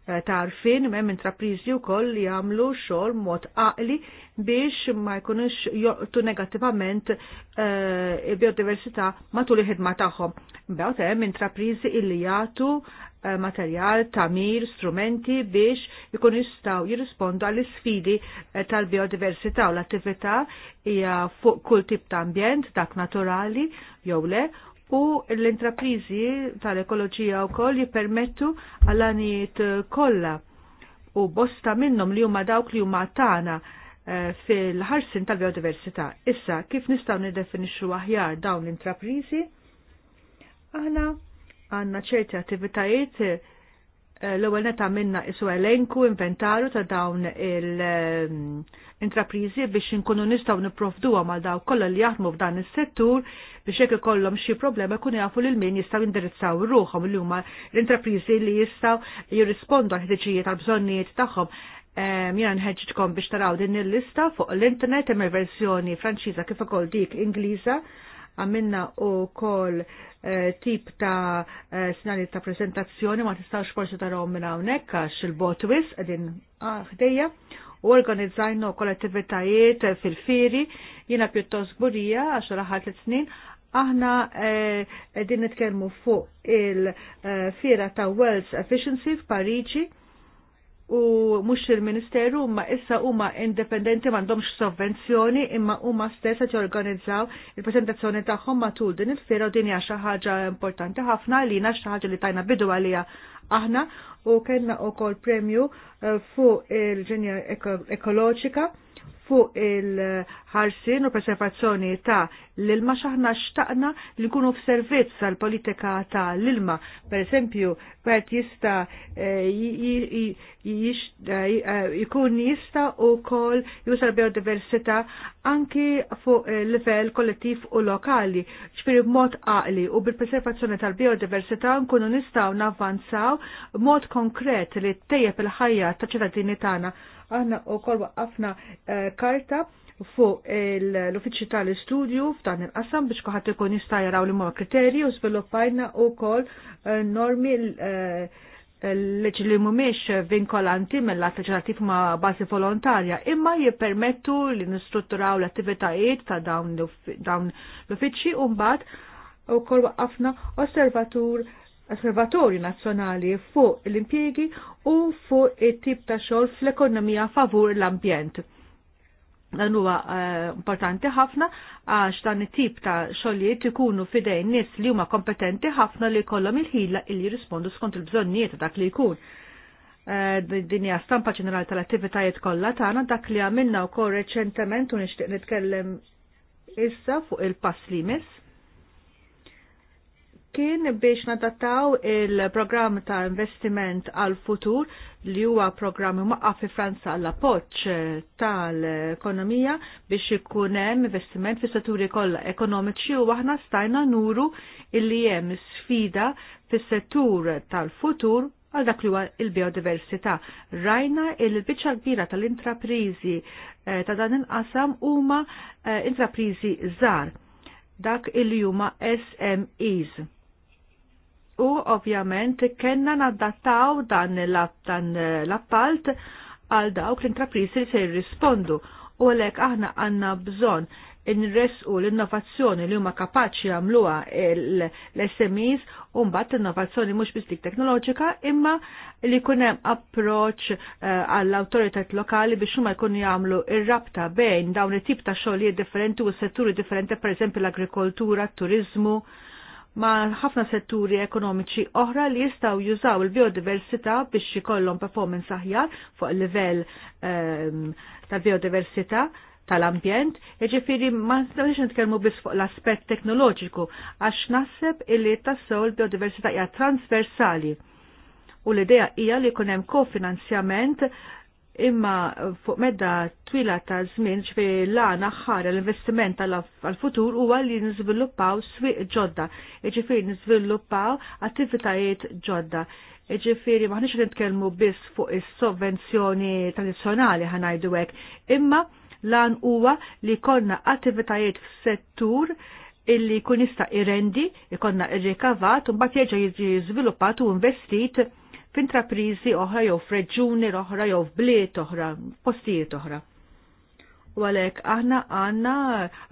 Eh, tarfin mem intrapriżi u koll li għamlu xol mod għaqli biex ma jkunux joqtu negativament eh, il-biodiversità e, matul il-ħidma tagħhom. Bgħu hemm intrapriżi illi jagħtu uh, materjal, tamir, strumenti biex jkun jistgħu jirrispondu għall sfidi tal-biodiversità u l-attività hija fuq kull tip ta' ambjent, dak naturali jew le, u l-intraprizi tal-ekoloġija u koll jipermettu għal-għaniet kolla u bosta minnom li huma dawk li huma tana eh, fil-ħarsin tal-biodiversità. Issa, kif nistaw nidefinixxu aħjar dawn l-intraprizi? Aħna għanna ċerti attivitajiet Eh, l-ewwel neta minna isu elenku inventarju ta' dawn il-intraprizi ehm, biex inkunu nistgħu nipprovduha mal daw kollha li jaħdmu f'dan is-settur biex jekk ikollhom xi problema jkunu jafu lil min jistgħu indirizzaw ruħhom li huma l-intraprizi li jistgħu jirrispondu għal ħtiġijiet għal bżonnijiet tagħhom. Ehm, jiena nħeġġitkom biex taraw din il-lista fuq l-internet hemm verżjoni Franċiża kif ukoll dik Ingliża għamilna u kol uh, tip ta' uh, eh, snali ta' prezentazzjoni ma tistawx forsi tarom minna unnek għax il-botwis għedin ah, ħdejja u organizzajnu u kollettivitajiet fil-firi jina pjuttost gburija għax raħat snin aħna eh, din nitkellmu fuq il-fira eh, ta' Wells Efficiency f'Pariġi u mhux il-Ministeru ma issa huma indipendenti m'għandhomx sovvenzjoni imma huma stessa t-organizzaw il-presentazzjoni tagħhom matul din il fira u din hija xi ħaġa importanti ħafna li xi ħaġa li tajna bidu għalija aħna u kellna wkoll premju eh, fuq il-ġenja ekoloġika fuq il-ħarsin u preservazzjoni ta' l-ilma xaħna xtaqna li f f'servizz għal politika ta' l-ilma. Per esempio, għet jista eh, jikun jista eh, u kol jusar biodiversita anki fuq livell kollettiv u lokali, ċpiri mod għaqli u bil-preservazzjoni tal-biodiversita nkunu nistaw navvanzaw mod konkret li tejjeb il-ħajja ta' ċittadini tagħna Aħna wkoll waqqafna eh, karta fuq l uffiċi tal-istudju f'dan il-qasam biex kuħat ikun jista' jaraw li ma' kriterji u sviluppajna wkoll eh, normi eh, leġi li mumiex vinkolanti mill-att ma' bażi volontarja, imma jippermettu li nistrutturaw l-attivitajiet ta' dawn l-uffiċċji u mbagħad u kol waqqafna osservatur osservatorju nazzjonali fuq l-impjegi u fuq it-tip ta' xogħol fl-ekonomija favur l-ambjent. Dan huwa eh, importanti ħafna għax dan it-tip ta' xogħlijiet ikunu fidejn nies li huma kompetenti ħafna li jkollhom il-ħila li jirrispondu skont il-bżonnijiet dak li jkun. Eh, din hija stampa ġenerali tal-attivitajiet kollha tagħna dak li għamilna wkoll reċentement u nixtieq nitkellem issa fuq il-pass li miss flimkien biex nadattaw il-programm ta' investiment għal futur li huwa programm maqqa fi Franza l appoġġ eh, tal-ekonomija biex ikun hemm investiment fis setturi kollha ekonomiċi u aħna stajna nuru illi hemm sfida fis-settur tal-futur għal dak li huwa il-biodiversità. Rajna il-biċċa kbira tal-intraprizi eh, ta' dan inqasam huma eh, intraprizi żgħar dak il-juma SMEs u ovvjament kellna nadattaw dan l-appalt għal dawk l-intraprisi li se jirrispondu u għalek aħna għandna bżonn inresqu l-innovazzjoni li huma kapaċi jagħmluha l-SMEs u mbagħad innovazzjoni mhux bistik teknoloġika imma li jkun hemm approċċ eh, għall autoritet lokali biex huma jkunu jagħmlu ir-rabta bejn dawn it-tip ta' xogħlijiet differenti u setturi differenti pereżempju l-agrikoltura, t-turizmu, ma' ħafna setturi ekonomiċi oħra li jistaw jużaw il-biodiversità biex jikollhom performance aħjar fuq il-livell um, tal-biodiversità tal-ambjent, ġifiri ma nistawx nitkellmu biss fuq l-aspett teknoloġiku għax naħseb illi tassew il-biodiversità hija transversali. U l-idea hija li jkun hemm kofinanzjament imma fuq medda twila ta' żmien ġifieri l-għana ħara l-investiment għal-futur huwa li niżviluppaw swieq ġodda, jiġifieri niżviluppaw attivitajiet ġodda. Jiġifieri maħniex nitkellmu biss fuq is-sovvenzjoni tradizzjonali ħanajdu hekk, imma lan huwa li konna attivitajiet f'settur illi kunista jista' ikonna irrikavat, u bat jieġa jiġi żviluppat u investit f'intraprizi oħra jew f'reġuni oħra jew f'bliet oħra, postijiet oħra u għalek aħna għanna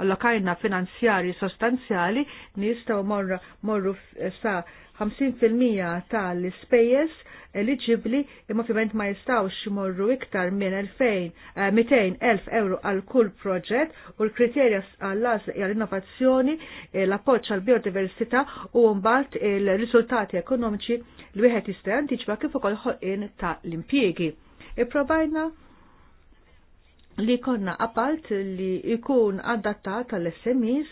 allokajna finanzjari sostanzjali nistaw morru, sa 50% tal-spejjes eliġibli imma ovvjament ma jistgħux morru iktar minn 200.000 eh, euro għal kull proġett u l-kriterja għall-għazl għall-innovazzjoni, eh, l-appoċ għall-biodiversità u mbagħad il-riżultati ekonomiċi li wieħed jista' jantiċba kif ukoll ħolqien ta' l-impjiegi. Ipprovajna e li konna appalt li ikun adattat għall smis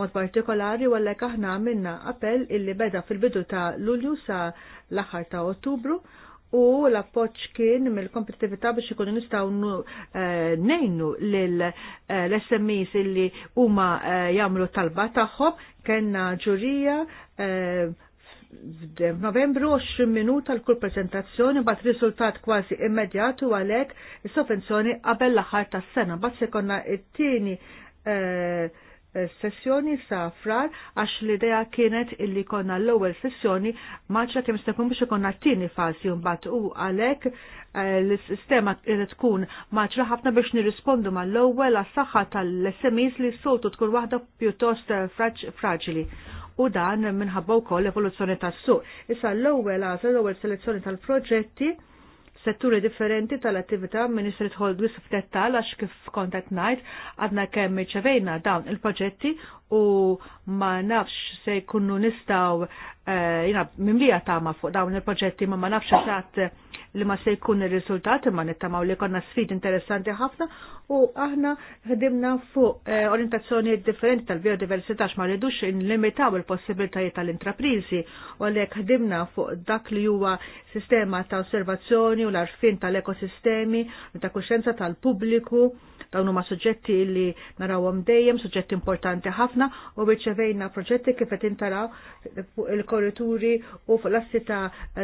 mod partikolari għallek aħna għamilna appell illi beda fil-bidu ta' Lulju sa l-aħħar ta' Ottubru u l-appoċ kien mill-kompetitività biex ikunu nistaw eh, nejnu eh, l smis illi huma eh, jagħmlu talba tagħhom kenna ġurija f'Novembru 20 minuta l kull prezentazzjoni bat risultat kważi immedjat għalek għalhekk is-sovvenzjoni qabel l-aħħar tas-sena. Bat sekonna konna it-tieni eh, eh, sessjoni sa frar għax l-idea kienet illi konna l-ewwel sessjoni maċra kemm se jkun biex ikonna t-tieni fażi mbagħad u għalhekk eh, l-sistema qed tkun maċra ħafna biex nirrispondu mal-ewwel għas-saħħa tal-SMEs li s soltu tkun waħda pjuttost fraġili u dan minħabba wkoll evoluzzjoni tas-suq. Issa l-ewwel għażel l-ewwel selezzjoni tal-proġetti setturi differenti tal-attività Ministri tħoldu s-ftettal għax kif kontat najt għadna kemm ċevejna dawn il-proġetti u ma nafx se jkunu nistaw eh, jina mimlija tama fuq dawn il-proġetti ma ma nafx eżatt li ma se jkun il rizultat ma nittamaw li konna sfid interessanti ħafna u aħna ħdimna fuq eh, orientazzjoni differenti tal-biodiversità ma rridux nlimitaw il-possibilitajiet tal-intraprizi u għalhekk ħdimna fuq dak li huwa sistema ta' osservazzjoni u l-arfin tal-ekosistemi ta' kuxenza tal-pubbliku dawn huma suġġetti li narawhom dejjem suġġetti importanti ħafna ħafna u rċevejna proġetti kif qed intaraw fuq il-korrituri u fuq l-assi ta'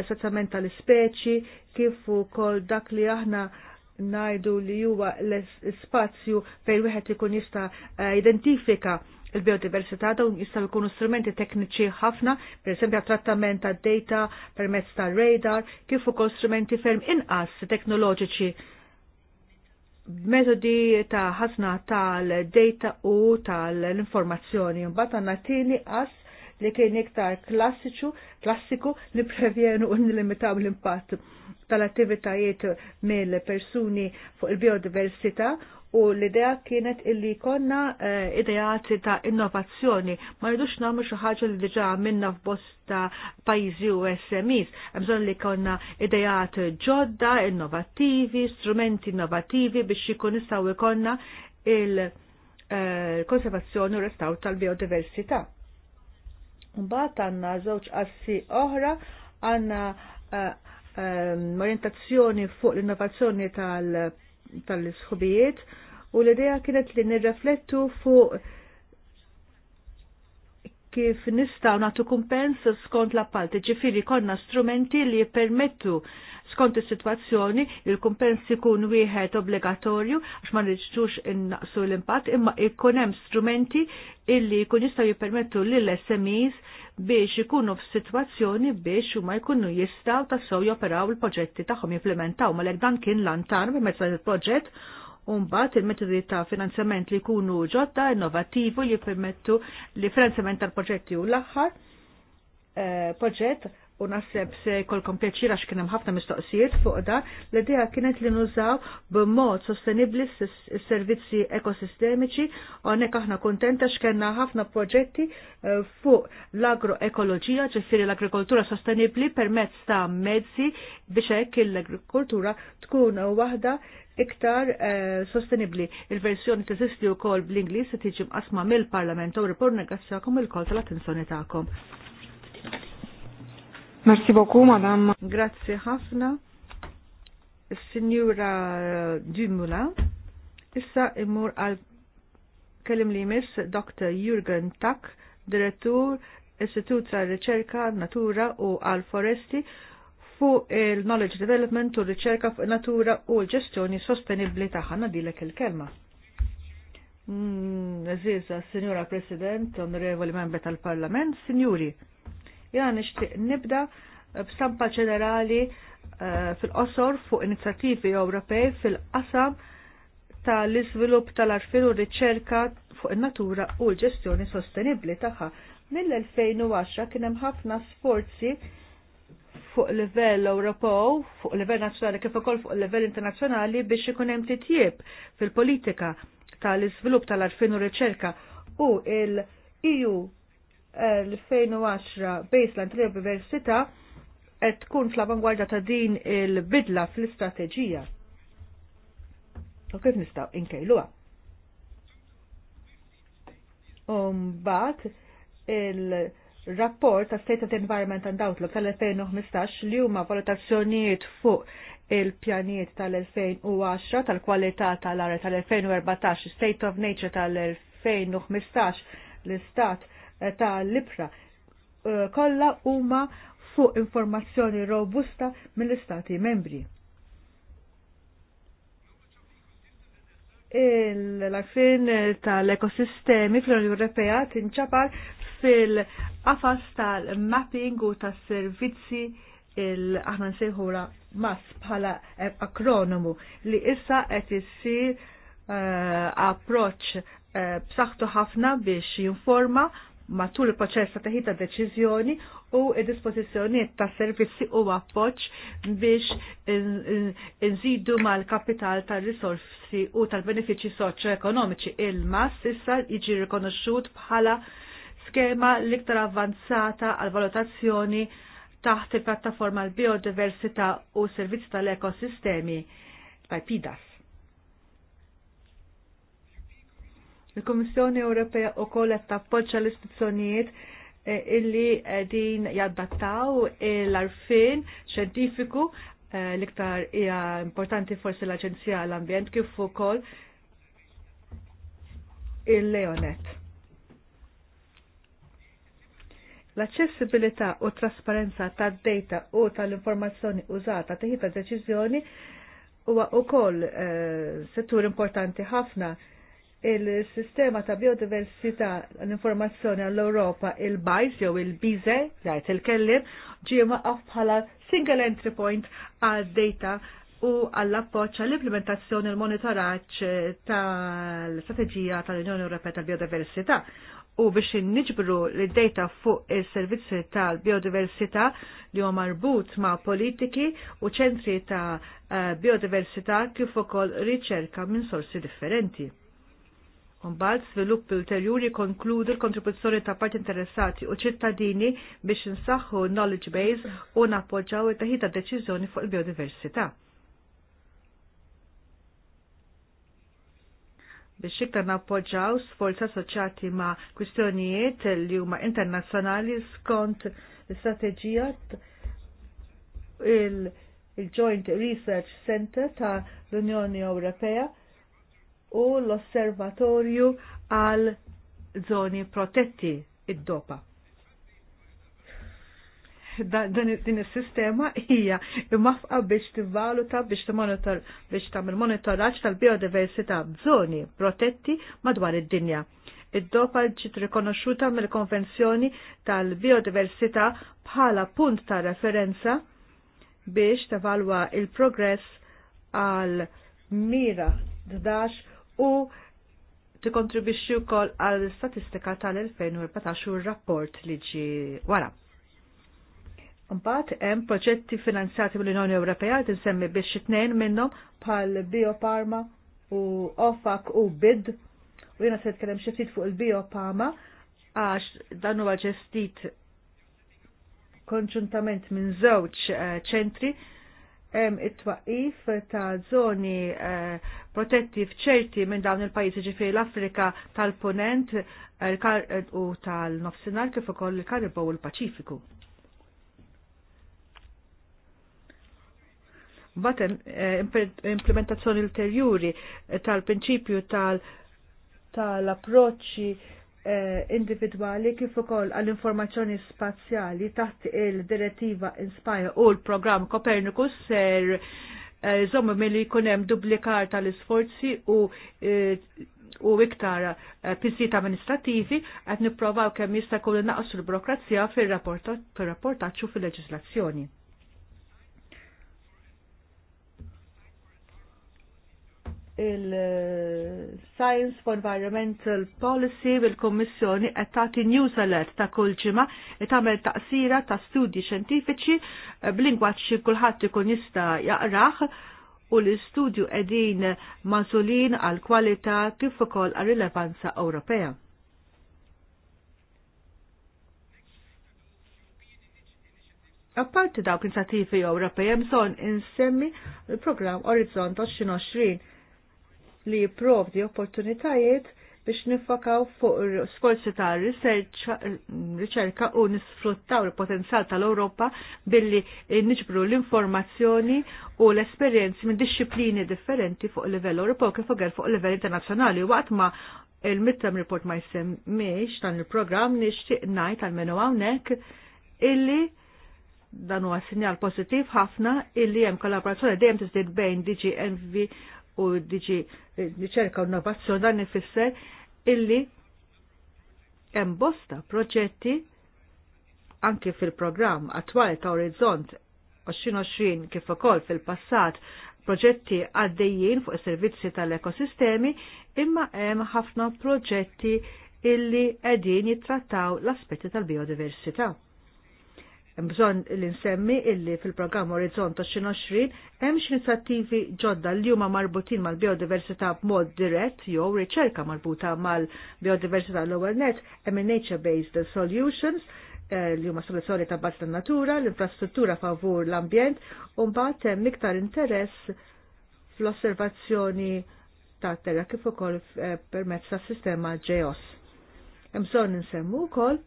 sazzament tal-ispeċi kif ukoll dak li aħna najdu li huwa l-spazju fejn wieħed ikun jista' identifika il-biodiversità dawn jistaw ikunu strumenti tekniċi ħafna, esempio trattament tad-data permezz tar-radar, kif ukoll strumenti ferm inqas teknoloġiċi metodi ta' ħasna tal-data u tal-informazzjoni. Mbagħad għandna tieni li kien iktar klassiċu, klassiku li prevjenu u nilimitaw l-impatt tal-attivitajiet mill-persuni fuq il-biodiversità u l-idea kienet illi konna uh, ideati ta' innovazzjoni. Ma rridux nagħmlu xi ħaġa li diġà minna f'bosta pajjiżi u SMEs. Hemm bżonn li konna ideat ġodda, innovattivi, strumenti innovattivi biex jikun nistgħu ikonna il-konservazzjoni eh, uh, u restaw tal-biodiversità. Mbagħad għandna żewġ assi oħra għandna eh, eh, orientazzjoni fuq l-innovazzjoni tal-isħubijiet u l-idea kienet li nirreflettu fuq kif nistaw natu kumpens skont l-appalti, ġifiri konna strumenti li permettu skont is-sitwazzjoni il-kumpens ikun wieħed obbligatorju għax ma nirġux innaqsu l-impatt imma ikun hemm strumenti illi jkun jistgħu jippermettu lill SMEs biex ikunu f'sitwazzjoni biex huma jkunu jistgħu tassew joperaw il-proġetti tagħhom jimplementaw malek dan kien lantan permezz il-proġett Umbat il-metodi ta' finanzjament li jkunu ġodda, innovativu, jippermettu li finanzjament tal-proġetti u l-axħar, eh, proġett u naħseb se kolkom pjaċir għax kienem ħafna mistoqsijiet fuq da, l-idea kienet li nużaw b'mod sostenibli s-servizzi ekosistemiċi, u għanek aħna kontenta x'kenna ħafna proġetti eh, fuq l-agroekoloġija, ġifiri l-agrikoltura sostenibli permezz ta' mezzi biex hekk l-agrikoltura tkun waħda iktar eh, sostenibli. Il-versjoni teżisti wkoll bl-Ingliż se tiġi mqasma mill-Parlament Ewropew negazzakom il-kol tal-attenzjoni tagħkom. Merci beaucoup, madame. Grazie ħafna. Signora eh, Dumula. Issa immur għal kellim li mis Dr. Jürgen Tak, direttur Istitut ta' Riċerka Natura u għal Foresti fuq il-Knowledge Development u Riċerka fuq Natura u l-ġestjoni sostenibli taħħa dilek il-kelma. Mm, mm, Signora President, Onorevoli Membri tal-Parlament, Signori. Jena nixtieq nibda b'sampa ġenerali eh, fil-qosor fuq inizjattivi Ewropej fil-qasam ta' l-izvilupp tal-arfin u riċerka fuq in-natura u l-ġestjoni sostenibbli tagħha. Mill-2010 kien hemm ħafna sforzi fuq livell Ewropew, fuq livell nazzjonali kif ukoll fuq livell internazzjonali biex ikun hemm titjieb fil-politika tal-iżvilupp tal-arfin u riċerka u l-EU l-2010 baseline tal-Università qed tkun fl-avangwardja ta' din il-bidla fl-istrateġija. U kif nistgħu inkejluha? Mbagħad il-rapport ta' State of the Environment and Outlook tal-2015 li huma valutazzjonijiet fuq il-pjaniet tal-2010 tal-kwalità tal arja tal-2014 State of Nature tal-2015 l-istat Eh, ta' l-ibra eh, kollha huma fuq informazzjoni robusta mill-Istati membri. l-arfin tal-ekosistemi fl-Unjoni Ewropea tinċapar fil-qafas tal-mapping u tas-servizzi aħna nsejħura mas bħala eh, akronomu li issa qed issir approċ b'saħħtu ħafna biex jinforma matul il-proċess ta' teħita deċiżjoni u id-dispożizzjonijiet ta' servizzi u appoġġ biex nżidu mal-kapital tal-risorsi u tal-benefiċi soċjo-ekonomiċi il-mass issa jiġi rikonosciut bħala skema l-iktar avanzata għal valutazzjoni taħt il-plattaforma l-biodiversità u servizzi tal-ekosistemi, PIDAS Il-Komissjoni Ewropea u qed tappoġġa l-istituzzjonijiet eh, illi din jaddattaw l-arfin xjentifiku eh, l-iktar hija importanti forsi l-Aġenzija l-Ambjent kif ukoll il-Leonet. L-aċċessibilità u trasparenza tad-data u tal-informazzjoni użata teħita deċiżjoni huwa ukoll eh, settur importanti ħafna il-sistema ta' biodiversità l-informazzjoni għall-Europa il-BIS jew il-BIZE, jgħid il-kellim, ġie maqaf bħala single entry point għad data u għall-appoċ għall-implementazzjoni l-monitoraċ tal-strategija tal-Unjoni Ewropea tal-Biodiversità u biex inniġbru l-data fuq il-servizzi tal-biodiversità li huwa marbut ma' politiki u ċentri ta' eh, biodiversità kif ukoll riċerka minn sorsi differenti. Mbagħad svilupp ulterjuri konkludu l-kontribuzzjoni ta' parti interessati u ċittadini biex insaħħu knowledge base u nappoġġaw it-taħita deċiżjoni fuq il-biodiversità. biex iktar nappoġġaw sforzi assoċjati ma' kwistjonijiet li huma internazzjonali skont l-istrateġija il-Joint Research Center ta' l-Unjoni Ewropea u l-Osservatorju għal Zoni Protetti id-Dopa. Din is-sistema [LAUGHS] hija imwafqa biex tivvaluta biex timonitor biex tagħmel monitoraġġ tal-biodiversità b'żoni protetti madwar id-dinja id-dopa ġiet rikonoxxuta mill-Konvenzjoni tal-Biodiversità bħala punt ta' referenza biex tevalwa il-progress għal mira 11 u tikontribixxi wkoll għal statistika tal-2014 u r-rapport li ġi wara. Mbagħad hemm proġetti finanzjati mill-Unjoni Ewropea li tinsemmi biex tnejn minnhom bħal Bioparma u Ofak u Bid u jiena se nitkellem xi ftit fuq il-Bioparma għax dan huwa ġestit konġuntament minn żewġ eh, ċentri uh, hemm it-twaqif ta' zoni eh, protetti f'ċerti minn dawn il-pajjiżi ġifieri l-Afrika tal-Punent u tal-Nofsinhar kif ukoll il-Karibu u l-Paċifiku. Batem eh, implementazzjoni ulterjuri tal-prinċipju tal-approċċi tal Eh, individwali kif ukoll għall-informazzjoni spazjali taħt il-direttiva Inspire u l-programm Copernicus ser eh, żommu milli jkun hemm dublikar tal-isforzi u eh, u iktar pizzit amministrativi qed nipprovaw kemm jista' jkun naqsu l-burokrazija fir-rapportaċċju fil-leġislazzjoni. il-Science for Environmental Policy bil-Kommissjoni qed tagħti news alert ta' kull ġimgħa qed tagħmel taqsira ta' studji xjentifiċi eh, b'lingwaġġ xi kulħadd ikun jista' jaqrah u l-istudju qegħdin magħżulin għal kwalità kif ukoll għal rilevanza Ewropea. Apparti dawk inizjattivi Ewropej hemm bżonn insemmi l-programm Orizzont 2020 li jipprovdi opportunitajiet biex nifakaw fuq sforzi ta' riċerka u nisfruttaw il-potenzjal tal-Europa billi nġbru l-informazzjoni u l-esperienzi minn disċiplini differenti fuq livell Ewropew kif ukoll fuq livell internazzjonali waqt ma il-midterm report ma jsemmiex dan il-programm nixtieq ngħid għalmenu hawnhekk illi dan huwa sinjal pożittiv ħafna illi hemm kollaborazzjoni dejjem tiżdied bejn DG Envy u diġi eh, riċerka u innovazzjoni dan ifisser illi hemm bosta proġetti anke fil-programm attwali ta' Orizzont 2020 kif ukoll fil-passat proġetti għaddejjin fuq is-servizzi tal-ekosistemi imma hemm ħafna proġetti illi qegħdin jittrattaw l-aspetti tal-biodiversità. Mbżon li nsemmi illi fil-programm Orizzont 2020 hemm x'inizjattivi ġodda li huma marbutin mal-biodiversità b'mod dirett jew riċerka marbuta mal-biodiversità l-ewwel net hemm nature-based solutions eh, li huma soluzzjoni ta' bazz natura l-infrastruttura favur l-ambjent u mbagħad hemm iktar interess fl-osservazzjoni ta' terra kif ukoll eh, permezz tas-sistema ġeos. Hemm bżonn insemmu wkoll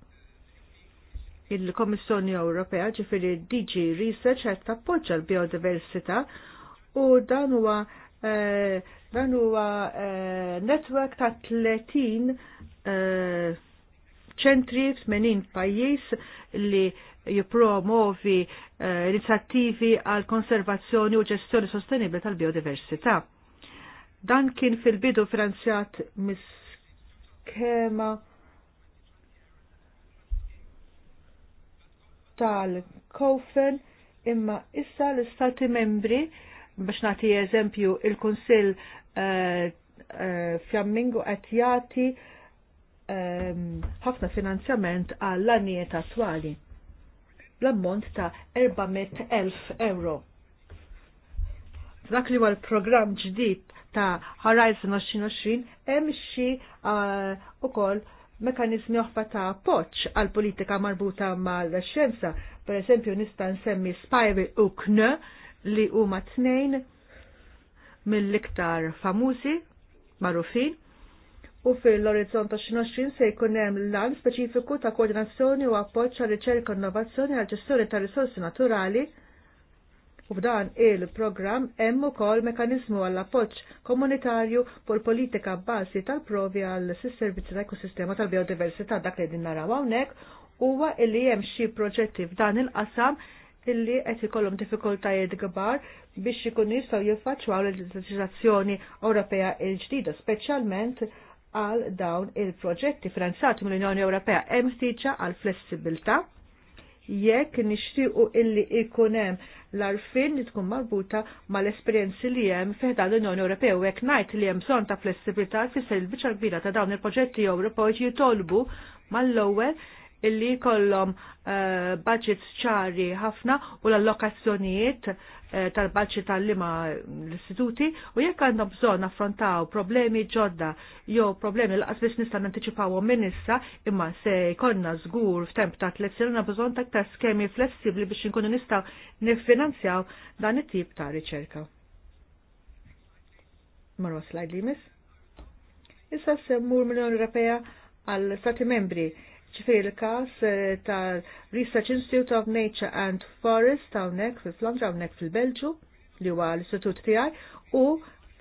il-Komissjoni Ewropea ġifiri DG Research għed tappoġġa l-biodiversità u dan huwa eh, dan huwa eh, netwerk ta' 30 eh, ċentri eh, f'menin pajjiż li jipromovi eh, inizjattivi għal konservazzjoni u ġestjoni sostenibli tal-biodiversità. Dan kien fil-bidu finanzjat mis-skema tal-Kofen imma issa l istati membri biex nagħti eżempju il-Kunsill uh, uh, qed jagħti ehm, ħafna um, finanzjament għall anijiet attwali l-ammont ta' 400.000 euro. Dak li huwa l-programm ġdid ta' Horizon 2020 hemm xi uh, mekanizmi uħfa ta' poċ għal politika marbuta mal-xjenza. Per esempio nista' nsemmi spajri u Kne li huma tnejn mill-iktar famużi marufin u fil-orizzont 2020 se jkun hemm lan speċifiku ta' koordinazzjoni u appoġġ għal riċerka u innovazzjoni għal ġestjoni ta' risorsi naturali U f'dan il-programm hemm ukoll mekanizmu għall appoġġ komunitarju pol politika bbażi tal-provi għal servizzi tal ekosistema tal-biodiversità dak li din naraw hawnhekk huwa li hemm xi proġetti f'dan il-qasam illi qed ikollhom diffikultajiet kbar biex ikun jistgħu jiffaċċjaw l-leġiżlazzjoni Ewropea l-ġdida, speċjalment għal dawn il-proġetti finanzati mill-Unjoni Ewropea hemm ħtieġa għal flessibilità jekk nixtiequ illi ikunem l-arfin li tkun marbuta mal-esperjenzi li hemm fiħdan l-Unjoni Ewropew, jekk ngħid li hemm bżonn ta' flessibilità fis il kbira ta' dawn il-proġetti Ewropew jitolbu mal-ewwel illi kollom uh, eh, budget ċari ħafna u l-allokazzjonijiet uh, tal-budget tal-lima l-istituti u jekk għandhom bżonn affrontaw problemi ġodda jew problemi l biex nista' nantiċipawhom minn issa imma se jkollna żgur f'temp ta' tliet sirna bżonn ta' ktar skemi flessibbli biex inkunu nistgħu niffinanzjaw dan it-tip ta' riċerka. Marwa slide li miss. Issa semmur mill-Unjoni Ewropea għal Stati membri ċifir il kas eh, tal-Research Institute of Nature and Forest hawnhekk fil Flandra hawnhekk fil-Belġu li huwa l-istitut tiegħi u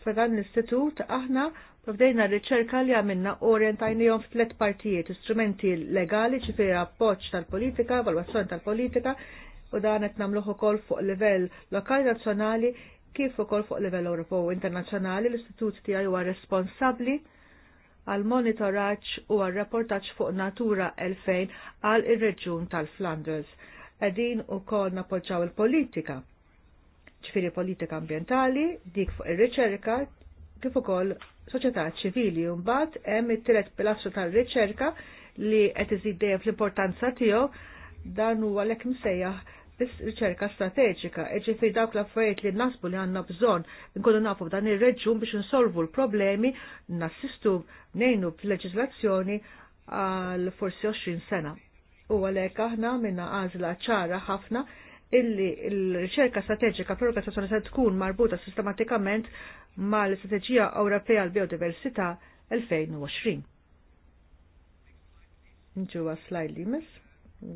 f'dan l-istitut aħna r riċerka li għamilna orientajnijom f'tlet partijiet, istrumenti legali ċifir appoċ tal-politika, valwazzjoni tal-politika, u dan qed nagħmluh ukoll fuq livell lokali nazzjonali kif ukoll fuq livell Ewropew internazzjonali l-istitut tiegħi huwa responsabbli għal monitoraġġ u għal rapportaġġ fuq Natura 2000 għal ir-reġjun tal-Flanders. Qegħdin ukoll napoġġaw il-politika ċfiri politika ambientali, dik fuq ir-riċerka, kif ukoll soċjetà ċivili u mbagħad hemm it-tielet pilastru tal-riċerka li qed iżid fl-importanza tiegħu dan huwa lek msejjaħ riċerka strateġika, fej dawk l-affarijiet li nasbu li għanna bżon nkunu nafu dan ir-reġun biex insolvu l-problemi nassistu nejnu fil għal forsi 20 sena. U għalhekk aħna minna għażla ċara ħafna illi l-riċerka strateġika fl-organizzazzjoni se tkun marbuta sistematikament mal-Strateġija Ewropea għal Biodiversità 2020. Nġuwa slide li mis.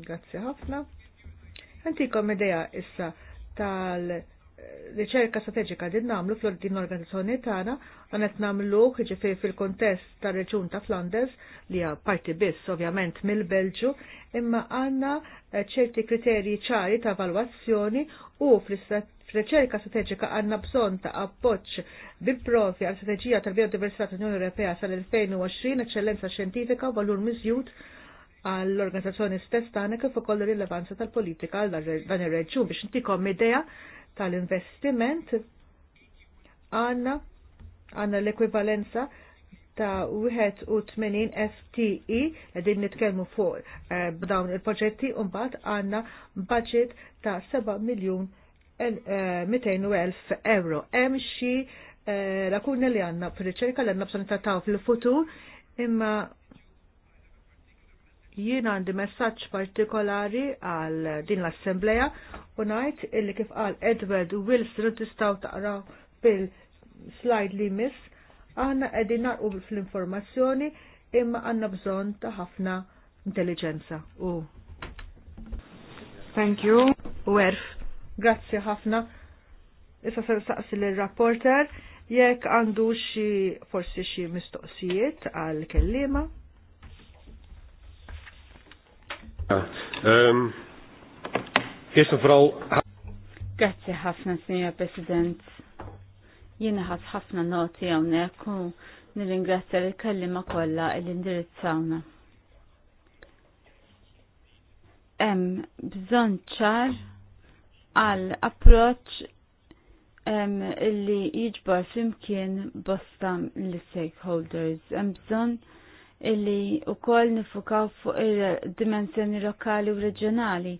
Grazie ħafna. Għantikom idea issa tal- riċerka strateġika din namlu fl din organizzazzjoni tagħna għan qed nagħmluh fil-kontest tar-reġun ta' Flanders li hija parti biss ovvjament mill-Belġu, imma għandna eh, ċerti kriterji ċari ta' valwazzjoni u fl-riċerka strateġika għandna bżonn ta' appoġġ bil-profi għal strateġija tal-biodiversità tal-Unjoni Ewropea sal-2020, eċċellenza xjentifika u valur miżjud għall-organizzazzjoni stess tagħna kif ukoll rilevanza tal-politika għal dan ir-reġjun biex intikom idea tal-investiment għandna għandna l-ekwivalenza ta' 81 FTE qegħdin nitkellmu fuq eh, b'dawn il-proġetti u mbagħad għandna budget ta' 7 miljun 200,000 eh, euro. Hemm xi eh, lakuna li għandna fir-riċerka li għandna bżonn ta' fil-futur imma jien għandi messaġġ partikolari għal din l-assembleja u ngħid illi kif għal Edward Wilson tistgħu taqraw fil slide li miss aħna qegħdin narqu fl-informazzjoni imma għandna bżonn ta' ħafna intelligenza u Thank you. U erf. Grazzi ħafna. Issa se saqsi l-rapporter jekk għandu xi forsi xi mistoqsijiet għal kellima. Um, Eerst en vooral. Grazie ħafna, Signor President. Jiena ħadd ħafna noti hawnhekk u nirringrazzja lill kellima kollha l-indirizzawna. Hemm bżonn ċar għal approċċ ehm, li jiġbor flimkien bosta l-stakeholders. Hemm bżonn illi u kol nifukaw fuq il-dimensjoni lokali u reġjonali.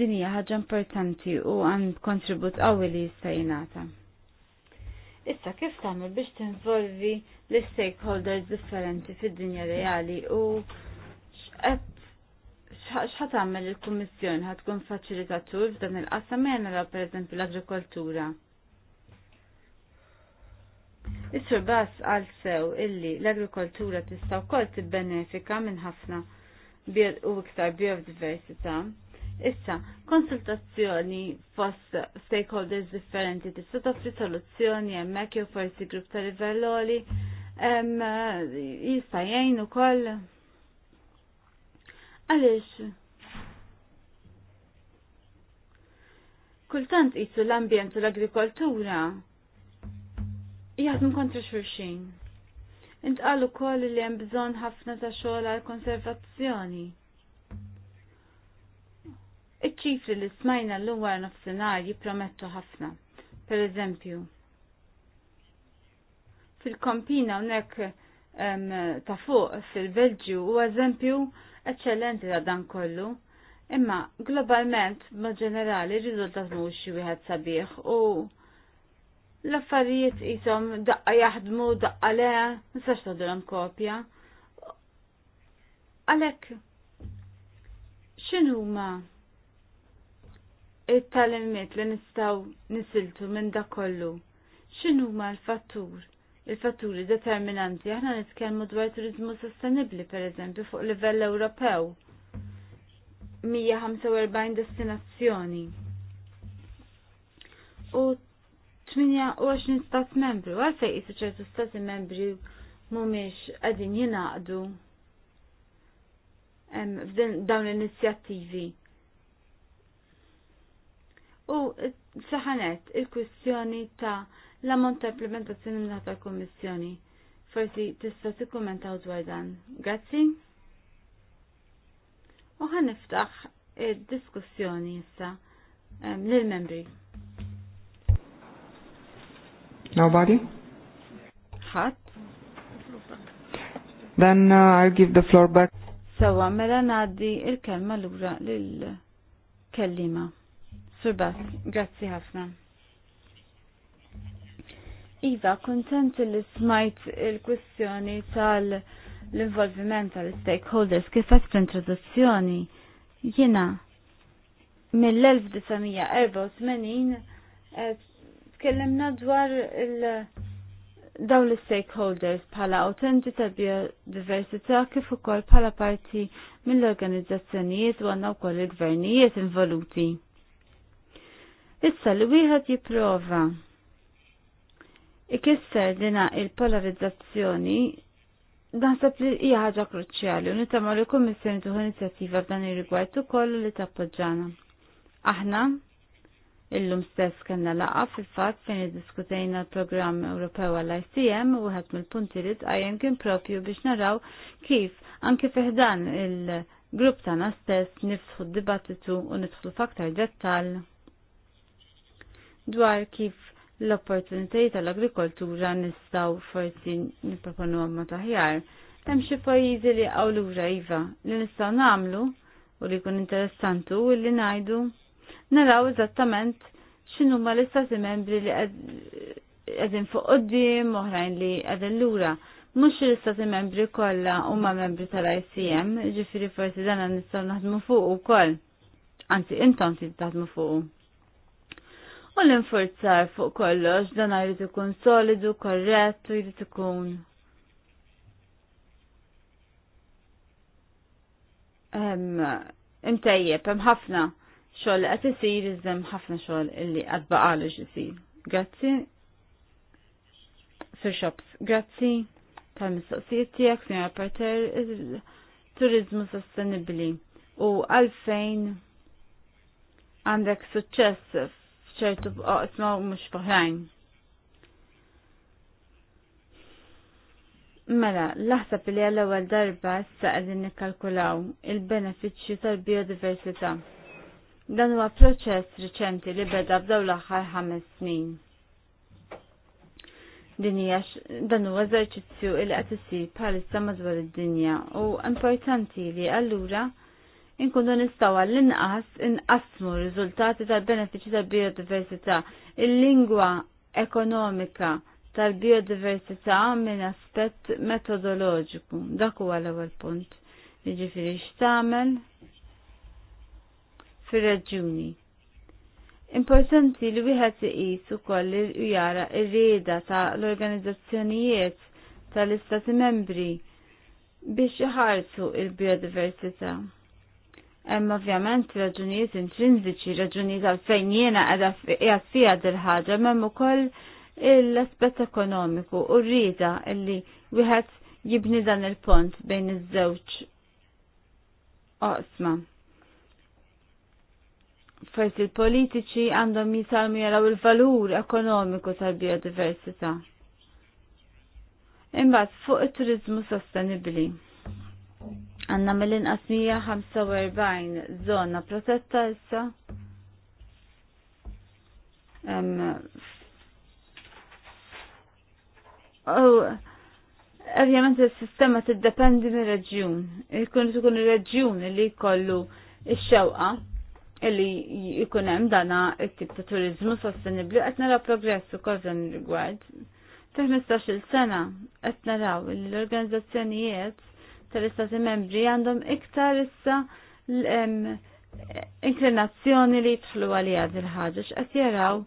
Din hija ħaġa importanti u għan kontribut qawwi li jistajnata. Issa kif tagħmel biex tinvolvi l-stakeholders differenti fid-dinja reali u x'ħat tagħmel il-Kummissjoni ħad tkun faċilitatur f'dan il-qasam per pereżempju l-agrikoltura. Is-sur Bass għal sew illi l-agrikoltura tista' wkoll tibbenefika minn ħafna u iktar biodiversità. Issa, konsultazzjoni fost stakeholders differenti tista' toffri soluzzjoni hemmhekk jew forsi grupp ta' livelloli jista' jgħin ukoll. Għaliex? Kultant qisu l-ambjent u l-agrikoltura jaħdmu kontra xurxin. għallu ukoll li hemm bżonn ħafna ta' xogħol għal konservazzjoni. Iċ-ċifri li smajna l wara nofsinhar jippromettu ħafna. Per eżempju, fil-kompina hawnhekk ta' fuq fil-Belġju u eżempju eċċellenti ta' dan kollu. Imma globalment, ma' ġenerali, rizultat mhux xi wieħed sabiħ u l-affarijiet jisom daqqa jaħdmu, daqqa le, nistax tadilhom kopja. Għalek, x'inhuma it-talimiet li nistaw nisiltu minn dak kollu? X'inhuma l-fattur? Il-fatturi determinanti aħna nitkellmu dwar turizmu sostenibbli pereżempju fuq livell Ewropew. 145 destinazzjoni. U 28 stat membru, għalfej jisu ċertu stati membri mumiex għadin jinaqdu dawn l-inizjattivi. U saħanet il-kwistjoni ta' l-ammont ta' implementazzjoni minna ta' kommissjoni. Forsi tista' tikkommentaw dwar dan. Grazzi. U ħan niftaħ id-diskussjoni eh, issa lill-membri. Nobody? Hot. Then uh, I'll give the floor back. So mela ngħaddi il-kelma lura lill-kellima. Surbat, Bas, grazzi ħafna. Iva, kontent li smajt il-kwestjoni tal-involviment tal-stakeholders kif għat introduzzjoni jina mill-1984 tkellimna dwar il- daw l-stakeholders bħala awtenti ta' biodiversità kif ukoll bħala parti mill-organizzazzjonijiet u għandna wkoll il-gvernijiet involuti. Issa li wieħed jipprova ikisser dina il-polarizzazzjoni naħseb li hija ħaġa kruċjali u nitama li kummissjoni tuħu inizjattiva f'dan ir-rigward ukoll li tappoġġana. Aħna Illum stess kanna laqa fil-fat fejn iddiskutejna l-programm Ewropew għall-ICM u wieħed mill-punti li tqajjem kien propju biex naraw kif anke fiħdan il-grupp tagħna stess niftħu d-dibattitu u nidħlu f'aktar dettall dwar kif l-opportunitajiet tal-agrikoltura nistgħu forsi nipproponu għamma taħjar. Hemm xi pajjiżi li qawlura iva li nistgħu nagħmlu u li jkun interessantu u li ngħidu naraw eżattament x'inhu ma l-istati membri li qegħdin fuq qudiem oħrajn li qegħdin lura. Mhux l-istati membri kollha huma membri tal-ICM, ġifieri forsi dan nistgħu naħdmu fuq ukoll. Anzi, intom trid taħdmu fuq. U l-infurzar fuq kollox dan jrid ikun solidu, korrett u jrid ikun imtejjeb, hemm ħafna xogħol li qed isir iżem ħafna xogħol illi qed baqalu x'isir. Grazzi. Sir Shops, grazzi tal-mistoqsijiet tiegħek, Sinjora Parter, il-turizmu sostenibbli u għalfejn għandek suċċess f'ċertu qosma u mhux f'oħrajn. Mela, laħsab li għall-ewwel darba issa qegħdin nikkalkulaw il-benefiċċju tal-biodiversità Dan huwa proċess riċenti li beda f'daw l-aħħar ħames snin. dan huwa eżerċizzju li qed isir bħalissa madwar id-dinja u importanti li allura inkunu nistgħu għall-inqas inqasmu r-riżultati tal-benefiċi tal-biodiversità, il-lingwa ekonomika tal-biodiversità minn aspett metodoloġiku. Dak huwa l-ewwel punt. Jiġifieri x'tagħmel fir-reġjuni. Importanti li wieħed iqis ukoll li jara r-rieda ta' l-organizzazzjonijiet tal-Istati membri biex iħarsu il-biodiversità. Hemm ovvjament raġunijiet intrinsiċi, raġunijiet għalfejn jiena qiegħda fiha dil-ħaġa, m'hemm ukoll l-aspett ekonomiku u rrieda li wieħed jibni dan il-pont bejn iż-żewġ oqsma forsi l-politiċi għandhom jisalmu jaraw il-valur ekonomiku tal-biodiversità. Imbagħad fuq it-turizmu sostenibbli. Għanna mill-inqas 145 żona protetta issa. U ovvjament il sistema tiddependi mir-reġjun. Ikun tkun ir-reġjun li jkollu ix-xewqa illi jikunem hemm dana it-tip ta' turizmu sostenibbli qed naraw progressu ukoll rigward. Fi 15-il sena qed naraw li l-organizzazzjonijiet tal-istati membri għandhom iktar issa inklinazzjoni li jidħlu għalija il ħaġa għet jaraw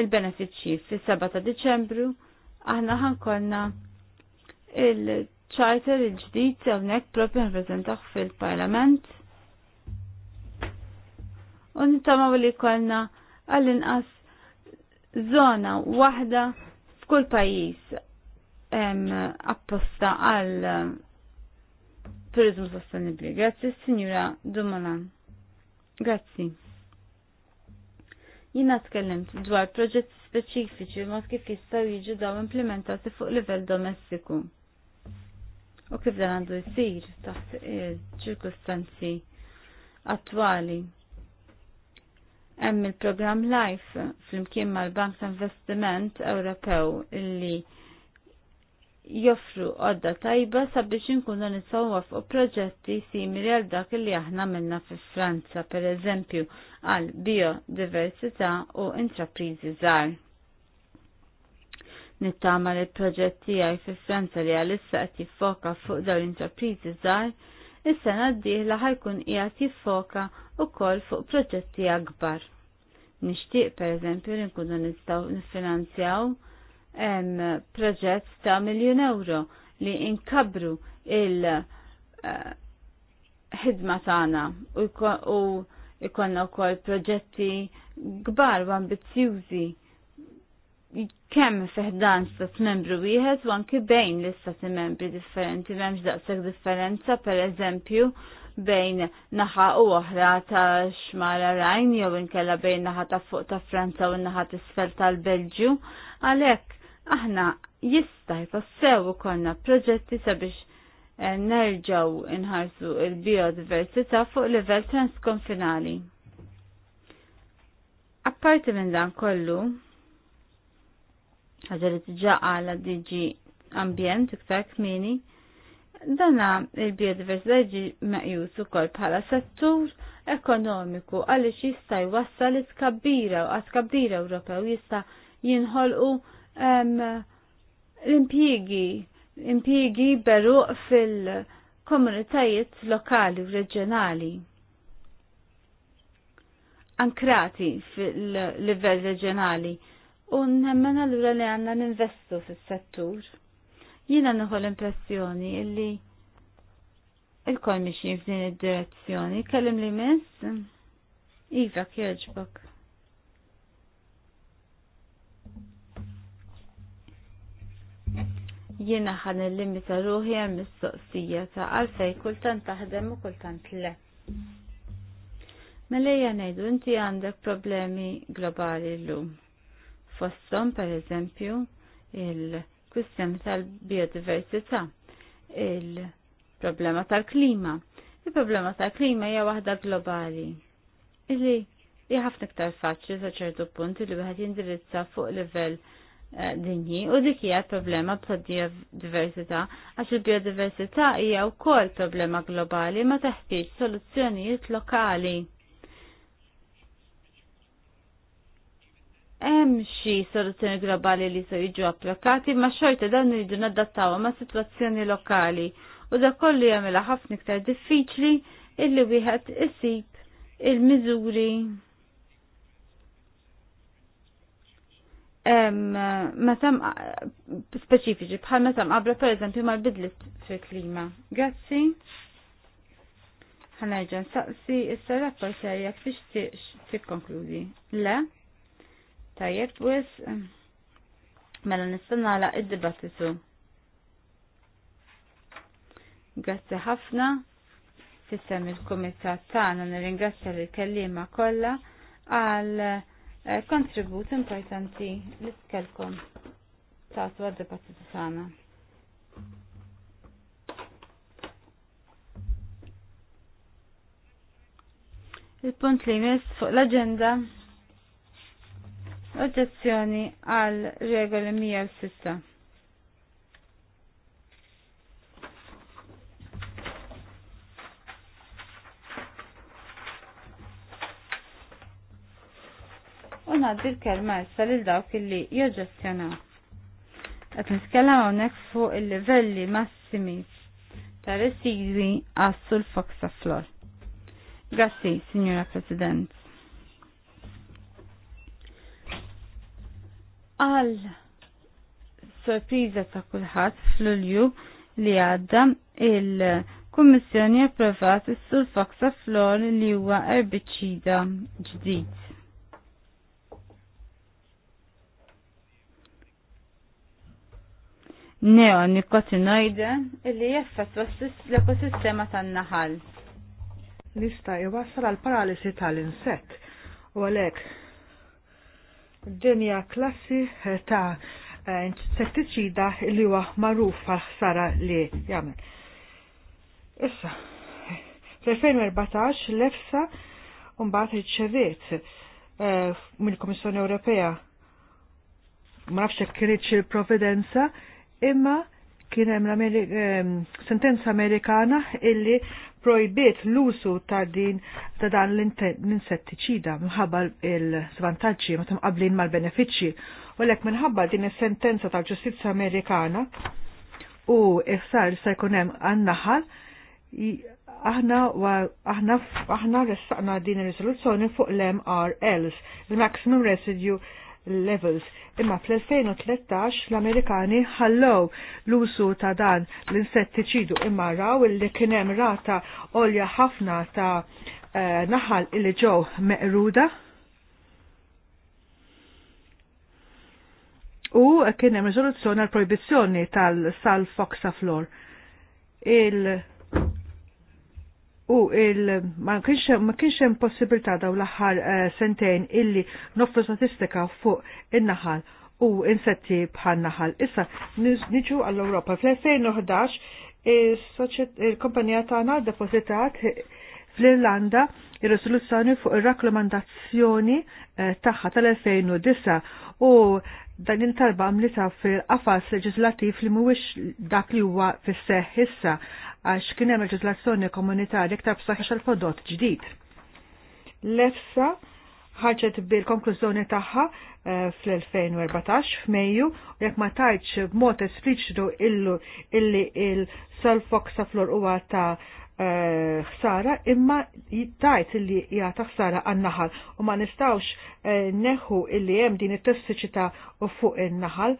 il-benefiċċji fis-7 ta' Diċembru aħna ħankolna il-charter il-ġdid nek propju nippreżentaw fil-Parlament u nittamaw li kolna għall-inqas zona waħda f'kull pajjiż apposta għal turizmu sostenibli. Grazzi, Signora Dumolan. Grazzi. Jina tkellimt dwar proġetti speċifiċi ma kif jistgħu jiġu daw implementati fuq livell domestiku. U kif dan għandu jsir taħt il-ċirkustanzi attwali hemm il-programm LIFE flimkien mal-Bank ta' Investiment Ewropew illi joffru għodda tajba sabiex inkunu nisawwa fuq proġetti simili għal dak li aħna minna fi Franza, per eżempju, għal biodiversità u intraprizi żgħar. Nittama li proġetti għaj fi Franza li għalissa qed jiffoka fuq dawn l-intraprizi żgħar, is-sena d-dieħla ħajkun qiegħed jiffoka fuq u koll fuq proġetti akbar. Nishtiq per eżempju li nkunu nistaw nifinanzjaw proġett ta' miljon euro li inkabru il eh, ħidma tagħna u ikonna wkoll proġetti kbar u ambizzjużi kemm fiħdan stat membru wieħed u anki bejn l-istati membri differenti m'hemmx daqshekk differenza pereżempju bejn naħa u oħra ta' xmara rajn jew inkella bejn naħa ta' fuq ta' Franza u naħa isfel tal-Belġju. Għalhekk aħna jista' jkossew konna proġetti sabiex eh, nerġaw inħarsu il-biodiversità fuq livell transkonfinali. Apparti minn dan kollu, ħaġa li tiġa għala DG ambjent iktar kmini, Dana il-biodiversità ġi meqjus ukoll bħala settur ekonomiku għaliex jista' jwassal iskabbira u għaskabbira Ewropew jista' jinħolqu l-impjiegi impjiegi beruq fil-komunitajiet lokali u reġjonali ankrati fil-livell reġjonali u nemmen allura li għandna ninvestu fis-settur. Jiena nħu l-impressjoni illi il-kol miexin f'din id-direzzjoni. Kellim li mess? Iva, kjerġbok. jiena ħan il-limita ruħi għem mistoqsija ta' għalfej kultant taħdem u kultant le. Malajja nejdu inti għandek problemi globali l-lum. Fossom per eżempju il- il-kwistjoni tal-biodiversità, il-problema tal-klima. Il-problema tal-klima hija waħda globali. Illi hija ħafna iktar faċli sa ċertu punt li wieħed jindirizza fuq livell eh, dinji u dik hija problema b'biodiversità għax il-biodiversità hija wkoll problema globali ma teħtieġ soluzzjonijiet lokali hemm xi soluzzjoni globali li se jiġu applikati, ma xorta dan iridu nadattaw ma' sitwazzjoni lokali u da kollu jagħmilha ħafna iktar diffiċli illi wieħed isib il-miżuri meta speċifiċi bħal meta mqabla pereżempju mal-bidlit fil-klima. Grazzi. Ħanerġa' saqsi issa għajja kif tixtieq tikkonkludi. Le? Tajjeb wis mela nistanna għala id-dibattitu. Grazzi ħafna fissem il-komitat tagħna nirringrazzja l kellima kollha għal eh, kontribut importanti li tkellkom tagħtu għad-dibattitu tagħna. Il-punt li jmiss fuq l-agenda oġġezzjoni għal regoli 106. Unaddi l-kelma issa lil dawk illi joġġezzjonaw. Qed niskella hawnhekk fuq il-livelli massimi ta' residwi l-foksa flor. Grazzi, Signora President. għal sorpriża ta' kulħadd fl-ulju li għadda il-Kummissjoni approvat is-sulfaxa flor li huwa erbicida ġdid. neonicotinoide illi wassis l-ekosistema tan-naħal. Nista' jwassal għal paralisi tal-insett u għalhekk dinja klassi eh, ta' eh, insettiċida li huwa magħrufa sara ħsara li jagħmel. Issa, fl-2014 l-EFSA mbagħad riċeviet eh, mill-Kummissjoni Ewropea ma nafx hekk kienieċ il-Providenza imma kien hemm ehm, sentenza Amerikana illi projbiet l-usu ta' din ta' dan l-insettiċida minħabba l svantaġġi ma' tamqablin mal-benefiċċji. U lek minħabba din is-sentenza tal-ġustizza Amerikana u iħsar li jkun hemm għannaħal aħna aħna aħna ressaqna din ir-riżoluzzjoni fuq l-MRLs, il-Maximum Residue levels. Imma fl-2013 l-Amerikani ħallow l-usu ta' dan l-insettiċidu imma raw li kienem rata olja ħafna ta' eh, naħal illi ġew meqruda u kienem rizoluzzjoni għal proibizzjoni tal-sal flor. Il- U il ma kienx hemm possibilità daw l-aħħar eh, sentejn illi noffru statistika fuq in-naħal u insetti bħal naħal. Issa niġu għall-Ewropa fl-2011 il-kompanija tagħna depositat fl-Irlanda ir resoluzzjoni fuq ir-rakkomandazzjoni eh, tagħha tal-2009 u dan il-talba għamlita fil-qafas leġislattiv li mhuwiex dak li huwa fis-seħħ issa għax kien hemm il-ġislazzjoni komunitarja iktar b'saħħex għal prodott ġdid. L-EFSA ħarġet bil-konklużjoni tagħha eh, fl-2014 f'Mejju u jekk ma tajtx b'mod espliċitu illu illi il-sulfoxaflor huwa ta' eh, ħsara imma jittajt illi jgħata ħsara għan-naħal u ma nistawx eh, neħu illi hemm din it-tossiċità u fuq in-naħal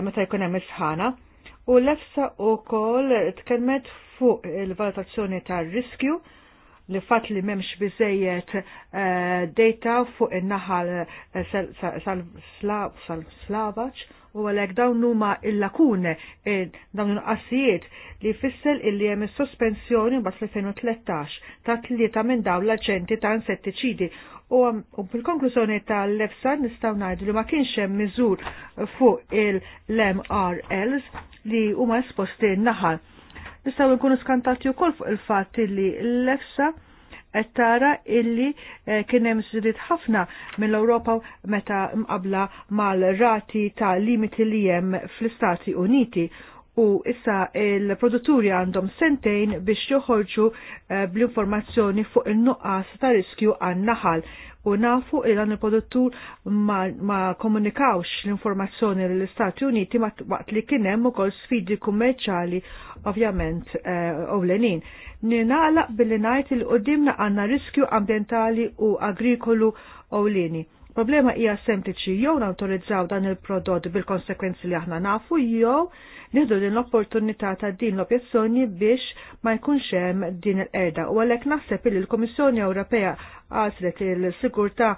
meta jkun hemm il-sħana U l-EFSA u kol tkelmet fuq il-valutazzjoni tar riskju li fatt li memx bizzejiet eh, data fuq il-naħal eh, sal-slavaċ u għalek dawn numa il-lakune eh, dawn il qassijiet li fissel illi jem sospensjoni bas 2013 ta' tlieta minn dawn l-aċenti ta' insettiċidi U fil-konklusjoni tal-EFSA nistaw najdu li ma kienx hemm miżur fuq il-MRLs li huma esposti naħal. Nistaw nkunu skantati wkoll fuq il-fatt li l-EFSA qed tara illi eh, kien hemm żdied ħafna mill-Ewropa meta mqabla mal-rati ta' limiti li hemm fl-Istati Uniti u issa il-produtturi għandhom sentejn biex joħorġu eh, bl-informazzjoni fuq il-nuqqas ta' riskju għan naħal u nafu il dan il-produttur ma, ma komunikawx l-informazzjoni l-Istati Uniti ma waqt li kienem u kol sfidi kummerċali ovvjament uh, ewlenin. Ninaqlaq billi ngħid il-qodimna għanna riskju ambientali u agrikolu ewleni Problema hija sempliċi jew nawtorizzaw dan il-prodott bil-konsekwenzi li aħna nafu jew nieħdu din l-opportunità ta' din l-objezzjoni biex ma jkunx hemm din il-qerda. U għalhekk naħseb li l-Kummissjoni Ewropea għażlet il-sigurtà il il sigurtà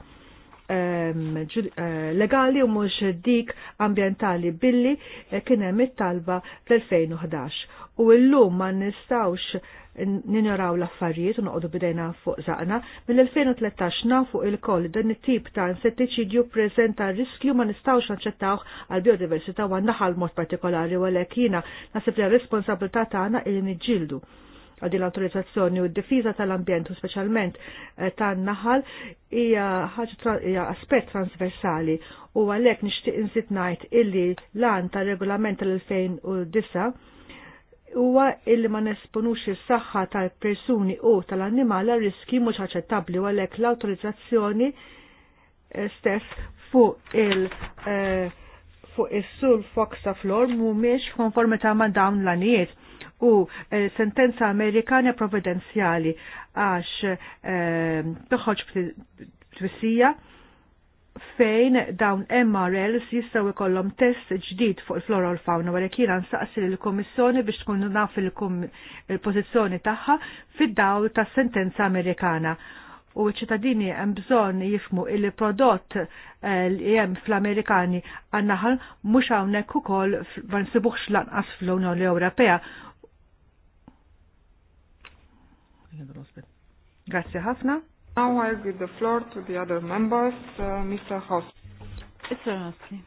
Eh, legali u mhux dik ambjentali billi eh, kien hemm it-talba fl-2011. U llum ma nistgħux ninjoraw l-affarijiet u noqogħdu bidejna fuq zaqna. Mill-2013 nafu il-koll dan it-tip ta' insettiċidju preżenta riskju ma nistgħux naċċettawh għal biodiversità u għandna mod partikolari u għalhekk jiena nasib li responsabilità tagħna li niġġieldu għadil l-autorizzazzjoni u d-difiża tal-ambjent u speċjalment eh, tan-naħal hija ħaġa aspett transversali u għalhekk nixtieq insit ngħid illi lan tar-regolament tal-2009 huwa illi ma nesponux is-saħħa tal-persuni u tal-annimali riski mhux aċċettabbli għalhekk l-awtorizzazzjoni eh, stess fuq il- uh, fuq is-sul Foxa Flor mhumiex konformità ma' dawn l-anijiet u eh, sentenza Amerikana provvidenzjali għax eh, toħroġ twissija fejn dawn MRLs jistaw ikollhom test ġdid fuq il-flora u l fawna wara kien nsaqsi lill-Kummissjoni biex tkun naf il-pożizzjoni tagħha fid-dawl tas-sentenza Amerikana u ċittadini hemm bżonn jifmu il prodott eh, li hemm fl-Amerikani għannaħal mhux hawnhekk ukoll ma nsibuħx lanqas fl-Unjoni Ewropea. Grazie ħafna. Now I give the floor to the other members, uh, Mr. Hoss. Mr. nice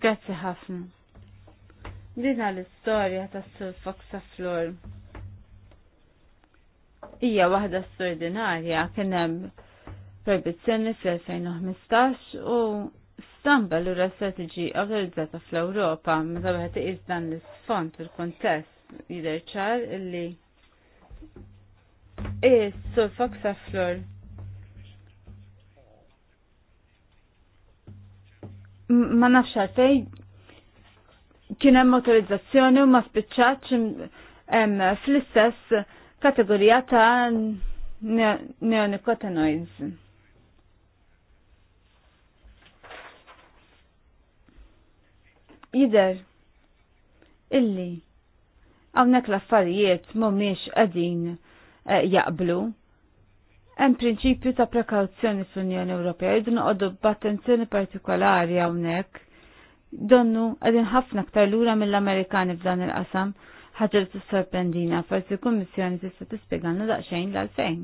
Grazie ħafna. Dina l-istorja ta' Sur Fox Flor. Ija wahda straordinarja kien hemm proibizzjoni fl-2015 u stamba l-ura strategi organizzata fl-Europa meta wieħed iqis dan l-isfond il-kontest jidher ċar illi is-sur faksa flor ma nafx fej kien hemm motorizzazzjoni u ma spiċċaċ fl-istess kategorija ta' neonicotinoids. Jider, illi, għawnek l-affarijiet mumiex għadin eh, jaqblu, hemm prinċipju ta' prekawzjoni fl-Unjoni Ewropea, jridu noqogħdu b'attenzjoni partikolari hawnhekk donnu għadin ħafna ktar lura mill-Amerikani f'dan il-qasam ħagġa li t-sorprendina forsi kummissjoni tista' t-spiegħanna daqsxejn l-għalfejn.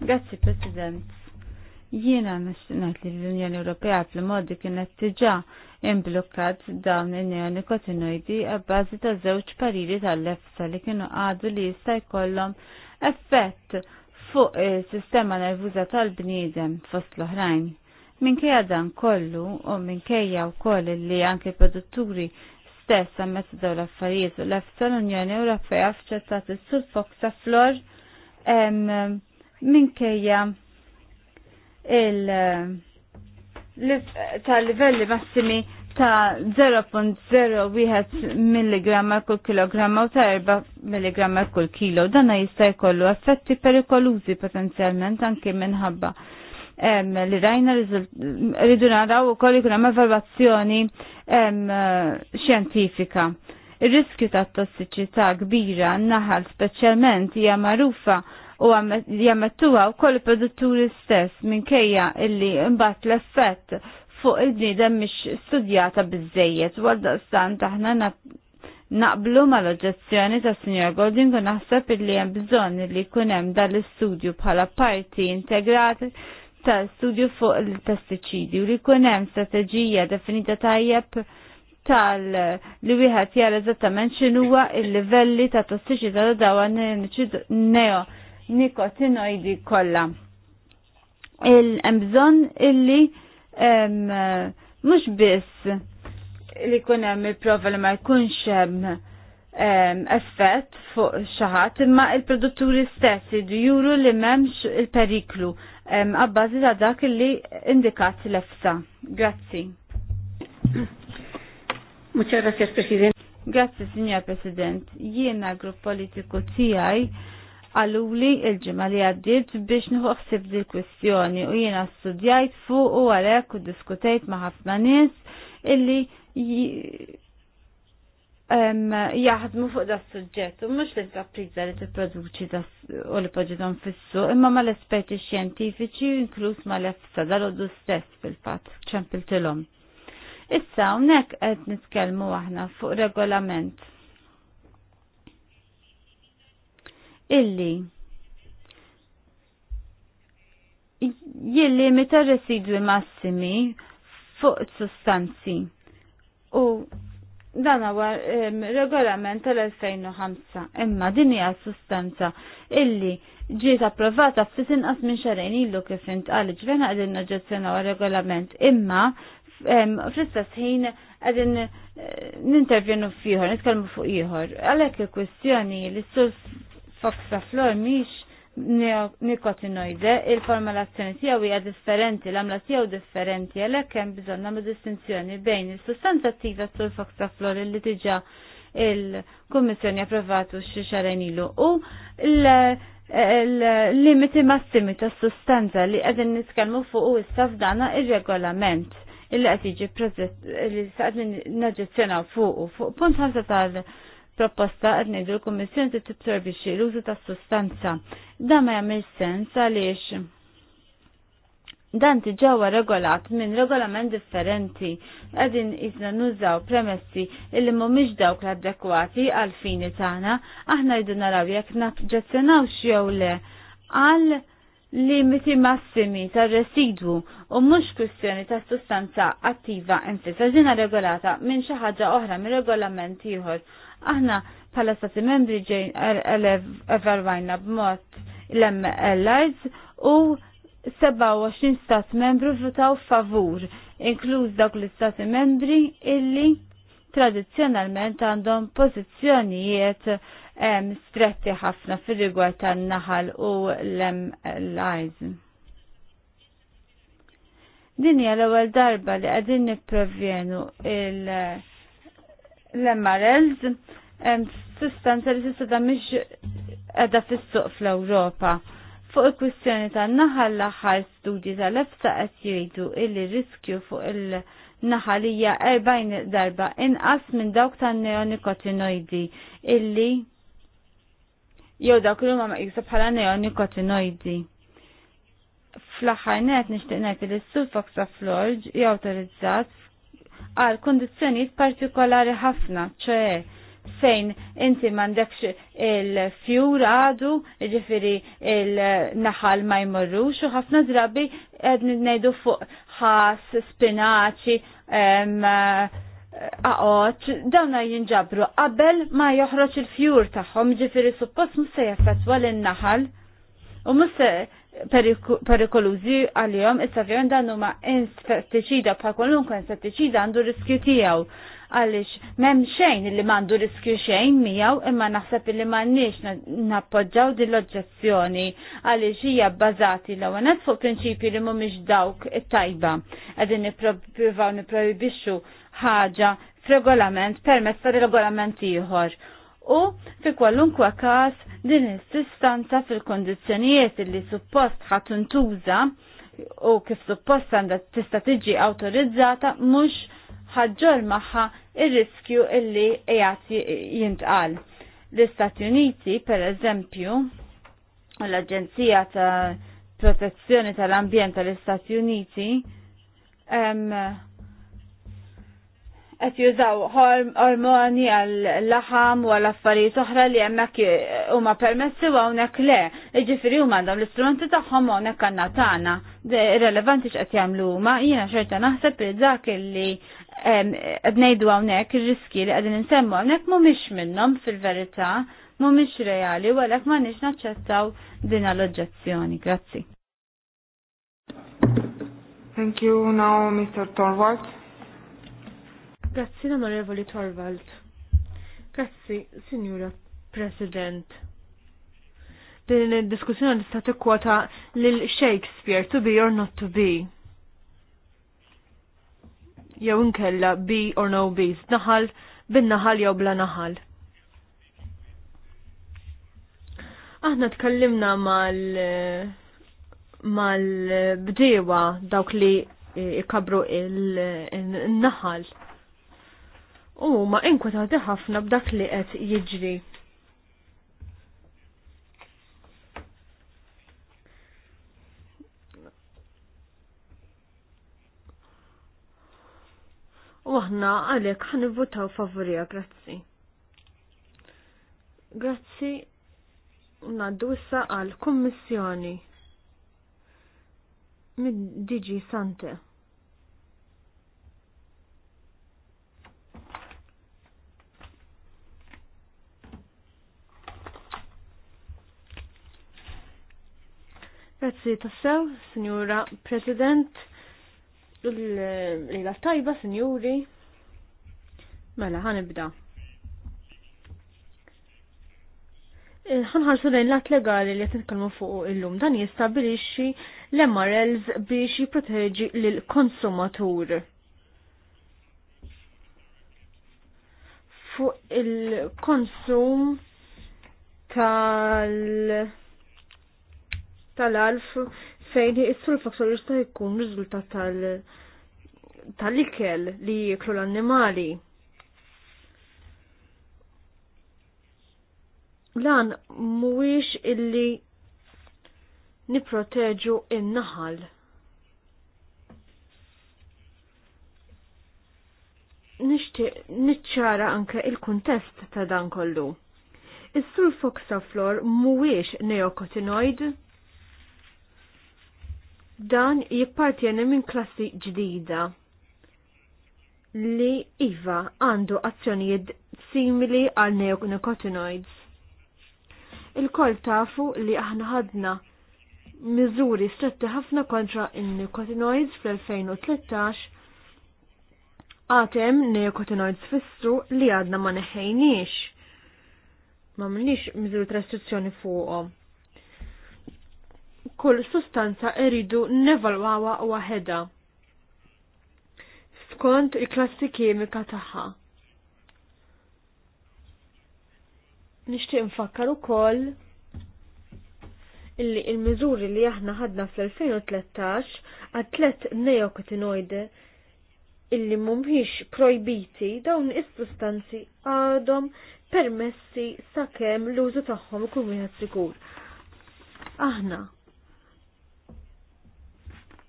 Grazzi President. Jiena nixtinat li l-Unjoni Ewropea fl-modi kienet tiġa imblukkat dawn il-neonikotinoidi għabbażi ta' żewġ pariri tal-lefsa li kienu għadu li jista' jkollhom effett fuq il-sistema nervuża tal-bniedem fost l-oħrajn Minkejja dan kollu u minkejja wkoll li anke produtturi stess ammet daw l-affarijiet u l-EFSA l-Unjoni Ewropea fċettat il-sulfok ta' flor minkejja il- ta' livelli massimi ta' 0.01 mg kull kg u ta' 4 mg kull kilo. Dana jista' jkollu effetti perikolużi potenzjalment anke minħabba li rajna rridu naraw ukoll ikun hemm evalwazzjoni xjentifika. Ir-riskju ta' tossiċità kbira naħal speċjalment hija magħrufa u jammettuha wkoll produtturi stess minkejja illi mbagħad l-effett fuq il-bniedem mhix studjata biżejjed u għaldaqstant aħna naqblu mal-oġġezzjoni ta' Sinjor Golding u naħseb illi hemm bżonn li jkun hemm dan l-istudju bħala parti integrati ta' studju fuq il-pestiċidi u li kunem hemm strateġija definita tajjeb tal li wieħed jara eżattament x'inhuwa il-livelli ta' tossiċità ta' dawa neo nikotinoidi kollha. Hemm bżonn illi mhux biss li jkun hemm il-prova li ma jkunx hemm effett fuq xi ħadd imma il-produtturi stessi juru li m'hemmx il-periklu għabbażi ta' dak li indikat l-efsa. Grazzi. Muchas grazzi, President. Grazzi, Signor President. Jiena grupp politiku tiegħi għalluli il-ġimma li għaddiet biex nħuħsib di kwestjoni u jiena studjajt fuq u għalek u diskutajt ma' ħafna nies illi jaħdmu fuq da suġġett u mhux l-intrapriża li tipproduċi u li poġidon fissu, imma mal-esperti xjentifiċi ma mal-efsa dal oddu stess fil-fatt ċempiltilhom. Issa hawnhekk qed nitkellmu aħna fuq regolament illi jilli meta residwi massimi fuq sustanzi u dan huwa regolament tal-2005 imma din hija sustanza illi ġiet approvata ftit inqas minn xarejn ilu kif intqal ġvena qegħdin noġġezzjonaw regolament imma fl-istess ħin qegħdin eh, nintervjenu f'ieħor, nitkellmu fuq ieħor. Għalhekk il-kwestjoni li s-sur Fox Flor miex nikotinoide, il-formulazzjoni tiegħu hija differenti, l-amla tiegħu differenti, għalhekk hemm bżonn nagħmlu distinzjoni bejn is-sustanza attiva sulfoxaflor li diġà il-Kummissjoni approvatu xi xarajn ilu u l-limiti massimi tas sustanza li qegħdin nitkellmu fuq u issa f'dana ir-regolament il qed jiġi li qed naġġezzjonaw fuq fuq punt ħamsa tal- proposta qed l l-Kummissjoni se tittorbixxi l-użu ta' sustanza Dan ma jagħmel sens għaliex dan tiġawa regolat minn regolament differenti għadin isna nużaw premessi illi mumiex dawk l-adekwati għal fini tagħna, aħna jdu naraw jekk naġġezzjonaw jew le għal limiti massimi tar residwu u mhux kwistjoni ta' sustanza attiva infissa ġina regolata minn xi ħaġa oħra minn regolament ieħor Aħna bħala stati membri ġejn evalwajna b'mod l mlis u 27 stat membru votaw favur, inkluż dawk l-istati membri illi tradizzjonalment għandhom pożizzjonijiet stretti ħafna fil-rigward tan-naħal u l mlis Din hija l-ewwel darba li qegħdin nipprovjenu il- l-MRLs sustanza li sista da mhix edha fis-suq fl-Ewropa. Fuq il-kwistjoni tan-naħa l-aħħar studji tal-EFSA qed jgħidu illi riskju fuq il-naħa li hija 40 darba inqas minn dawk tan-neonikotinoidi illi jew dawk li huma meqjusa bħala neonikotinoidi. Fl-aħħar net nixtieq ngħid li s-sulfoxaflorġ hija awtorizzat għal kondizjoniet partikolari ħafna, ċe fejn inti mandekx il-fjur għadu, ġifiri il-naħal ma jmorrux, u ħafna drabi għedni nejdu fuq ħas, spinaċi, aqoċ, dawna jinġabru qabel ma joħroġ il-fjur taħħom, ġifiri suppost musse jaffetwa l-naħal, u musse perikolużi għal-jom, issa vjon dan huma insettiċida pa' kolunkwe insetticida għandu riskju tiegħu għaliex m'hemm xejn li m'għandu riskju xejn miegħu imma naħseb li m'għandniex nappoġġaw din l-oġġezzjoni għaliex hija bbażati l fuq prinċipji li mhumiex dawk it-tajba. Qegħdin nippruvaw ħaġa f'regolament permezz ta' regolament ieħor u fi kwalunkwa kas din is-sistanza fil-kondizzjonijiet li suppost tuża u kif suppost għandha tista' tiġi awtorizzata mhux ħaġġor magħha ir-riskju il illi qiegħed jintqal. L-Istati Uniti, per eżempju, l-Aġenzija ta' Protezzjoni tal-Ambjent tal-Istati Uniti, qed jużaw ormoni għal laħam u għal affarijiet oħra li hemmhekk huma permessi u hawnhekk le. Jiġifieri huma għandhom l-istrumenti tagħhom hawnhekk għandna tagħna. Irrelevanti x'qed jagħmlu huma, jiena xorta naħseb li dak li qed ngħidu hawnhekk ir-riski li qegħdin insemmu hawnhekk mhumiex minnhom fil-verità, mhumiex reali u għalhekk m'għandniex naċċettaw din l-oġġezzjoni. Grazzi. Thank you. Now, Mr. Torvalds. Grazzi onorevoli Torvald. Grazzi, Signora President. Din id-diskussjoni tista' tikkwota lil Shakespeare to be or not to be. Jew inkella be or no be, naħal bin-naħal jew bla naħal. Aħna tkellimna mal mal dawk li ikabru il-naħal. il naħal u ma inkwetati ħafna b'dak li qed jiġri. U aħna għalhekk ħanivvutaw favorija, grazzi. Grazzi ngħaddu issa għall kummissjoni mid-DG Sante. Grazzi tassew, Signora President, l-lila tajba, Signori. Mela, ħanibda. Eh, ħanħarsu lejn l-att legali li kalmu fuq illum dan jistabilixxi l-MRLs biex jipproteġi lill-konsumatur. Fuq il-konsum tal- tal-alf fejn is-sur jista' jkun riżultat tal- tal-ikel li jieklu l-annimali. Lan mhuwiex illi niproteġu in-naħal. Nixtieq niċċara anke il-kuntest ta' dan kollu. Is-sulfoxaflor mhuwiex neokotinoid, Dan jippartjeni minn klassi ġdida li iva għandu azzjonijiet simili għal neonicotinoids. Il-koll tafu li aħna ħadna miżuri stretti ħafna kontra il neokotinoids fl-2013 għatem neokotinoids fissu li għadna ma neħejniex. Ma mniex miżuri restrizzjoni fuqhom kull sustanza eridu nevalwawa waħeda. skont il-klassi kimika tagħha. Nixtieq nfakkar ukoll illi il-miżuri li aħna ħadna fl-2013 għad tlet neokotinoide illi mumħiex projbiti dawn is-sustanzi għadhom permessi sakemm l-użu tagħhom ikun wieħed sikur. Aħna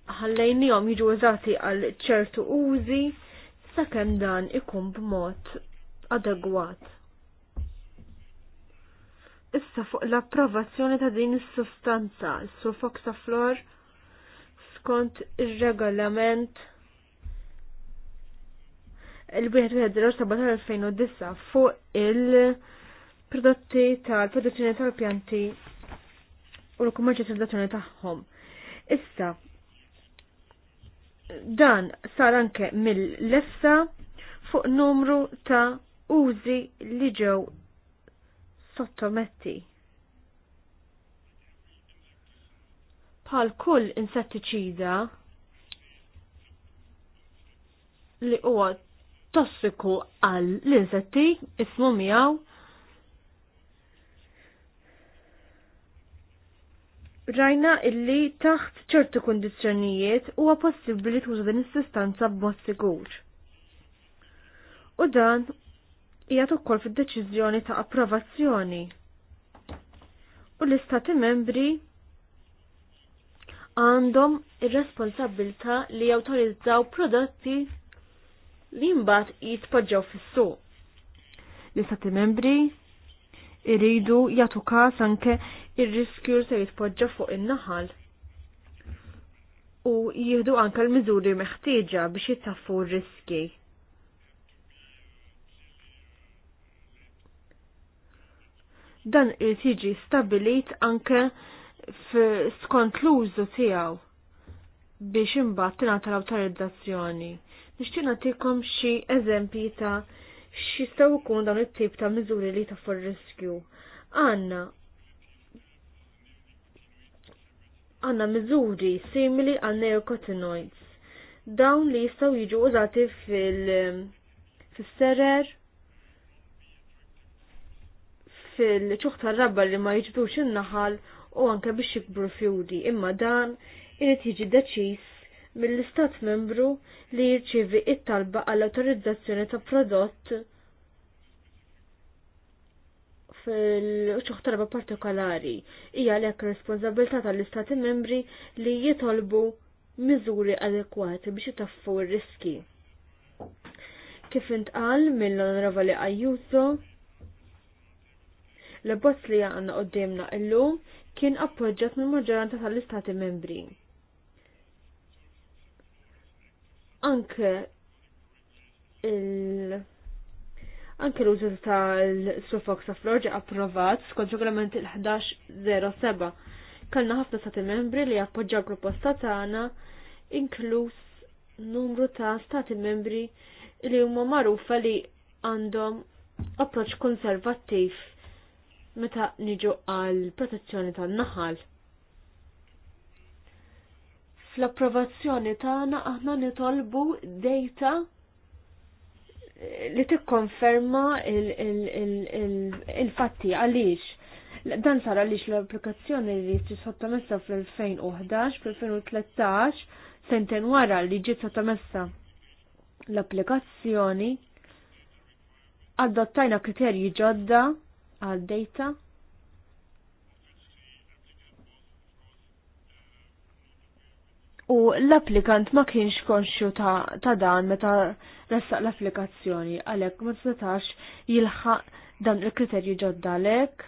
għom jiġu użati għal ċertu użi sakemm dan ikun b'mod adegwat. Issa fuq l-approvazzjoni ta' din is-sustanza, sufok sa flor, skont ir-regolament il-2009 fuq il-prodotti tal-produzzjoni tal-pjanti u l-kummerċi tal-produzzjoni tagħhom. Issa, dan sar anke mill lessa fuq numru ta' użi li ġew sottometti. Bħal kull insettiċida li huwa tossiku għall insetti ismu miegħu rajna illi taħt ċertu kondizjonijiet huwa possibbli tuża din is sistanza b'mod sigur. U dan jgħat ukoll fid-deċiżjoni ta' approvazzjoni. U l-istati membri għandhom ir-responsabilta li jawtorizzaw prodotti li mbagħad jitpoġġew fis-suq. L-istati membri iridu jagħtu każ anke ir-riskju se jitpoġġa fuq in-naħal u jieħdu anke l-miżuri meħtieġa biex jittaffu r-riski. Dan irid jiġi stabilit anke skont l-użu tiegħu biex imbagħad tingħata l-awtorizzazzjoni. Nixtieq nagħtikom xi eżempji ta' x'jistgħu jkun dan it-tip ta' miżuri li taffu r-riskju. Għandna għanna miżuri simili għal neocotinoids. Dawn li jistaw jiġu użati fil-serer, fil-ċuħ tar-rabba li ma jiġbux in-naħal u anke biex jikbru fjudi, imma dan irid jiġi deċis mill-istat membru li jirċivi it-talba għall-autorizzazzjoni ta' prodott fil-ċuħtarba partikolari hija lek responsabilità tal-Istati membri li jitolbu miżuri adekwati biex jitaffu r-riski. Kif intqal mill-Onorevoli Ajuso, l-bozz li għanna għoddimna illum kien appoġġjat mill-maġġoranza tal-Istati membri. Anke il- Anke l-użu tal-sufox afroġ approvat skont regolament il-1107. Kellna ħafna stati membri li appoġġaw proposta tagħna inkluż numru ta' stati membri li huma magħrufa li għandhom approċċ konservattiv meta niġu għal protezzjoni tan-naħal fl-approvazzjoni tagħna aħna nitolbu data li tikkonferma il-fatti għaliex. Dan sar għaliex l-applikazzjoni li ġi sottomessa fl-2011, fl-2013, senten wara li ġiet sottomessa l-applikazzjoni, adottajna kriterji ġodda għal data u l-applikant ma kienx konxju ta', ta dan meta ressaq l-applikazzjoni għalhekk ma setax jilħaq dan il-kriterju ġodda għalhekk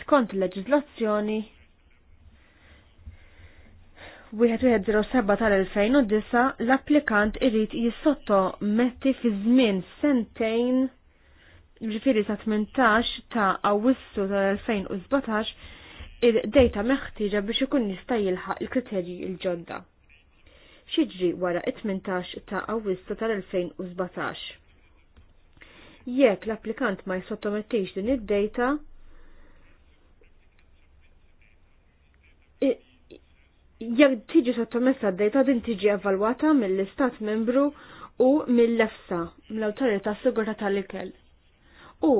skont il-leġiżlazzjoni 1107 tal-2009 l-applikant irrid jissottometti fi żmien sentejn ġifiri sa' 18 ta' awissu tal-2017 il-data meħtieġa biex ikun jista' jilħaq il-kriterji il-ġodda. Xiġri wara 18 ta' Awwissu tal-2017. Jekk l-applikant ma jsottomettix din id-data, jekk tiġi sottomessa d-data din tiġi evalwata mill-istat membru u mill-lefsa, mill awtorità sigurta tal-ikel. U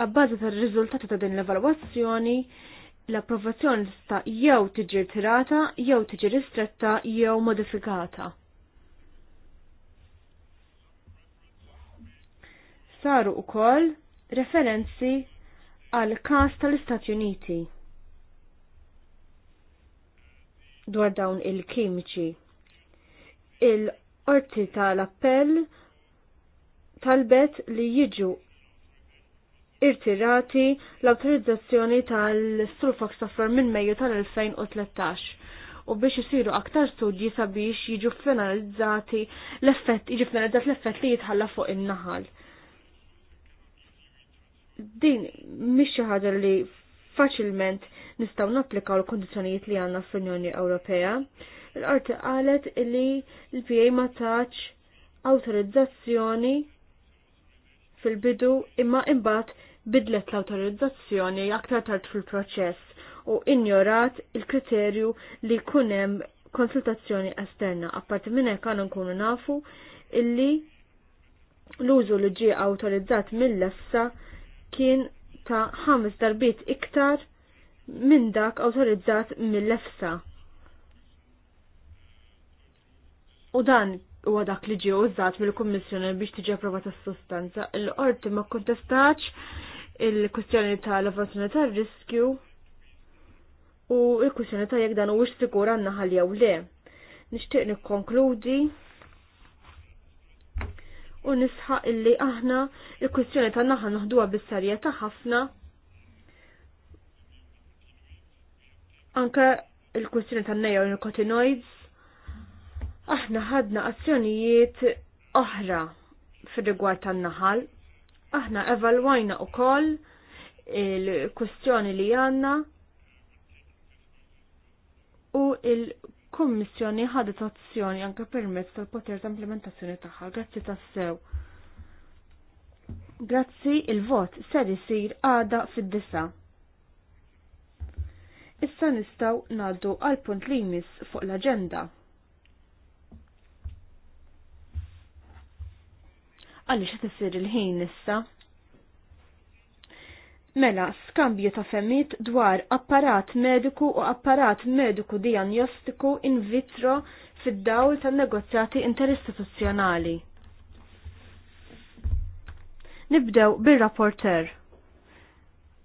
għabbażi tar-riżultati ta' din l-evalwazzjoni l-approvazzjoni tista' jew tiġi tirata, jew tiġi ristretta, jew modifikata. Saru ukoll referenzi għal każ tal-Istati Uniti dwar dawn il-kimiċi. Il-qorti tal-appell talbet li jiġu irtirati l-autorizzazzjoni tal-Surfax Safar minn Mejju tal-2013 u biex jisiru aktar studji sabiex jiġu finalizzati l-effett, jiġu finalizzat l-effett li jitħalla fuq in-naħal. Din mhix xi ħaġa li faċilment nistgħu napplikaw l-kondizzjonijiet li għandna fl-Unjoni Ewropea. L-qorti qalet li l-PA ma tax awtorizzazzjoni fil-bidu imma imbagħad bidlet l-autorizzazzjoni aktar tard fil-proċess u injorat il-kriterju li kunem konsultazzjoni esterna. Apparti minn hekk għandna nkunu nafu illi l-użu li ġie awtorizzat mill-lessa kien ta' ħames darbiet iktar minn dak awtorizzat mill efsa U dan huwa dak li ġie użat mill-Kummissjoni biex tiġi approvata s-sustanza. l qorti ma kontestax il-kustjoni tal avvazzjoni ta' riskju u il-kustjoni ta' jekk dan huwiex sigur għanna ħal jew le. Nixtieq nikkonkludi u nisħaq illi aħna il-kustjoni ta' naħa naħduha bis-sarjetà ħafna anka il-kustjoni tan-nejja u n-kotinoids aħna ħadna azzjonijiet oħra fir-rigward tan-naħal Aħna evalwajna u koll il-kustjoni li għanna u il-Kommissjoni ħadet azzjoni anke permezz tal-poter ta' implementazzjoni tagħha. Grazzi tassew. Grazzi il-vot ser isir għada fid-disa. Issa nistaw naddu għal punt li jmiss fuq l-agenda. għaliex qed isir il-ħin issa. Mela, skambju ta' femmit dwar apparat mediku u apparat mediku diagnostiku in vitro fid-dawl tan negozjati interistituzzjonali. Nibdew bir-rapporter,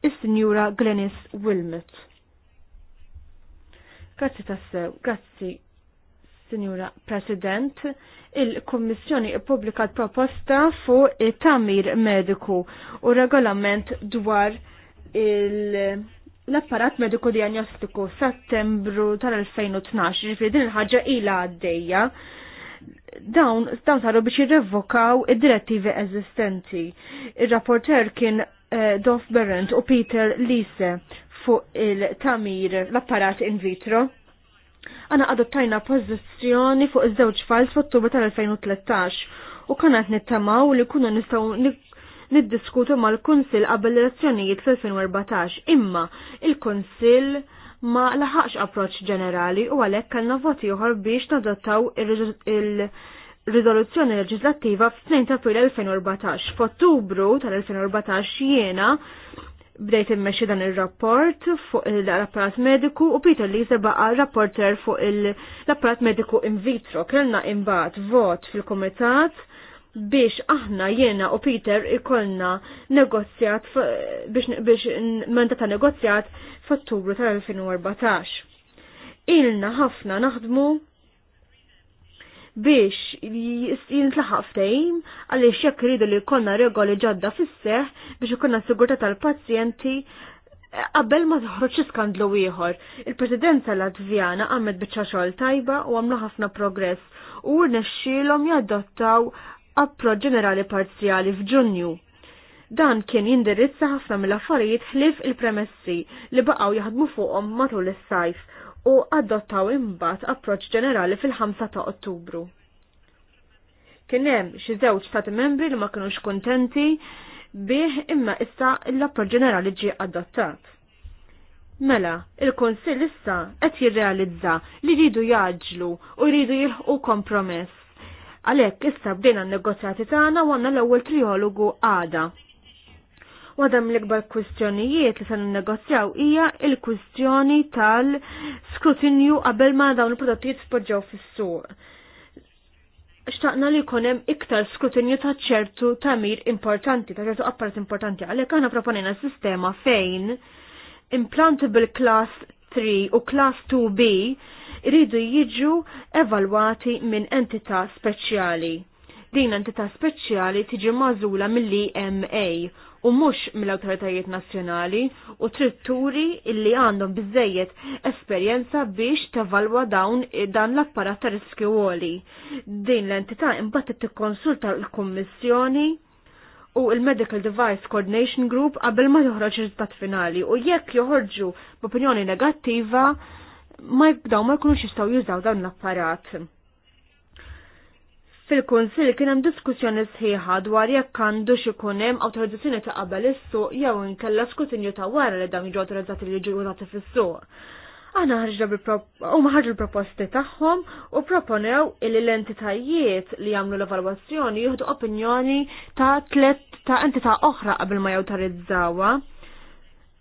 is-Sinjura Glenis Wilmot. Grazzi tassew, grazzi Signora President, il-Kommissjoni ippubblikat proposta fuq it-tamir mediku u regolament dwar l-apparat mediku diagnostiku settembru tal-2012, ġifri din il-ħagġa ila għaddejja, dawn, dawn saru biex jirrevokaw id-direttivi eżistenti. Il-rapporter kien eh, Dolph Berent u Peter Lise fuq il-tamir, l-apparat in vitro Għana adottajna pozizjoni fuq iż-żewġ fals f'Ottubru tal-2013 u kanat nittamaw li kunu nistaw niddiskutu mal-Kunsil qabel l-elezzjonijiet fil-2014, imma il-Kunsil ma laħaqx approċ ġenerali u għalhekk kellna voti oħor biex nadottaw il-riżoluzzjoni leġislattiva f'2 ta' 2014. F'Ottubru tal-2014 jiena bdejt immexxi dan ir-rapport fuq l-apparat mediku u Peter li baqa rapporter fuq l-apparat mediku in vitro. Kellna imbagħad vot fil-kumitat biex aħna jiena u Peter ikolna negozjat biex, biex menta ta' negozjat f'Ottubru tal-2014. Ilna ħafna naħdmu biex jintlaħaq ftehim għaliex jekk iridu li jkollna regoli ġodda fis-seħ biex ikunna s-sigurta tal-pazjenti eh, qabel ma toħroġ skandlu ieħor. Il-Presidenza Latvjana għamet biċċa xogħol tajba u għamlu ħafna progress u rnexxielhom jadottaw approċ ġenerali parzjali f'Ġunju dan kien jindirizza ħafna mill-affarijiet ħlif il-premessi li baqgħu jaħdmu fuqhom matul is-sajf u adottaw imbagħad approċ ġenerali fil-5 ta' Ottubru. Kien hemm xi żewġ stati membri li ma kinux kuntenti bih imma issa l-approċ ġenerali ġie adottat. Mela, il konsil issa qed jirrealizza li jridu jaġlu u jridu jilħqu kompromess. Għalhekk issa bdejna n-negozjati tagħna u għandna l-ewwel triologu għada għadam l ikbar kwistjonijiet li se negozjaw hija il-kwistjoni tal-skrutinju qabel ma dawn il-prodotti jitspoġġaw fis-suq. Xtaqna li jkun hemm iktar skrutinju ta' ċertu tamir importanti, ta' ċertu apparat importanti, għalhekk aħna proponina sistema fejn implantable class 3 u class 2B iridu jiġu evalwati minn entità speċjali. Din entità speċjali tiġi mażula mill-EMA u mhux mill-awtoritajiet nazzjonali u tritturi illi għandhom bizzejiet esperjenza biex tevalwa dawn dan l-apparat ta' riski għoli. Din l-entità t tikkonsulta l-Kummissjoni u il-Medical Device Coordination Group qabel ma joħroġ il-rizultat finali u jekk joħorġu b'opinjoni negattiva ma jibdaw ma jkunux jistgħu jużaw dan l-apparat Fil-Kunsil kien hemm diskussjoni sħiħa dwar jekk għandu ikun hemm awtorizzazzjoni ta' qabel is-suq jew inkella skutinju ta' wara li dawn jiġu awtorizzati li jiġu użati fis-suq. Għana ħarġa u ħarġu l-proposti tagħhom u proponew li l-entitajiet li jagħmlu l-evalwazzjoni jieħdu opinjoni ta' tlet ta' entità oħra qabel ma jawtorizzawha.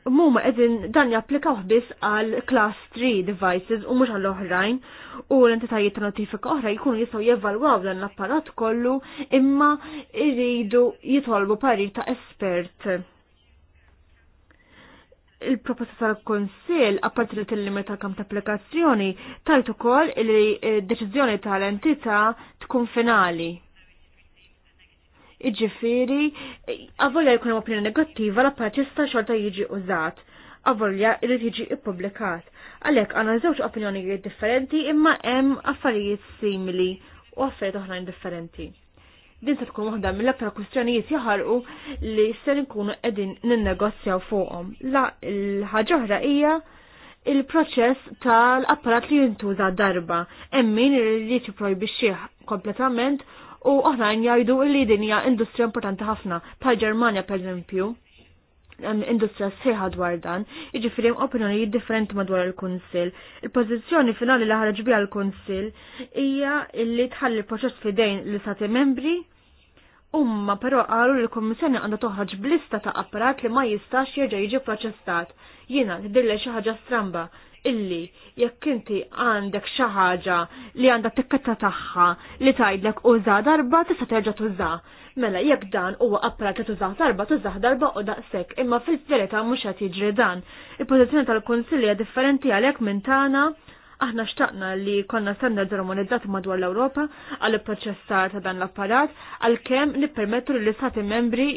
Muma edin dan japplikaw biss għal class 3 devices u mux għall oħrajn u l-entitajiet ta' notifika oħra jkunu jistaw jevalwaw dan l-apparat kollu imma iridu jitolbu parir ta' espert. Il-proposta tal-Konsil, apparti li t-limita kam ta' applikazzjoni, tajt ukoll li d-deċiżjoni eh, tal-entità tkun finali Iġifiri, għavolja jkun opinjoni negattiva l paċista xorta jiġi użat. Għavolja irrid jiġi ippubblikat. Għalhekk għandna żewġ opinjonijiet differenti imma hemm affarijiet simili u affarijiet oħrajn differenti din se tkun waħda mill-aktar kwistjonijiet jaħarqu li ser nkunu qegħdin ninnegozjaw fuqhom. La l-ħaġa oħra hija il-proċess tal-apparat li jintuża darba, hemm min li jipprojbixxih kompletament u oħrajn jgħidu li din hija industrija importanti ħafna bħal Ġermanja pereżempju industrija sħiħa dwar dan, iġifiri opinjoni differenti madwar il-Kunsil. Il-pozizjoni finali li ħarġ bija l-Kunsil hija li tħalli proċess fidejn l istati membri Umma però qalu li l-Kommissjoni għandha toħroġ blista ta' apparat li ma jistax jerġa' jiġi proċestat. Jiena tidille xi ħaġa stramba illi jekk inti għandek xi ħaġa li għandha tikketta tagħha li tgħidlek uża darba tista' terġa' tuża. Mela jekk dan huwa apparat li tużaħ darba tużaħ darba u daqshekk, imma fil-verità mhux qed jiġri dan. Il-pożizzjoni tal-Kunsilli hija differenti għalhekk minn tagħna aħna xtaqna li konna standard armonizzat madwar l-Ewropa għal proċessar ta' dan l-apparat għal nippermettu li stati membri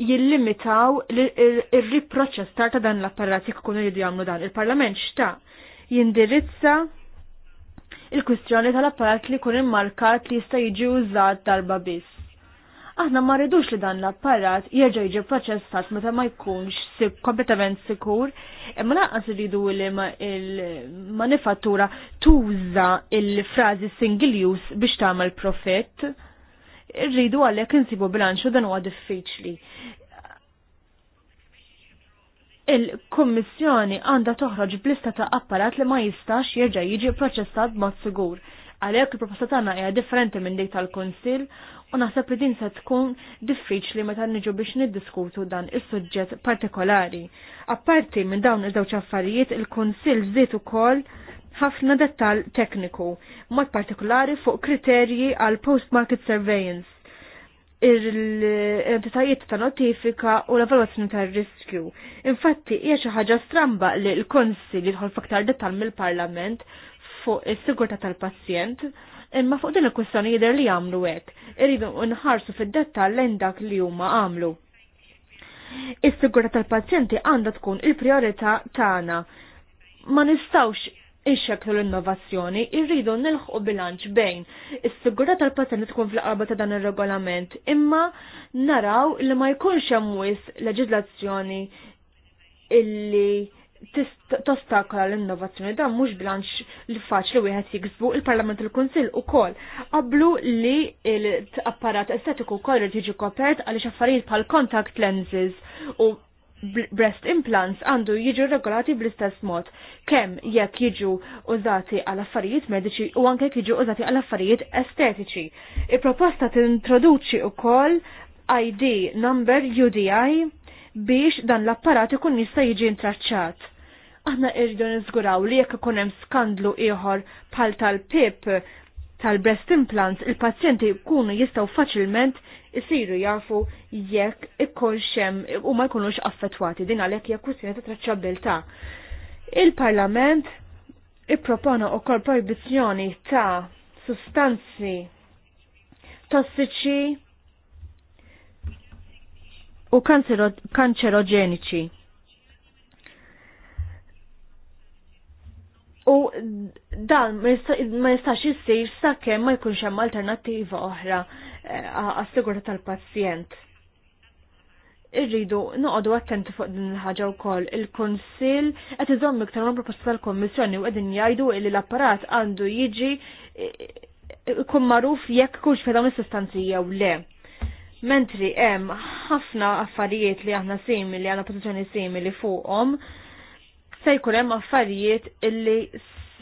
jillimitaw il-riproċess tar ta' dan l-apparat jekk ikunu jridu jagħmlu dan. Il-Parlament xta jindirizza il-kwistjoni tal-apparat li jkun immarkat li jista' jiġi użat darba biss. Aħna ma rridux li dan l-apparat jerġa' jiġi proċessat meta ma jkunx kompletament sikur, imma lanqas iridu li il-manifattura tuża il-frażi single use biex tagħmel profitt Irridu għalhekk insibu bilanċu dan huwa diffiċli. Il-Kummissjoni għandha toħroġ blista ta' apparat li ma jistax jerġa' jiġi proċessat b'mod sigur. Għalhekk il-proposta tagħna hija differenti minn dik tal-Kunsill u naħseb li din se tkun diffiċli meta niġu biex niddiskutu dan is-suġġett partikolari. Apparti minn dawn iż-żewġ affarijiet, il-Kunsill żied ukoll ħafna dettal tekniku, mod partikolari fuq kriterji għal post-market surveillance, il-entitajiet ta' notifika u l-evaluazzjoni ta' riskju. Infatti, hija xi ħaġa stramba li l-Konsil jidħol f'aktar dettal mill-Parlament fuq is-sigurtà tal-pazjent, imma fuq din il-kwistjoni jidher li jagħmlu hekk, irridu nħarsu fid-dettall lejn dak li huma għamlu. Is-sigurtà tal-pazjenti għandha tkun il-priorità tagħna ma nistgħux ixxeklu l-innovazzjoni, irridu nilħu bilanċ bejn is-sigurtà tal-pazjenti tkun fil-qarba ta' dan ir-regolament, imma naraw li ma jkunx hemm wis leġiżlazzjoni illi tostakla l-innovazzjoni dan mhux bilanċ li faċli wieħed jiksbu il-Parlament il-Kunsill ukoll qablu li l-apparat estetiku wkoll irid jiġi kopert għaliex affarijiet bħal contact lenses u breast implants għandu jiġu regolati bl-istess mod kemm jekk jiġu użati għal affarijiet mediċi u anke jekk jiġu użati għal affarijiet estetiċi. Il-proposta tintroduċi ukoll ID number UDI biex dan l-apparat ikun jista' jiġi intraċċat. Aħna irridu niżguraw li jekk ikun hemm skandlu ieħor bħal tal-PIP tal-breast implants, il-pazjenti jkunu jistgħu faċilment isiru jafu jekk ikkunx hemm u ma jkunux affettwati din għalhekk hija kwistjoni ta' traċabilta. Il-Parlament ippropona wkoll proibizzjoni ta' sustanzi tossiċi u kanċeroġeniċi. U dan ma jistax jissir sakemm ma jkunx hemm alternattiva oħra Eh, għas-sigurta tal-pazjent. Irridu noqogħdu attenti fuq din il-ħaġa wkoll. Il-Kunsill qed iżomm iktar ma' proposta tal-Kommissjoni u qegħdin jgħidu li l-apparat għandu jiġi eh, kum magħruf jekk kunx fejn dawn is-sustanzi jew le. Mentri hemm ħafna affarijiet li aħna simili għandna pożizzjoni simili fuqhom, se jkun hemm affarijiet illi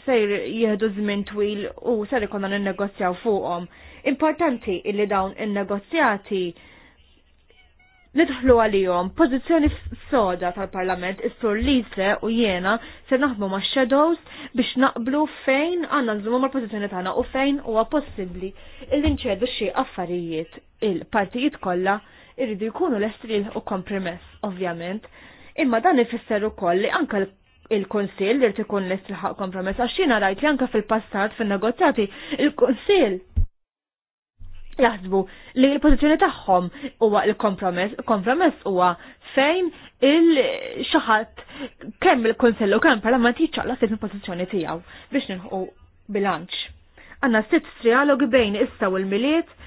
se jieħdu żmien twil u ser ikonna ninnegozjaw fuqhom Importanti illi dawn in-negozjati nidħlu għalihom pożizzjoni soda tal-Parlament is-Sur Lise u jiena se naħdmu ma' shadows biex naqblu fejn għandna nżumu mal-pożizzjoni tagħna u fejn huwa possibbli illi nċedu xi affarijiet il-partijiet kollha irridu jkunu l-estril u kompromess, ovvjament. Imma dan ifisser ukoll li anke il-Konsil li ikun l istilħaq kompromess għax jiena rajt li anke fil-passat fin-negozjati il-Konsil jaħsbu li l-pozizjoni tagħhom huwa l-kompromess, kompromess huwa fejn il-xaħat kemm il konsello kemm parlament jiċċaqla sitt il-pożizzjoni tiegħu biex nilħu bilanċ. Għanna sitt trialogi bejn issa u l-miliet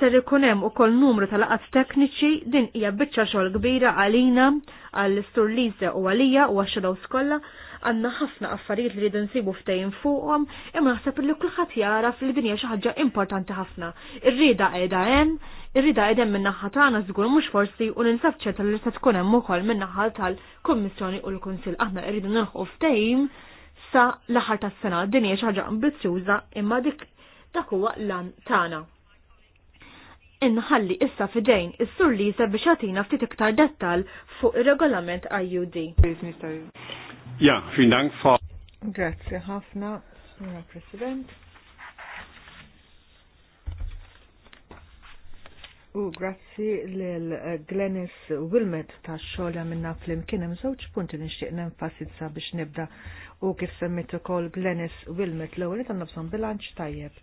ser ikun hemm ukoll numru tal-laqat tekniċi din hija biċċa xogħol kbira għalina għall sur u għalija u għax kollha għandna ħafna affarijiet li rridu sibu ftejn fuqhom, imma naħseb li kulħadd jara fil-dinja xi ħaġa importanti ħafna. Irrida rida qiegħda hemm, irrida rida qiegħda minn naħa tagħna żgur mhux forsi u ninsab ċerta li se tkun hemm ukoll min naħa tal-Kummissjoni u l-Kunsill. Aħna rridu nilħu ftejn sa l-aħħar tas-sena din hija xi ħaġa ambizzjuża imma dik dak huwa lan tagħna. Inħalli issa fidejn is-sur Lisa biex jagħtina ftit iktar dettal fuq ir-regolament IUD. Ja, vielen Dank, Frau. Grazie, Hafna, signora President. U grazzi l-Glenis eh, Wilmet ta' xolja minna fl-imkien hemm żewġ punti nixtieq nenfasizza biex nibda u kif semmit ukoll Glenis Wilmet l-ewwel qed bżonn bilanċ tajjeb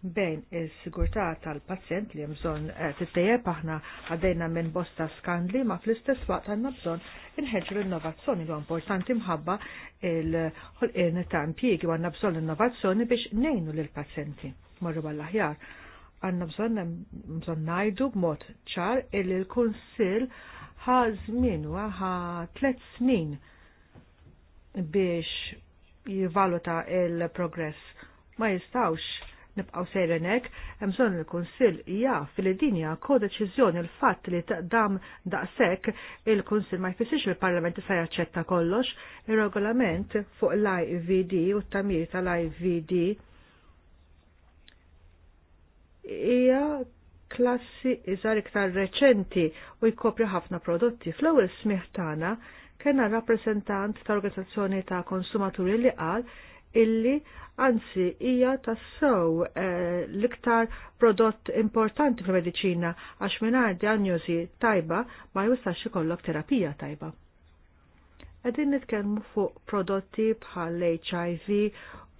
bejn is-sigurtà tal-pazjent li hemm bżonn eh, titejjeb aħna għaddejna minn bosta skandli ma fl-istess waqt għandna bżonn inħeġġu l-innovazzjoni li importanti mħabba il-ħolqien ta' impjiegi għandna bżonn l-innovazzjoni biex ngħinu lill-pazjenti marru għall-aħjar. Għandna bżonn bżonn ngħidu b'mod ċar illi l-Kunsill ħa żmien ħa tliet snin biex jivaluta il-progress ma jistawx nibqaw sejrenek, hekk, il-Kunsill jaf li dinja hija kodeċiżjoni l-fatt li dam daqshekk il-Kunsill ma jfissirx il-Parlament se jaċċetta kollox, ir-regolament fuq l-IVD u t-tamir tal-IVD hija klassi iżar iktar reċenti u jkopri ħafna prodotti. Fl-ewwel smih tagħna kena rappresentant ta' organizzazzjoni ta' konsumaturi li qal illi anzi hija tassew eh, l-iktar prodott importanti fil-medicina għax mingħajr diagnosi tajba ma jwistax ikollok terapija tajba. Qegħdin nitkellmu fuq prodotti bħal HIV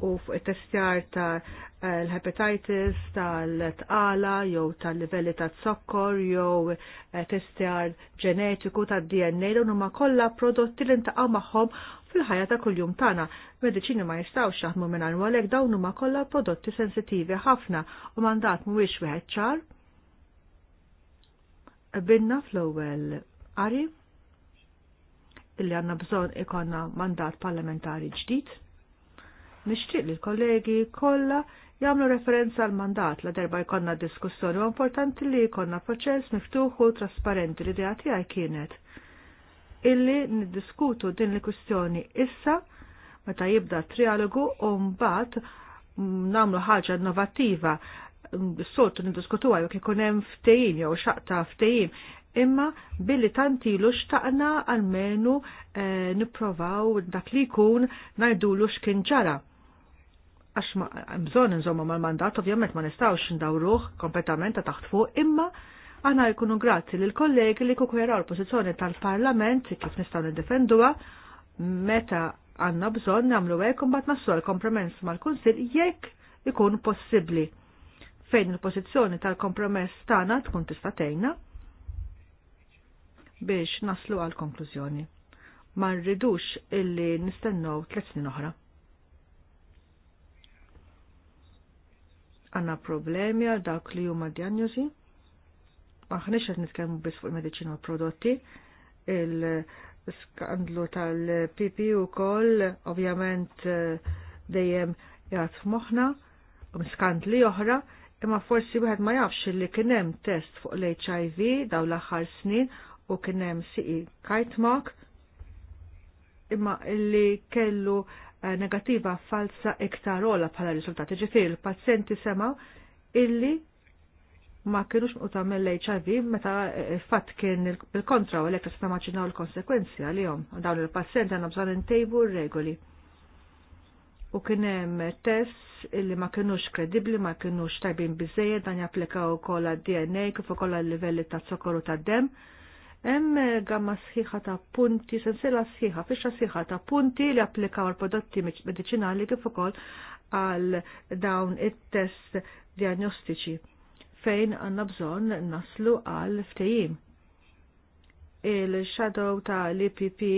u fuq it-testjar ta' eh, l-hepatitis, tal-tqala, jew tal-livelli ta' sokkor jew eh, testjar ġenetiku ta' DNA, l huma kollha prodotti li ntaqgħu magħhom fil-ħajja ta' kuljum tagħna. Mediċini ma jistgħux jaħdmu mingħajr u għalhekk dawn huma kollha prodotti sensittivi ħafna u mandat mhuwiex wieħed ċar. Binna fl-ewwel qari illi għandna bżonn ikonna mandat parlamentari ġdid. Nixtieq li l-kollegi kollha jagħmlu referenza għal mandat la darba jkollna diskussjoni u importanti li jkollna proċess miftuħ u trasparenti l-idea tiegħi kienet illi niddiskutu din li kwistjoni issa meta jibda trialogu u mbagħad mm, nagħmlu ħaġa innovattiva mm, s-soltu niddiskutu għaj ikun hemm ftehim jew xaqta ftehim imma billi tantilu xtaqna għalmenu eh, nipprovaw dak li jkun ngħidulu x'kien ġara għax bżon nżomma mal-mandat, ovvjament ma nistawx ndawruħ kompletament ta' taħt fuq, imma Għana jkunu grazzi li l-kollegi li kukwera l-pozizjoni tal-parlament kif nistaw nindefenduha meta għanna bżon namlu għek un bat l-kompromess mal konsil jekk ikun possibli. Fejn il-pozizjoni tal-kompromess tana tkun tista' biex naslu għal konklużjoni. Ma rridux illi nistennew tliet snin oħra. Għanna problemi għal dak li huma djanjużi maħniex qed nitkellmu biss fuq il-mediċina u prodotti, il-skandlu tal-PP u koll, ovvjament eh, dejjem jgħat moħna, u skandli oħra, imma forsi wieħed ma jafx li kien hemm test fuq l-HIV daw l-aħħar snin u kien hemm siqi e kajtmak, imma li kellu eh, negativa falsa iktar ola bħala riżultati. Ġifieri l-pazjenti semaw illi ma kienux mquta mill-HIV meta eh, fatt kien il-kontra u l-ekta sta maċinaw l-konsekwenzi għal-jom. Dawn il-pazzenti għanna bżon intejbu regoli. U kien hemm tests illi ma kienux kredibbli, ma kienux tajbin bizzeje, dan japplikaw ukoll kolla dna kif ukoll l livelli ta' sokoru ta' dem. Hemm eh, gamma sħiħa ta' punti, sensiela sħiħa, fixa sħiħa ta' punti li applikaw għal prodotti medicinali kif ukoll għal dawn it-test diagnostiċi fejn għanna bżon naslu għal ftejim. Il-shadow ta' l-IPP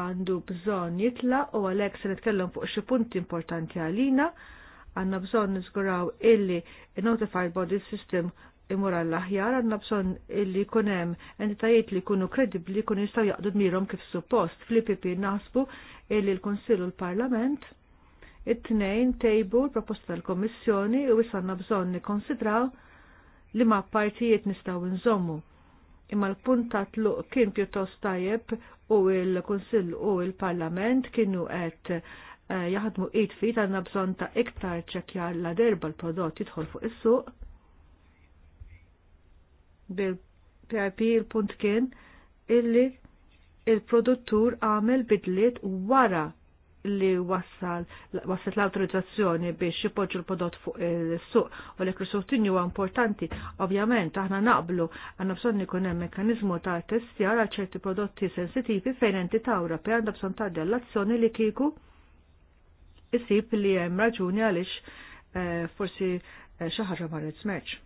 għandu bżon jitla u għalek se nitkellem fuq xi punti importanti għalina għanna bżon nizguraw illi notified body system imur għall-aħjar għanna bżon illi kunem entitajiet li kunu kredibli kunu jistaw jaqdu mirom kif suppost fl-IPP nasbu illi l-Konsil u l-Parlament it-tnejn tejbu l-proposta tal-Komissjoni u wisanna bżonn nikkonsidraw li ma partijiet nistaw nżommu. Imma l-punt ta' tluq kien pjuttost tajjeb u l-Kunsill u l-Parlament kienu qed eh, jaħdmu id fit għandna bżonn ta' iktar ċekjar la derba l prodotti jidħol fuq is-suq. Bil-PIP il-punt kien illi il-produttur għamel bidliet wara li wassal wasset l-autorizzazzjoni biex jipoġġu l-prodott fuq il-suq u li krisotini huwa importanti. Ovvjament aħna naqblu għandna bżonn ikun hemm mekkaniżmu ta' testjar għal ċerti prodotti sensitivi fejn tawra per għandha bżonn tagħdi l-azzjoni li kieku isib li hemm raġuni għaliex eh, forsi eh, xi ħaġa marret smerċ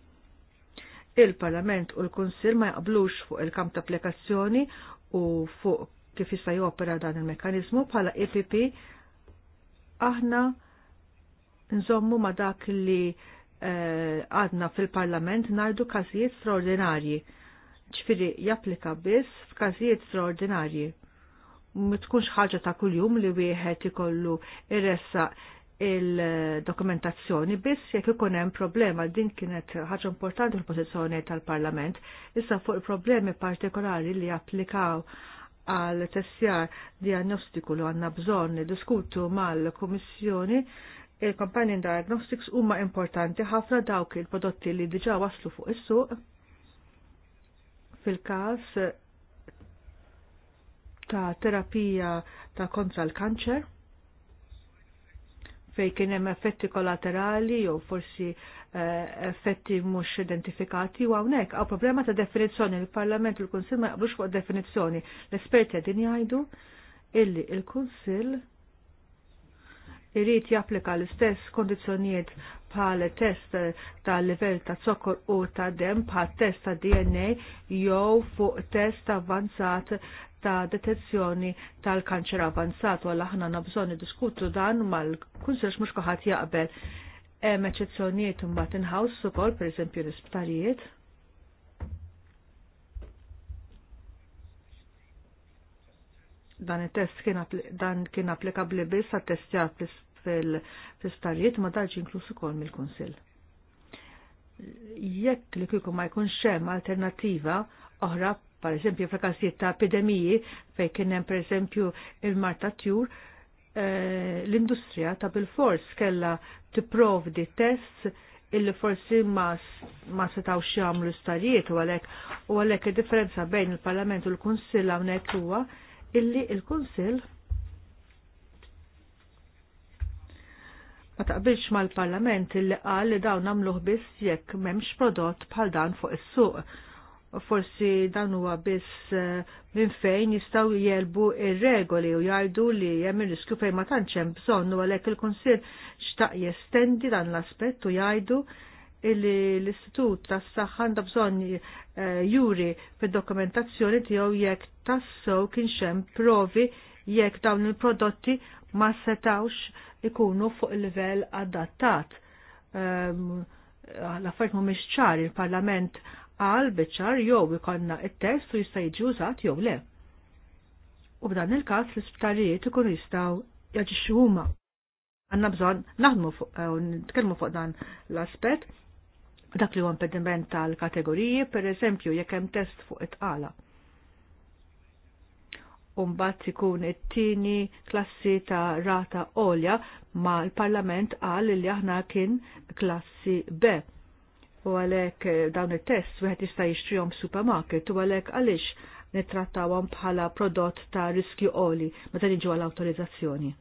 il-Parlament u l kunsill ma jaqblux fuq il-kamp ta' applikazzjoni u fuq kif jista' jopera dan il mekanizmu bħala EPP aħna nżommu ma dak li eh, għadna uh, fil-Parlament nardu każijiet straordinarji. Ċifiri japplika biss f'każijiet straordinarji. Ma tkunx ħaġa ta' kuljum li wieħed ikollu irressa il-dokumentazzjoni biss jekk ikun hemm problema din kienet ħaġa importanti fil-pożizzjoni tal-Parlament issa fuq il-problemi partikolari li japplikaw għal tessjar diagnostiku li għanna bżon diskutu mal-Komissjoni il-companion diagnostics huma importanti ħafna dawk il-prodotti li diġa waslu fuq is-suq fil-każ ta' terapija ta' kontra l-kanċer fej kien hemm effetti kollaterali jew forsi eh, effetti mhux identifikati u hawnhekk għaw problema ta' definizzjoni il-Parlament u l-Kunsill ma jaqbux fuq definizzjoni. L-esperti qegħdin jgħidu illi il-Kunsill l il kunsill irrit japplika l-istess kondizjoniet bħal test ta' livell ta' zokkor u ta' dem bħal test ta' DNA jew fuq test avanzat ta' detezzjoni tal-kanċer avanzat u aħna nabżoni diskutu dan mal-kunsilx mux kuħat jaqbel. Hemm eċezzjonijiet imbagħad inħaws per pereżempju l-isptarijiet dan it-test dan kien applikabli biss għat testjat fil-starijiet ma darġ inkluż ukoll mill-Kunsill. Jekk li kieku ma jkunx xem alternattiva oħra par eżempju fil ta' epidemiji fejn kien hemm pereżempju il-Marta Tjur, eh, l-industrija ta' bil-fors kella tipprovdi test illi forsi ma, setaw xiam l starijiet u għalek u għalek differenza bejn il-Parlament u l-Kunsill hawnhekk huwa illi il-Kunsill ma taqbilx mal-Parlament illi qal li dawn nagħmluh biss jekk m'hemmx prodott bħal dan fuq is-suq. Forsi dan huwa biss eh, minn fejn jistgħu jelbu ir-regoli u jgħidu li hemm ir-riskju fejn ma tantx hemm bżonn u għalhekk il-Kunsill xtaq jestendi dan l-aspett u jgħidu illi l-Istitut tas saħħa għandha bżonn eh, juri fid-dokumentazzjoni tiegħu jekk tassew kien xem provi jekk dawn il-prodotti ma setawx ikunu fuq il-livell adattat. Ehm, l-affarijiet mhumiex ċar il-Parlament għal bieċar jew ikonna il test u jista' jiġi użat jew le. U b'dan il-każ l-isptarijiet ikunu jistgħu jaġixxu huma għanna bżon naħdmu fuq, eh, nitkellmu fuq dan l-aspet dak li huwa impediment tal-kategoriji, per eżempju, jekk hemm test fuq it-qala. Umbat ikun it-tieni klassi ta' rata olja ma l-Parlament qal li aħna kien klassi B. U għalhekk eh, dawn it-test wieħed jista' jixtrihom supermarket u għalhekk għaliex nittrattawhom bħala prodott ta' riskju oli meta jiġu għall-awtorizzazzjoni.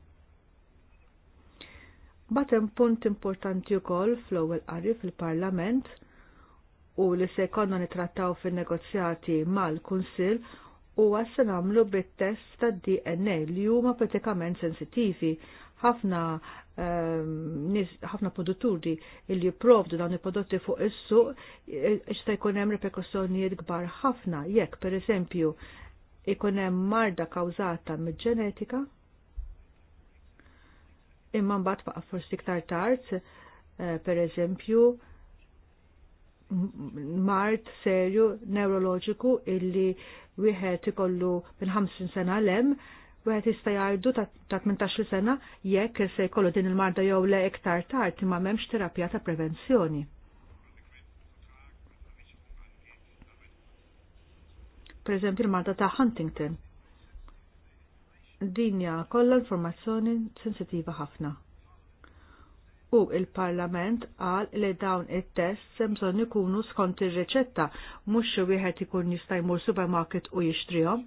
Batem punt importanti wkoll fl-ewwel qari fil-Parlament u li se jkollna nitrattaw fin-negozjati mal-Kunsill huwa se nagħmlu bit-test tad-DNA li huma pratikament sensittivi ħafna ehm, ħafna um, li jipprovdu dawn il-prodotti fuq is-suq x'ta eh, jkun hemm reperkussjonijiet kbar ħafna jekk pereżempju ikun hemm marda kawżata mid ġenetika imma mbagħad baqa' forsi iktar tard, eh, per eżempju, mart serju neuroloġiku illi wieħed ikollu minn 50 sena lem, wieħed jista' jgħidu ta' 18 sena jekk se jkollu din il-marda jew le iktar tard imma m'hemmx terapija ta' prevenzjoni. Per eżempju, il-marda ta' Huntington dinja kollha informazzjoni sensitiva ħafna. U il-Parlament qal li dawn it-test semżon ikunu skont ir-riċetta mhux xi wieħed ikun jista' jmur supermarket u jixtrihom.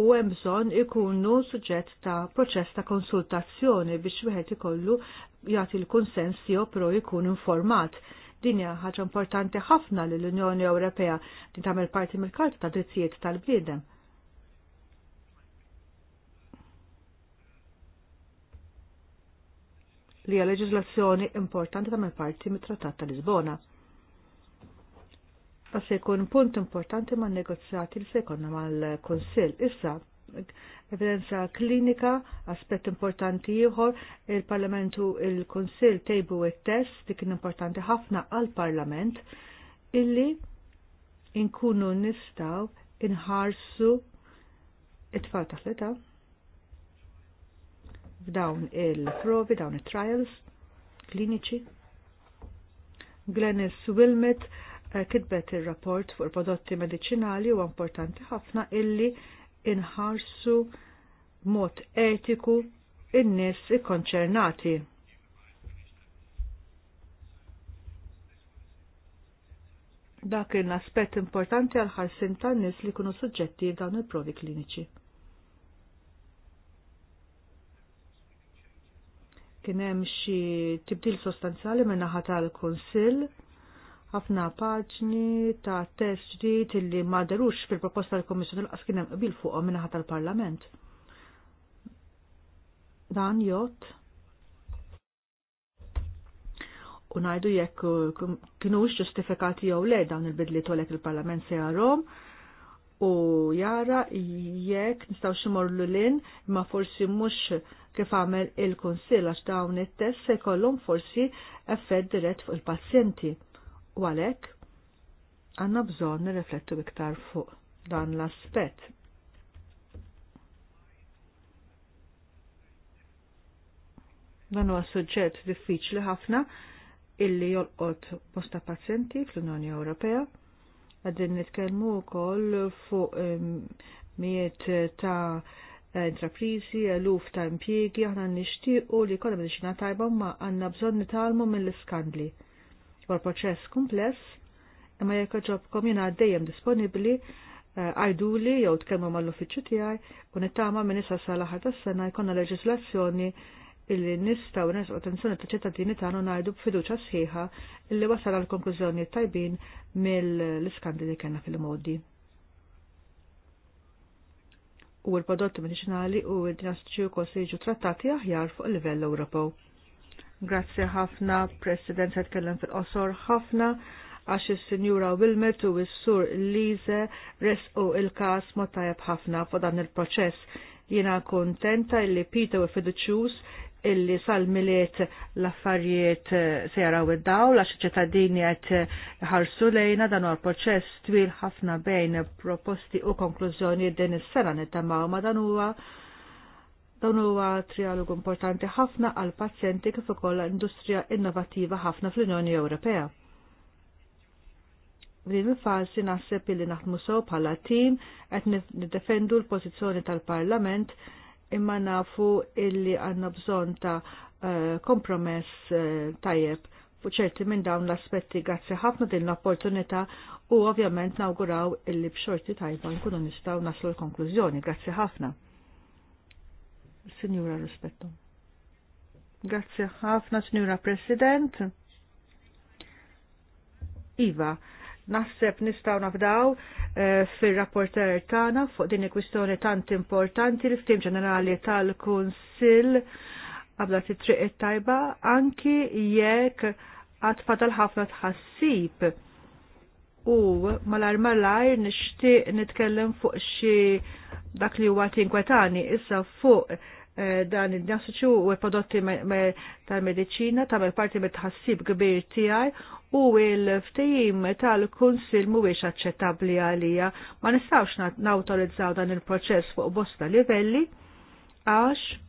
U hemm bżonn ikunu suġġett ta' proċess ta' konsultazzjoni biex wieħed ikollu jagħti l-kunsens tiegħu pro jkun informat. Din hija ħaġa importanti ħafna l unjoni Ewropea din tagħmel parti mill-Karta ta' Drittijiet tal-Bliedem. li hija leġislazzjoni importanti tagħmel parti mit-Trattat ta' Lisbona. Ma se jkun punt importanti ma' negozjati li se jkollna mal-Kunsill. Issa, evidenza klinika, aspett importanti ieħor, il-Parlamentu il-Kunsill tejbu it-test dik kien importanti ħafna għal-Parlament illi inkunu nistaw inħarsu it-tfal taħleta f'dawn il-provi, dawn il-trials kliniċi. Glenis Wilmet eh, kitbet il-rapport fuq prodotti medicinali u importanti ħafna illi inħarsu mod etiku in-nies ikkonċernati. Dak kien aspett importanti għal ħarsin tan-nies li kunu suġġetti f'dawn il-provi kliniċi. kien hemm xi tibdil sostanzjali minn naħa tal-Kunsill ħafna paġni ta' test ġdid illi ma darux fil-proposta tal-Kommissjoni l-qas kien hemm qbil fuqhom minn naħa tal-Parlament. Dan jott u ngħidu jekk kienux ġustifikati jew le dawn il-bidli tolek il-Parlament se jarhom, u jara jekk nistgħu ximorlu lin ma forsi mhux kif għamel il konsil għax dawn it-test se jkollhom forsi effett dirett fuq il-pazjenti. U għalhekk għandna bżonn nirreflettu iktar fuq dan l-aspett. Dan huwa suġġett diffiċli ħafna illi jolqot bosta pazjenti fl-Unjoni Ewropea. Għadin nitkellmu wkoll fuq mijiet ehm, ta' Eh, intraprizi, eluf ta' impjiegi, aħna nixtiequ li jkollha mediċina tajba ma għandna bżonn nitalmu mill-iskandli. U l-proċess kumpless, imma jekk ġobkom jiena dejjem disponibbli, eh, għajduli jew tkellmu mal-uffiċċju tiegħi u nittama minn issa sa l-aħħar tas-sena jkollna leġislazzjoni illi nistgħu nesqu attenzjoni ta' ċittadini tagħna ngħidu b'fiduċja sħiħa illi wasal għal konklużjoni tajbin mill-iskandi li kellna fil-modi u l-prodotti medicinali u d-dinastiċi u kosiġu trattati aħjar fuq livell Ewropew. Grazzi ħafna, President, għed tkellem fil-qosor ħafna għax il sinjura Wilmet u s-Sur Lize u il-kas ma ħafna fuq dan il-proċess. Jiena kontenta illi Peter u fiduċjuż illi sal-miliet l-affarijiet eh, se jaraw id-dawl għax ċittadini qed eh, ħarsu lejna dan għal proċess twil ħafna bejn proposti u konklużjoni din is-sena nittamaw ma dan huwa dan huwa trialogu importanti ħafna għal pazjenti kif ukoll industrija innovattiva ħafna fl-Unjoni Ewropea. Din il fasi naħseb illi naħdmu sew bħala tim qed niddefendu l-pożizzjoni tal-Parlament imma nafu illi għanna bżon ta' eh, kompromess eh, tajjeb fuq ċerti minn dawn l-aspetti grazzi ħafna din l-opportunità u ovvjament nawguraw illi b'xorti tajba nkunu nistgħu naslu l-konklużjoni. Grazzi ħafna. Signora Rispetto. Grazzi ħafna, Signora President. Iva, naħseb nistaw nafdaw eh, fil-rapporter tana fuq din il-kwistjoni tant importanti l ftim ġenerali tal-Kunsil għabla t it-tajba anki jekk għad fadal ħafna tħassib u malar malar nishtiq nitkellem fuq xi dak li huwa tinkwetani issa fuq Eh, dan id-nasuċu u prodotti tal-medicina tamel parti me tħassib kbir tijaj u il-ftejim tal-kunsil mhuwiex aċċettabbli għalija. Ma nistgħux nawtorizzaw dan il-proċess fuq bosta livelli għax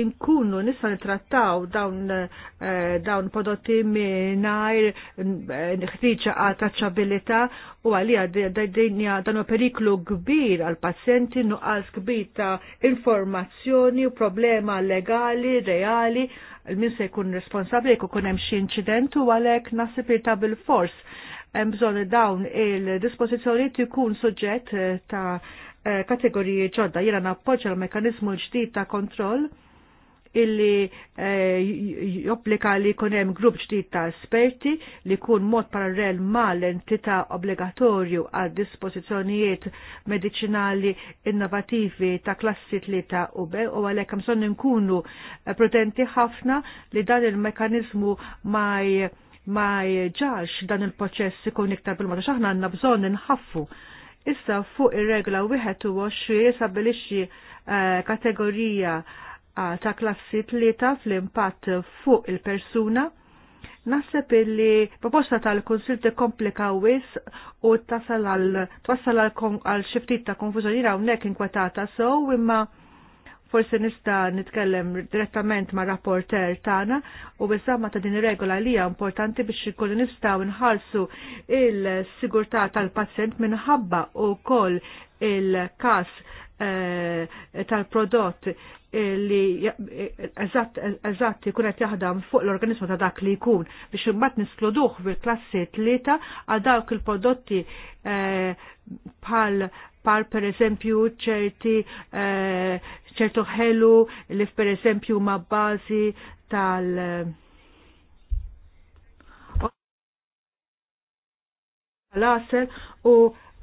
inkunu nisa nitrattaw dawn eh, dawn prodotti mingħajr eh, ħtiġa għal taċċabilità u għalija dinja dan periklu kbir għal pazjenti nuqqas kbir ta' informazzjoni u problema legali, reali, min se jkun responsabli jkun hemm xi incident u għalhekk nasib ta' bil-fors hemm bżonn dawn il-dispożizzjoni ikun suġġett eh, ta' kategoriji ġodda jiena nappoġġa l-mekanizmu ġdid ta' kontroll illi eh, jopplika li kunem grupp ġdid ta' esperti li kun mod parallel ma' l-entità obbligatorju għad dispożizzjonijiet medicinali innovativi ta' klassi tlieta u be u għalhekk hemm nkunu prudenti ħafna li dan il-mekanizmu ma' ma jġax dan il-proċess ikun iktar bil-mata xaħna għanna bżon nħaffu. Issa fuq ir-regla 21 jisabilixxi eh, kategorija ta' klassi tlieta fl-impatt fuq il-persuna. Naħseb illi proposta tal-Konsil u wis u tasal għal xiftit ta' raw hawnhekk inkwetata sew imma forse nista nitkellem direttament ma' rapporter tana u bizzamma ta' din regola li hija importanti biex ikollu nistaw nħalsu il-sigurtà tal-pazjent minħabba u koll il-kas eh, tal-prodott li eżatt ikun qed jaħdem fuq l-organizmu ta' dak li jkun biex imbagħad niskluduh fil-klassi tlieta għal dawk il-prodotti eh, bħal pereżempju per eżempju ċerti eh, ċertu ħelu li per eżempju ma' bażi tal eh, l-asel u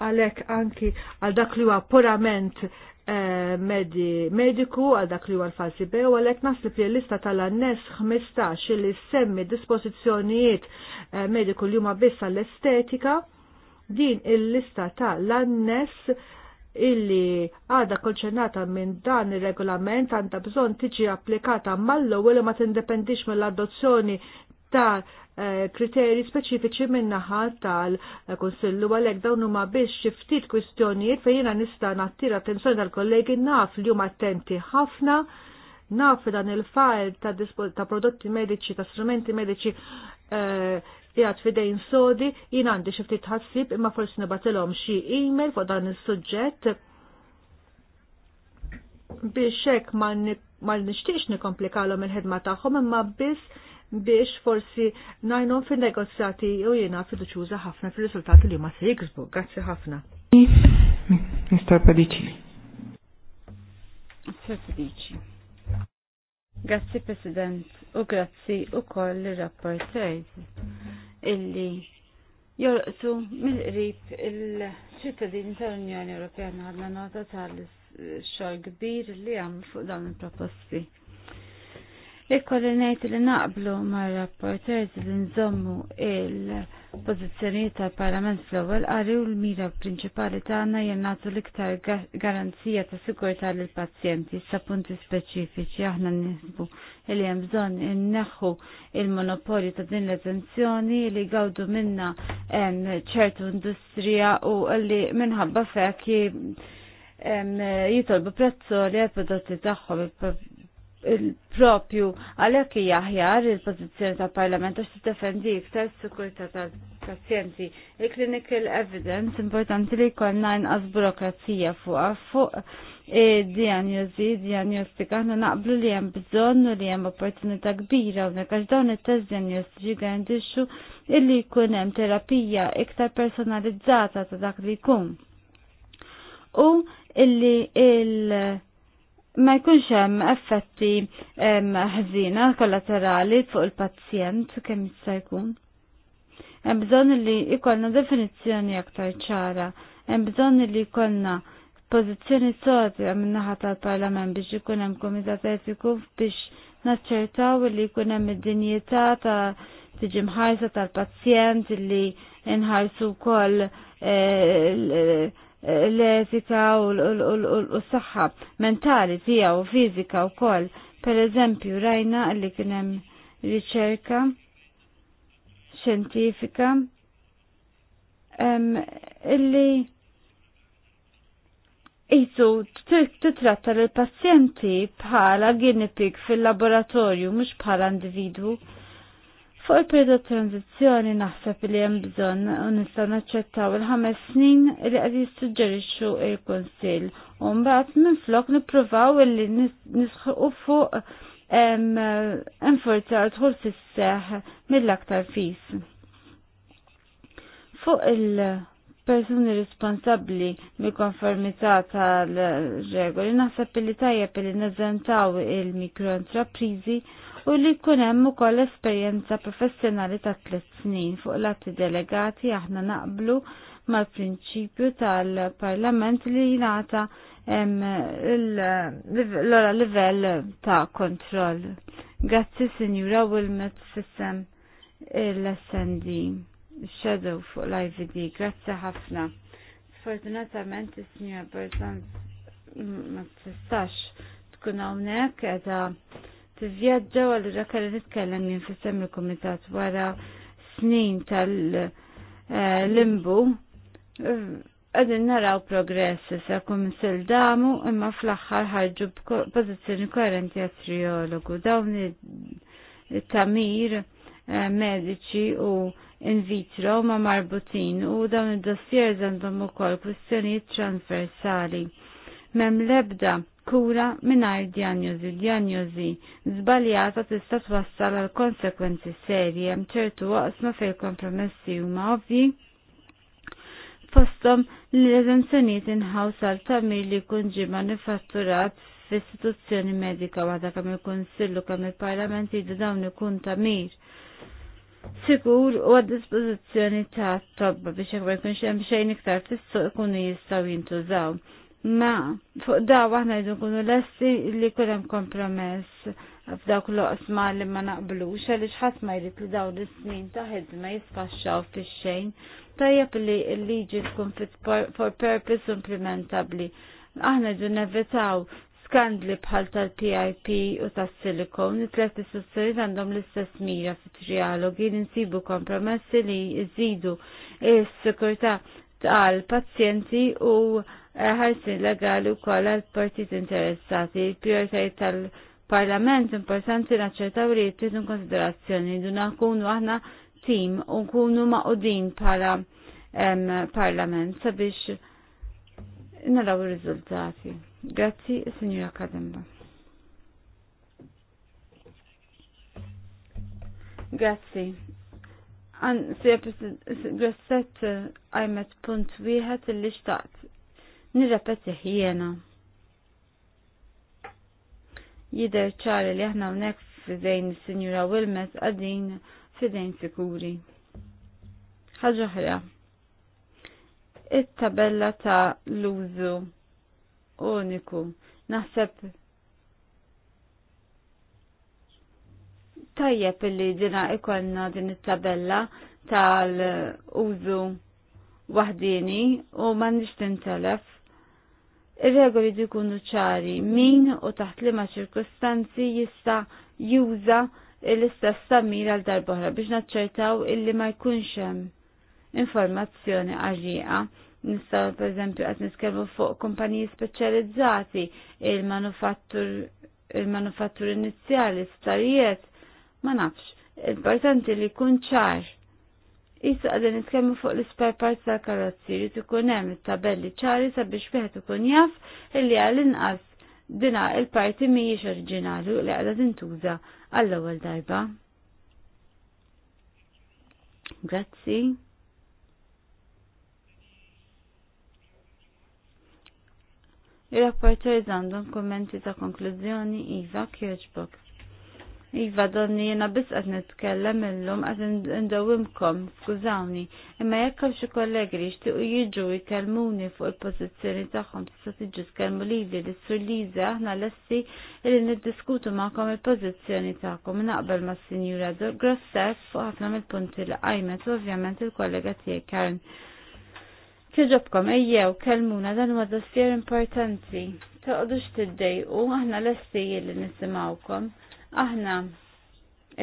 għalek anki għal dak li huwa purament Eh, medi mediku għal dak li huwa l-falsi bew, u għalhekk naslib li l-lista tal-annes 15 li semmi dispożizzjonijiet eh, mediku li huma biss għall-estetika din il-lista tal-annes illi għada kolċenata minn dan ir regolament għandha bżonn tiġi applikata mal li ma tindependix mill-adozzjoni iktar eh, kriteri speċifiċi minnaħa tal-Konsillu għalek dawn huma biex xi ftit kwistjonijiet fejn jiena nista' nattira attenzjoni tal-kollegi naf li huma attenti ħafna naf dan il-fajl ta', ta prodotti medici, ta' strumenti medici eh, jgħat fidejn sodi, jien għandi xi ftit ħassib imma forsi nibatilhom xi email fuq dan is-suġġett biex hekk ma nixtiex nikomplikalhom il-ħidma tagħhom imma biss biex forsi najnum fin negozjati u jena fiduċuża ħafna fil-risultati li ma se jiksbu. Grazzi ħafna. Mr. Padici. Mr. Padici. Grazzi President u grazie u koll li rapportajt illi jorqtu mill-qrib il-ċittadini tal-Unjoni Ewropea għadna nota tal-xogħol kbir li għam fuq dawn il-proposti. Ikkolli ngħid li naqblu mar-rapporters li nżommu il-pożizzjonijiet tal-Parlament fl-ewwel qari u l-mira prinċipali tagħna jien nagħtu l-iktar garanzija ta' sigurtà lill-pazjenti sa punti speċifiċi aħna nisbu li hemm bżonn inneħħu il-monopolju ta' din l-eżenzjoni li gawdu minna ċertu industrija u li minħabba fek jitolbu prezzoli li għal prodotti tagħhom il-propju għalhekk hija aħjar il-pożizzjoni tal-Parlament għax t-defendi iktar s-sikurtà ta' pazjenti Il-clinical evidence importanti li jkollna inqas burokrazija fuqha fuq e, diagnosi, diagnostika, aħna naqblu li hemm bżonn u li hemm opportunità kbira u għax dawn it-test diagnostiġi għandixu illi jkun hemm terapija iktar personalizzata ta' dak li jkun. U illi il- ma jkunx hemm effetti ħżina kollaterali fuq il-pazjent kemm jista' jkun. Hemm bżonn li jkollna definizzjoni aktar ċara, hemm bżonn li jkollna pożizzjoni sodja min-naħa tal-Parlament biex ikun hemm kumitat etiku biex naċċertaw li jkun hemm id-dinjità ta' tiġi mħarsa tal-pazjent li nħarsu wkoll eh, l etika u l saxħa mentali tija u fizika u kol. Per eżempju, rajna li kienem riċerka xentifika illi t-tratta l-pazjenti bħala għinipik fil-laboratorju, mux bħala individu. Fuq il-periodu tranzizjoni naħseb li hemm bżonn u nistgħu naċċettaw il-ħames snin li qed jissuġġerixxu il-Kunsill u mbagħad minflok nippruvaw illi nisħu fuq għal dħul fis-seħ mill-aktar fis. Fuq il-persuni responsabbli mill-konformità tal-regoli naħseb li tajjeb li neżentaw il-mikroentreprizi u li jkun hemm ukoll esperjenza professjonali ta' tliet snin fuq l-atti delegati aħna naqblu mal-prinċipju tal-Parlament li jingħata l-ora livell ta' kontroll. Grazzi Sinjura Wilmet fissem l-SND, Shadow fuq l-IVD, grazzi ħafna. Sfortunatament is-Sinjura Berzan ma tistax tkun hawnhekk edha tivvjaġġa u allura nitkellem jien fis il-kumitat wara snin tal-limbu. Eh, Għadin naraw progress sa kumissil damu imma fl-axħar ħarġu pozizjoni koerenti għatriologu. triologu Dawn tamir eh, mediċi u in vitro ma marbutin u dawn id-dossier għandhom ukoll kwistjonijiet transversali. Mem lebda kura minar diagnosi, diagnosi zbaljata tista' twassal għal konsekwenzi serje ċertu waqsma fejl kompromessi huma ovvi fostom li l-eżenzjoniet inħaws għal tamir li jkun ġimgħa nifatturat istituzzjoni medika waħda kemm il-Kunsillu kemm il-Parlament jridu dawn ikun tamir sigur u għad dispożizzjoni ta' tobba biex jekk ma jkunx hemm xejn iktar fis-suq ikunu jistgħu jintużaw. Ma, fuq da wahna jdu nkunu lessi li kulem kompromess f'dawk l-oqsma li ma naqblux għaliex ħadd ma jrit li dawn is-snin ta' ħidma jisfaxxaw fix-xejn tajjeb li l-liġi tkun fit for purpose implementabli. Aħna jdu nevitaw skandli bħal tal-PIP u tas-silikon, it-tlet istituzzjonijiet għandhom l-istess mira fit-trialogi li nsibu kompromessi li jżidu is-sikurtà tal-pazjenti u ħarsin legali u koll għal-partit interessati. Il-prioritajt tal-parlament importanti naċċertaw li jittidu konsiderazzjoni duna kunu aħna tim u nkunu maqudin pala parlament sabiex naraw il-rizultati. Grazzi, signora Kademba. Grazzi. Għan, sija, għajmet punt wieħed li xtaqt nirrepetiħ jiena. Jider ċari li aħna hawnhekk fidejn is-Sinjura Wilmet għadin fidejn sikuri. Ħaġa oħra. It-tabella ta' l-użu uniku naħseb tajjeb illi dina ikonna din it-tabella tal-użu wahdini u nix tintelef Ir-regoli du jkunu ċari min u taħt liema ċirkostanzi jista' juża l-istess tamir għal darbohra biex naċċertaw illi ma jkunx hemm informazzjoni għarrieqa. Nista per qed niskellmu fuq kumpaniji speċjalizzati, il-manufattur il-manufattur inizjali, starijiet, ma nafx. Importanti li jkun ċar Issa għadin nitkellmu fuq l-ispar parts tal-karozzi li tkun hemm it-tabelli ċari sabiex wieħed ikun jaf illi għal inqas dina il-parti mhijiex oriġinali li qiegħda tintuża għall-ewwel darba. Grazzi. Ir-rapporter għandhom kommenti ta' konklużjoni Iva Kirchbox. Iva donni jena bis għad nitkellem illum għad ndawimkom, skużawni, imma jekk xi kollegi li jixtiequ jiġu jkellmuni fuq il-pożizzjoni tagħhom tista' tiġi tkellmu lili li sur Liza aħna lessi illi niddiskutu magħkom il-pożizzjoni tagħkom naqbel ma' Sinjura Grossef fuq ħafna mill-punti li qajmet ovvjament il-kollega tiegħi Karen. Tiġobkom ejjew kellmuna dan huwa dossier importanti. Toqgħodux tiddejqu aħna lesti li nisimgħukom. Aħna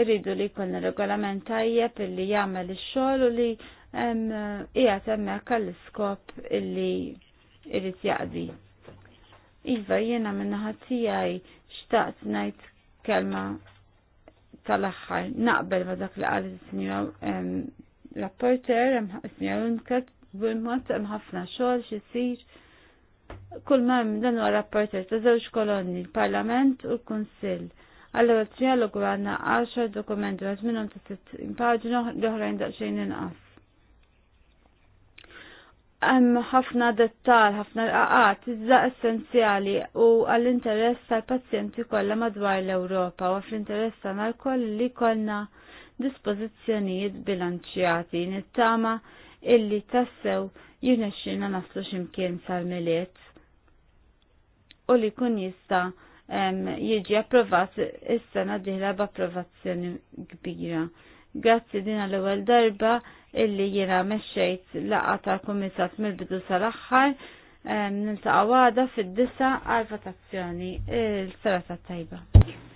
irridu li jkollna regolament tajjeb illi jagħmel ix-xogħol u li qiegħed hemmhekk għall-iskop illi irid jaqdi. Iva jiena minna naħa xtaqt ngħid kelma tal-aħħar naqbel ma dak li qal is-sinjura rapporter is-sinjura Unkat bil hemm ħafna xogħol x'isir. Kull ma dan huwa rapporter ta' żewġ kolonni, il-Parlament u l-Kunsill Allora trialogu għanna 10 dokumenti għaz minnom ta' 60 paġna l-oħrajn daqxejn inqas. Hemm ħafna dettal, ħafna rqaqat, iżda essenzjali u għall-interess tal-pazjenti kollha madwar l-Ewropa u fl-interess tagħna lkoll li kolna dispożizzjonijiet bilanċjati nittama illi tassew jirnexxina naslu x'imkien sal-miliet u li kun jista' jiġi approvat is-sena diħla b'approvazzjoni kbira. Grazzi din l-ewwel darba illi jiena mexxejt laqgħa tal kumitat mill-bidu sal-aħħar niltaqgħu għada fid-disa għal votazzjoni il sarata tat-tajba.